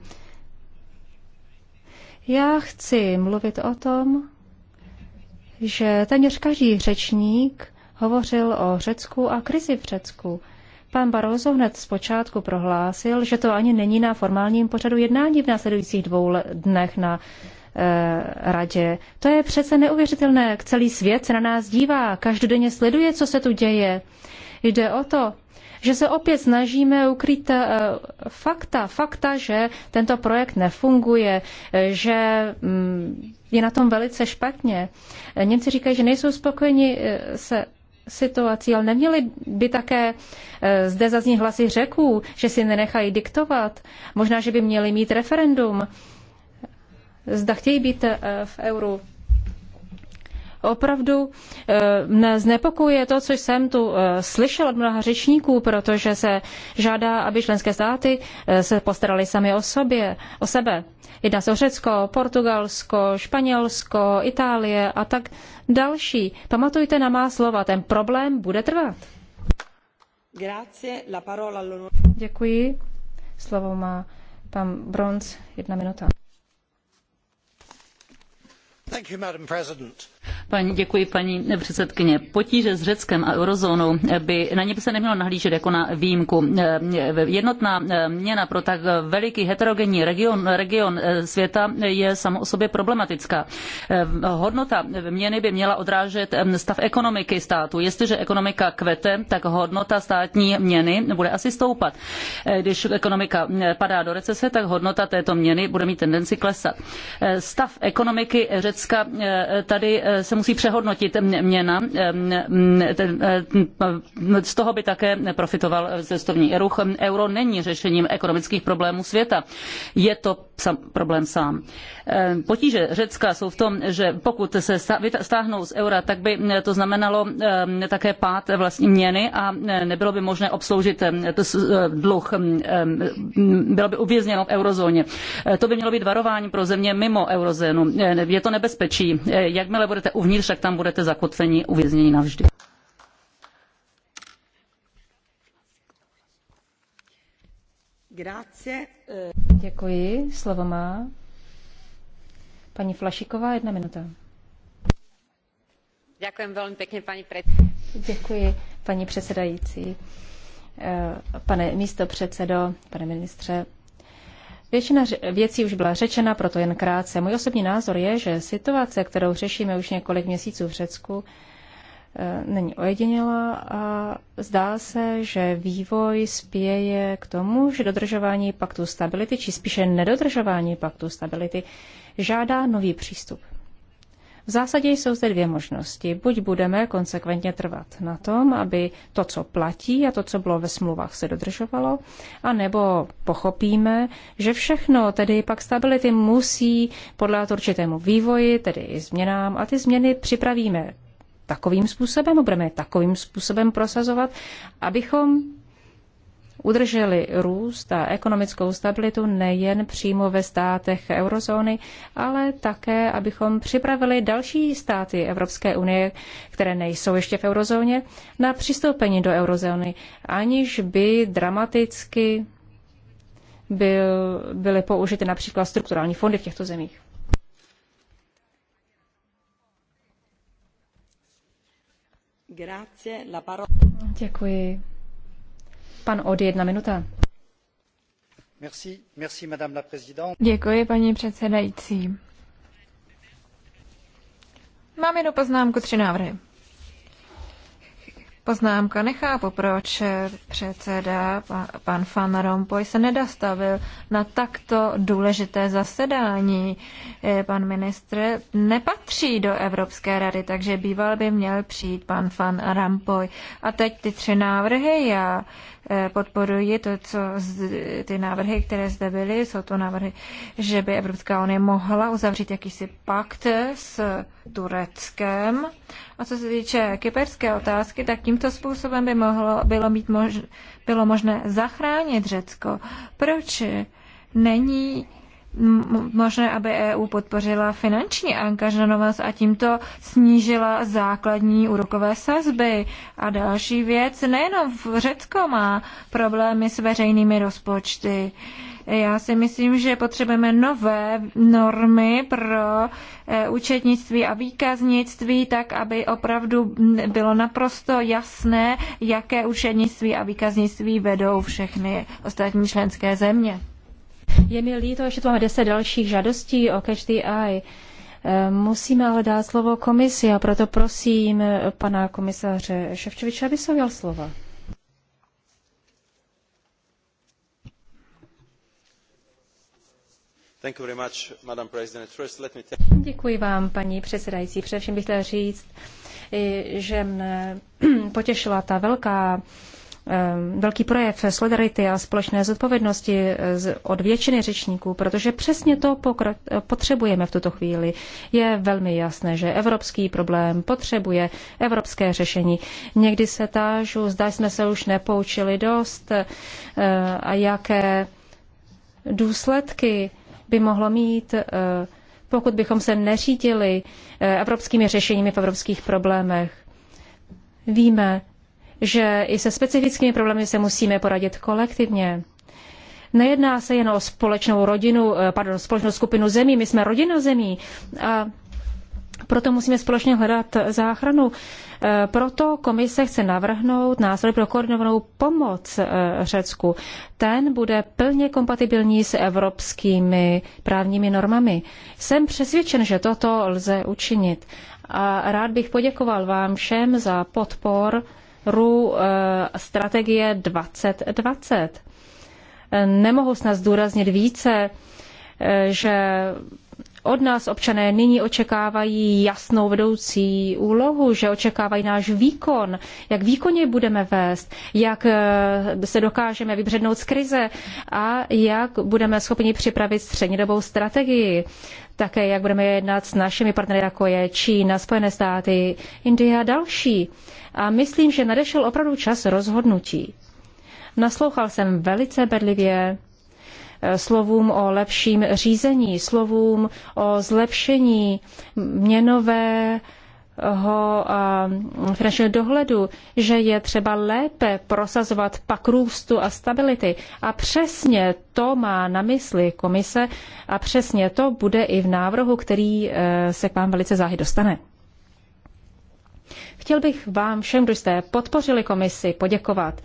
Já chci mluvit o tom, že téměř každý řečník hovořil o Řecku a krizi v Řecku. Pan Barroso hned zpočátku prohlásil, že to ani není na formálním pořadu jednání v následujících dvou dnech na e, radě. To je přece neuvěřitelné, jak celý svět se na nás dívá, každodenně sleduje, co se tu děje. Jde o to, že se opět snažíme ukryt e, fakta, fakta, že tento projekt nefunguje, eh, že mm, je na tom velice špatně. Němci říkají, že nejsou spokojeni se situací, ale neměli by také e, zde zaznít hlasy řeků, že si nenechají diktovat. Možná, že by měli mít referendum. Zda chtějí být e, v euru opravdu eh, mne znepokuje to, co jsem tu eh, slyšel od mnoha řečníků, protože se žádá, aby členské státy eh, se postarali sami o, sobě, o sebe. Jedná se o Řecko, Portugalsko, Španělsko, Itálie a tak další. Pamatujte na má slova, ten problém bude trvat. Děkuji. Slovo má pan Bronz, jedna minuta. You, Paní, děkuji paní předsedkyně. Potíže s Řeckem a eurozónou eh, by na ně by se nemělo nahlížet jako na výjimku. Eh, eh, jednotná měna pro tak veliký heterogenní region, region světa je samo o sobě problematická. Hodnota měny by měla odrážet stav ekonomiky státu. Jestliže ekonomika kvete, tak hodnota státní měny bude asi stoupat. Když ekonomika padá do recese, tak hodnota této měny bude mít tendenci klesat. Stav ekonomiky Řecka tady se se musí přehodnotit měna. Eh, eh, z toho by také profitoval eh, cestovní ruch. Euro není řešením ekonomických problémů světa. Je to problém sám. Potíže Řecka jsou v tom, že pokud se stáhnou z eura, tak by to znamenalo také pád vlastní měny a nebylo by možné obsloužit dluh. Bylo by uvězněno v eurozóně. To by mělo být varování pro země mimo eurozónu. Je to nebezpečí. Jakmile budete uvnitř, tak tam budete zakotveni uvězněni navždy. Grazie. Děkuji. Slovo má paní Flašiková, jedna minuta. Děkuji velmi pěkně, paní předsedající. Děkuji, paní předsedající. Eh, pane místo předsedo, pane ministře, Většina věcí už byla řečena, proto jen krátce. Můj osobní názor je, že situace, kterou řešíme už několik měsíců v Řecku, e, není ojedinělá a zdá se, že vývoj spěje k tomu, že dodržování paktu stability, či spíše nedodržování paktu stability, žádá nový přístup. V zásadě jsou zde dvě možnosti. Buď budeme konsekventně trvat na tom, aby to, co platí a to, co bylo ve smluvách, se dodržovalo, anebo pochopíme, že všechno, tedy pak stability, musí podléhat určitému vývoji, tedy i změnám, a ty změny připravíme takovým způsobem, budeme je takovým způsobem prosazovat, abychom udrželi růst a ekonomickou stabilitu nejen přímo ve státech eurozóny, ale také, abychom připravili další státy Evropské unie, které nejsou ještě v eurozóně, na přistoupení do eurozóny, aniž by dramaticky byl, byly použity například strukturální fondy v těchto zemích. Děkuji. Pan jedna minuta. Merci, merci, madame la Děkuji, paní předsedající. Mám jednu poznámku, tři návrhy. Poznámka, nechápu, proč předseda pan Van Rompuy se nedostavil na takto důležité zasedání. E, pan ministr nepatří do Evropské rady, takže býval by měl přijít pan Van Rompuy. A teď ty tři návrhy. Já Eh, podporuji to, co z, ty návrhy, které zde byly, jsou to návrhy, že by Evropská unie mohla uzavřít jakýsi pakt s Tureckem. A co se týče kyperské otázky, tak tímto způsobem by mohlo, bylo, mít mož, bylo možné zachránit Řecko. Proč není možné, aby EU podpořila finanční angažovanost a tímto snížila základní úrokové sazby. A další věc, nejenom v Řecko má problémy s veřejnými rozpočty. Já si myslím, že potřebujeme nové normy pro e, účetnictví a výkaznictví, tak aby opravdu bylo naprosto jasné, jaké účetnictví a výkaznictví vedou všechny ostatní členské země. Je mi líto, že tu máme deset dalších žádostí o Catch the Eye. Ehm, musíme ale dát slovo komisi a proto prosím eh, pana komisaře Ševčoviče, aby se ujal slova. Much, me... Děkuji vám, paní předsedající. Především bych chtěla říct, že mne potěšila ta velká Ehm, velký projev solidarity a společné zodpovědnosti eh, od většiny řečníků, protože přesně to eh, potřebujeme v tuto chvíli. Je velmi jasné, že evropský problém potřebuje evropské řešení. Někdy se tážu, zda jsme se už nepoučili dost eh, a jaké důsledky by mohlo mít pokud bychom se neřídili evropskými řešeními v evropských problémech. Víme, že i se specifickými problémy se musíme poradit kolektivně. Nejedná se jen o společnou rodinu, eh, pardon, společnou skupinu zemí, my jsme rodina zemí. A proto musíme společně hledat záchranu. Eh, proto komise chce navrhnout nástroj pro koordinovanou pomoc eh, Řecku. Ten bude plně kompatibilní s evropskými právními normami. Jsem přesvědčen, že toto lze učinit. A rád bych poděkoval vám všem za podporu. RU eh, strategie 2020. Nemohu snad zdůraznit více, eh, že od nás občané nyní očekávají jasnou vedoucí úlohu, že očekávají náš výkon, jak výkonně budeme vést, jak eh, se dokážeme vybřednout z krize a jak budeme schopni připravit střednědobou strategii. Také jak budeme jednat s našimi partnery, jako je Čína, Spojené státy, Indie a další a myslím, že nadešel opravdu čas rozhodnutí. Naslouchal jsem velice bedlivě eh, slovům o lepším řízení, slovům o zlepšení měnové ho eh, finančního dohledu, že je třeba lépe prosazovat pak růstu a stability. A přesně to má na mysli komise a přesně to bude i v návrhu, který eh, se k vám velice záhy dostane. Chtěl bych vám všem, kdo jste podpořili komisi, poděkovat.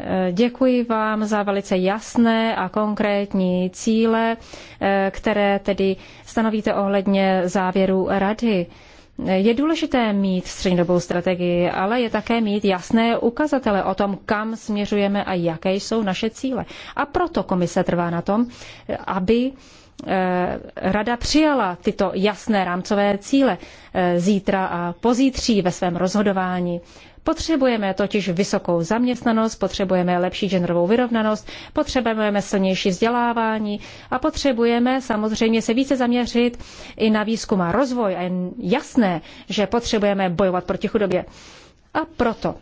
Eh, děkuji vám za velice jasné a konkrétní cíle, eh, které tedy stanovíte ohledně závěru rady. Eh, je důležité mít střednědobou strategii, ale je také mít jasné ukazatele o tom, kam směřujeme a jaké jsou naše cíle. A proto komise trvá na tom, aby Eh, rada přijala tyto jasné rámcové cíle eh, zítra a pozítří ve svém rozhodování. Potřebujeme totiž vysokou zaměstnanost, potřebujeme lepší genderovou vyrovnanost, potřebujeme silnější vzdělávání a potřebujeme samozřejmě se více zaměřit i na výzkum a rozvoj. A je jasné, že potřebujeme bojovat proti chudobě. A proto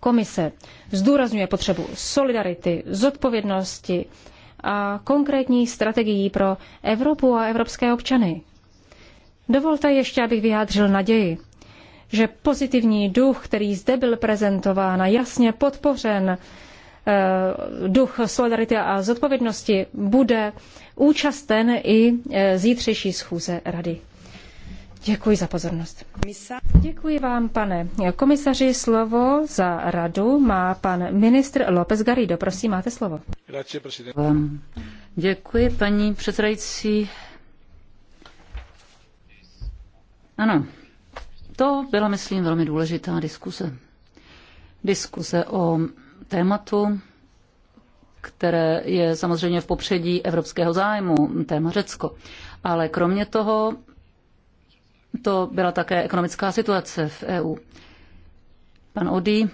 komise zdůrazňuje potřebu solidarity, zodpovědnosti a konkrétní strategií pro Evropu a evropské občany. Dovolte ještě, abych vyjádřil naději, že pozitivní duch, který zde byl prezentován a jasně podpořen, eh, duch solidarity a zodpovědnosti bude účasten i eh, zítřejší schůze rady. Děkuji za pozornost. Děkuji vám, pane komisaři. Slovo za radu má pan ministr López Garrido. Prosím, máte slovo. Děkuji, paní předsedající. Ano, to byla, myslím, velmi důležitá diskuse. Diskuse o tématu, které je samozřejmě v popředí evropského zájmu, téma Řecko. Ale kromě toho to byla také ekonomická situace v EU. Pan Odí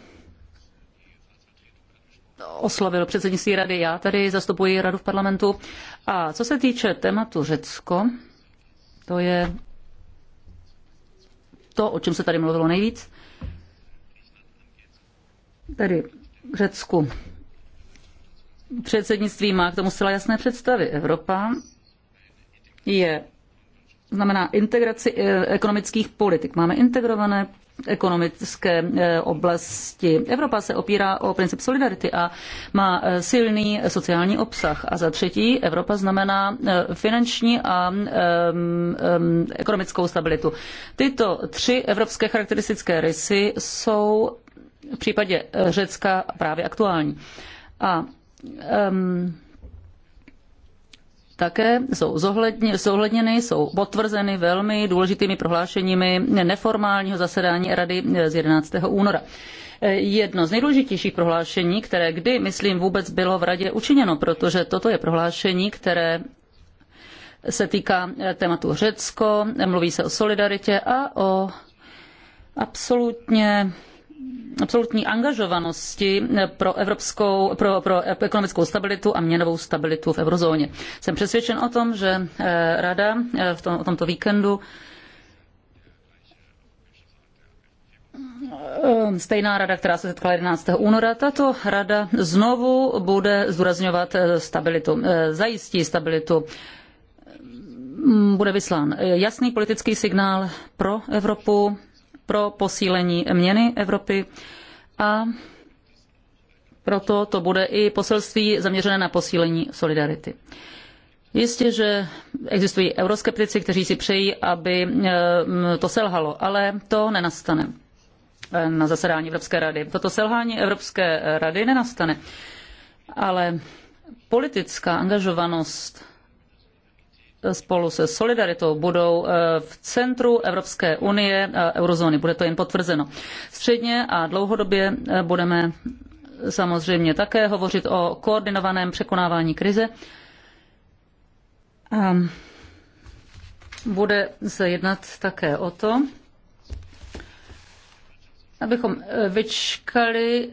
oslovil předsednictví rady. Já tady zastupuji radu v parlamentu. A co se týče tématu Řecko, to je to, o čem se tady mluvilo nejvíc. Tedy Řecku. Předsednictví má k tomu zcela jasné představy. Evropa je znamená integraci eh, ekonomických politik. Máme integrované ekonomické eh, oblasti. Evropa se opírá o princip solidarity a má eh, silný sociální obsah. A za třetí, Evropa znamená eh, finanční a mm, ekonomickou stabilitu. Tyto tři evropské charakteristické rysy jsou v případě Řecka právě aktuální. A um, také jsou zohledněny, jsou potvrzeny velmi důležitými prohlášeními neformálního zasedání Rady eh, z 11. února eh, jedno z nejdůležitějších prohlášení, které kdy, myslím, vůbec bylo v Radě učiněno, protože toto je prohlášení, které se týká eh, tématu Řecko, mluví se o solidaritě a o absolutně absolutní angažovanosti pro, evropskou, pro, pro ekonomickou stabilitu a měnovou stabilitu v eurozóně. Jsem přesvědčen o tom, že eh, Rada eh, v tom, o tomto víkendu eh, stejná rada, která se setkala 11. února, tato rada znovu bude zdůrazňovat stabilitu, zajistí stabilitu. Bude vyslán jasný politický signál pro Evropu, pro posílení měny Evropy a proto to bude i poselství zaměřené na posílení solidarity. Jistě, že existují euroskeptici, kteří si přejí, aby e, to selhalo, ale to nenastane e, na zasedání Evropské rady. Toto selhání Evropské rady nenastane, ale politická angažovanost spolu se solidaritou budou eh, v centru Evropské unie a eurozóny. Bude to jen potvrzeno. Středně a dlouhodobě eh, budeme samozřejmě také hovořit o koordinovaném překonávání krize. A bude se jednat také o to, abychom eh, vyčkali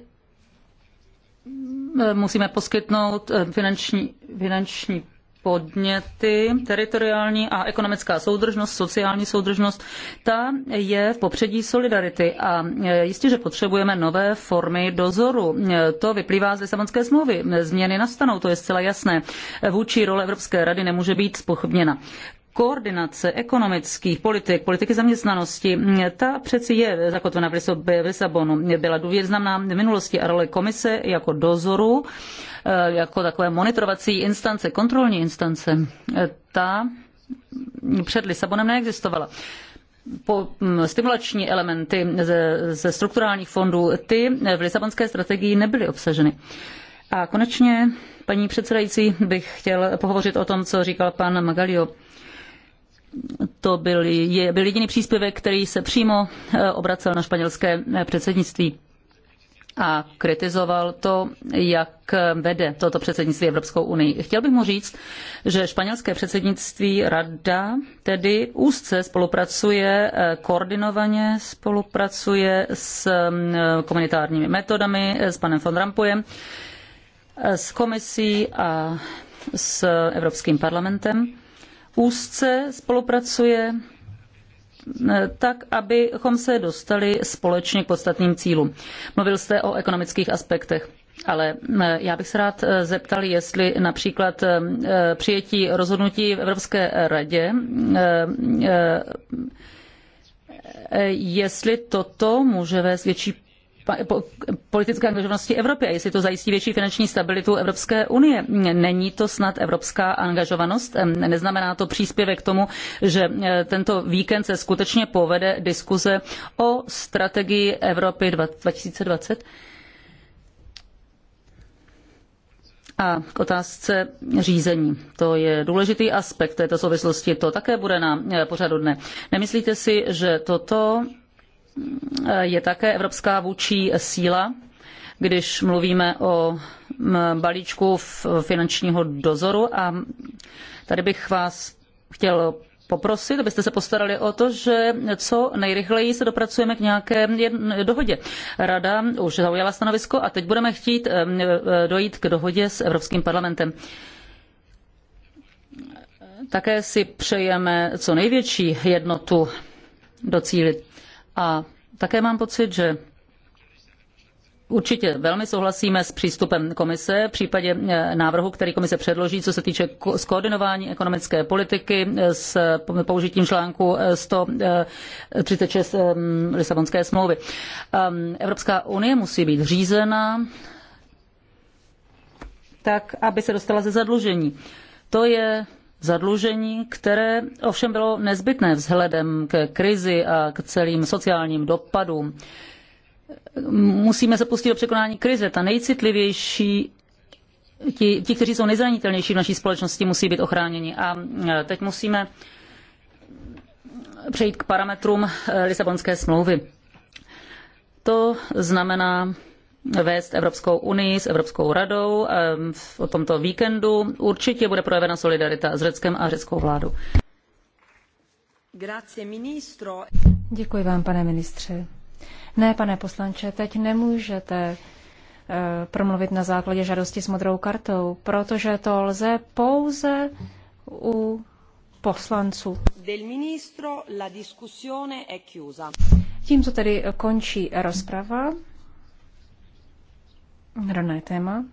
musíme poskytnout finanční, finanční podněty, teritoriální a ekonomická soudržnost, sociální soudržnost, ta je v popředí solidarity a e, jistě, že potřebujeme nové formy dozoru. E, to vyplývá z Lisabonské smlouvy. Změny nastanou, to je zcela jasné. Vůči role Evropské rady nemůže být spochybněna koordinace ekonomických politik, politiky zaměstnanosti, ta přeci je zakotvena v Lisabonu. Byla důvěrná v minulosti a role komise jako dozoru, eh, jako takové monitorovací instance, kontrolní instance, eh, ta před Lisabonem neexistovala po hm, stimulační elementy ze, ze strukturálních fondů, ty v Lisabonské strategii nebyly obsaženy. A konečně, paní předsedající, bych chtěl pohovořit o tom, co říkal pan Magalio to byl, je, byl jediný příspěvek, který se přímo eh, obracel na španělské eh, předsednictví a kritizoval to, jak eh, vede toto předsednictví Evropskou unii. Chtěl bych mu říct, že španělské předsednictví rada tedy úzce spolupracuje, koordinovaně spolupracuje s mm, komunitárními metodami, s panem von Rampujem, s komisí a s Evropským parlamentem úzce spolupracuje eh, tak, abychom se dostali společně k podstatným cílům. Mluvil jste o ekonomických aspektech. Ale eh, já bych se rád eh, zeptal, jestli například přijetí rozhodnutí v Evropské radě, jestli toto může vést větší politické angažovanosti Evropy a jestli to zajistí větší finanční stabilitu Evropské unie. Není to snad evropská angažovanost? Neznamená to příspěvek k tomu, že e, tento víkend se skutečně povede diskuze o strategii Evropy 2020? A k otázce řízení. To je důležitý aspekt této souvislosti. To také bude na e, pořadu dne. Nemyslíte si, že toto je také evropská vůči síla, když mluvíme o balíčku finančního dozoru. A tady bych vás chtěl poprosit, abyste se postarali o to, že co nejrychleji se dopracujeme k nějaké dohodě. Rada už zaujala stanovisko a teď budeme chtít e, dojít k dohodě s Evropským parlamentem. Také si přejeme co největší jednotu docílit. A také mám pocit, že Určitě velmi souhlasíme s přístupem komise v případě eh, návrhu, který komise předloží, co se týče skoordinování ekonomické politiky eh, s použitím článku 136 eh, Lisabonské smlouvy. Evropská unie musí být řízena tak, aby se dostala ze zadlužení. To je zadlužení, které ovšem bylo nezbytné vzhledem ke krizi a k celým sociálním dopadům. Musíme se pustit do překonání krize. Ta nejcitlivější Ti, ti, kteří jsou nejzranitelnější v naší společnosti, musí být ochráněni. A e, teď musíme přejít k parametrům e, Lisabonské smlouvy. To znamená vést Evropskou unii s Evropskou radou o tomto víkendu. Určitě bude projevena solidarita s Řeckem a řeckou vládou. Děkuji vám, pane ministře. Ne, pane poslanče, teď nemůžete eh, promluvit na základě žádosti s modrou kartou, protože to lze pouze u poslanců. Tímto tedy končí rozprava rané téma.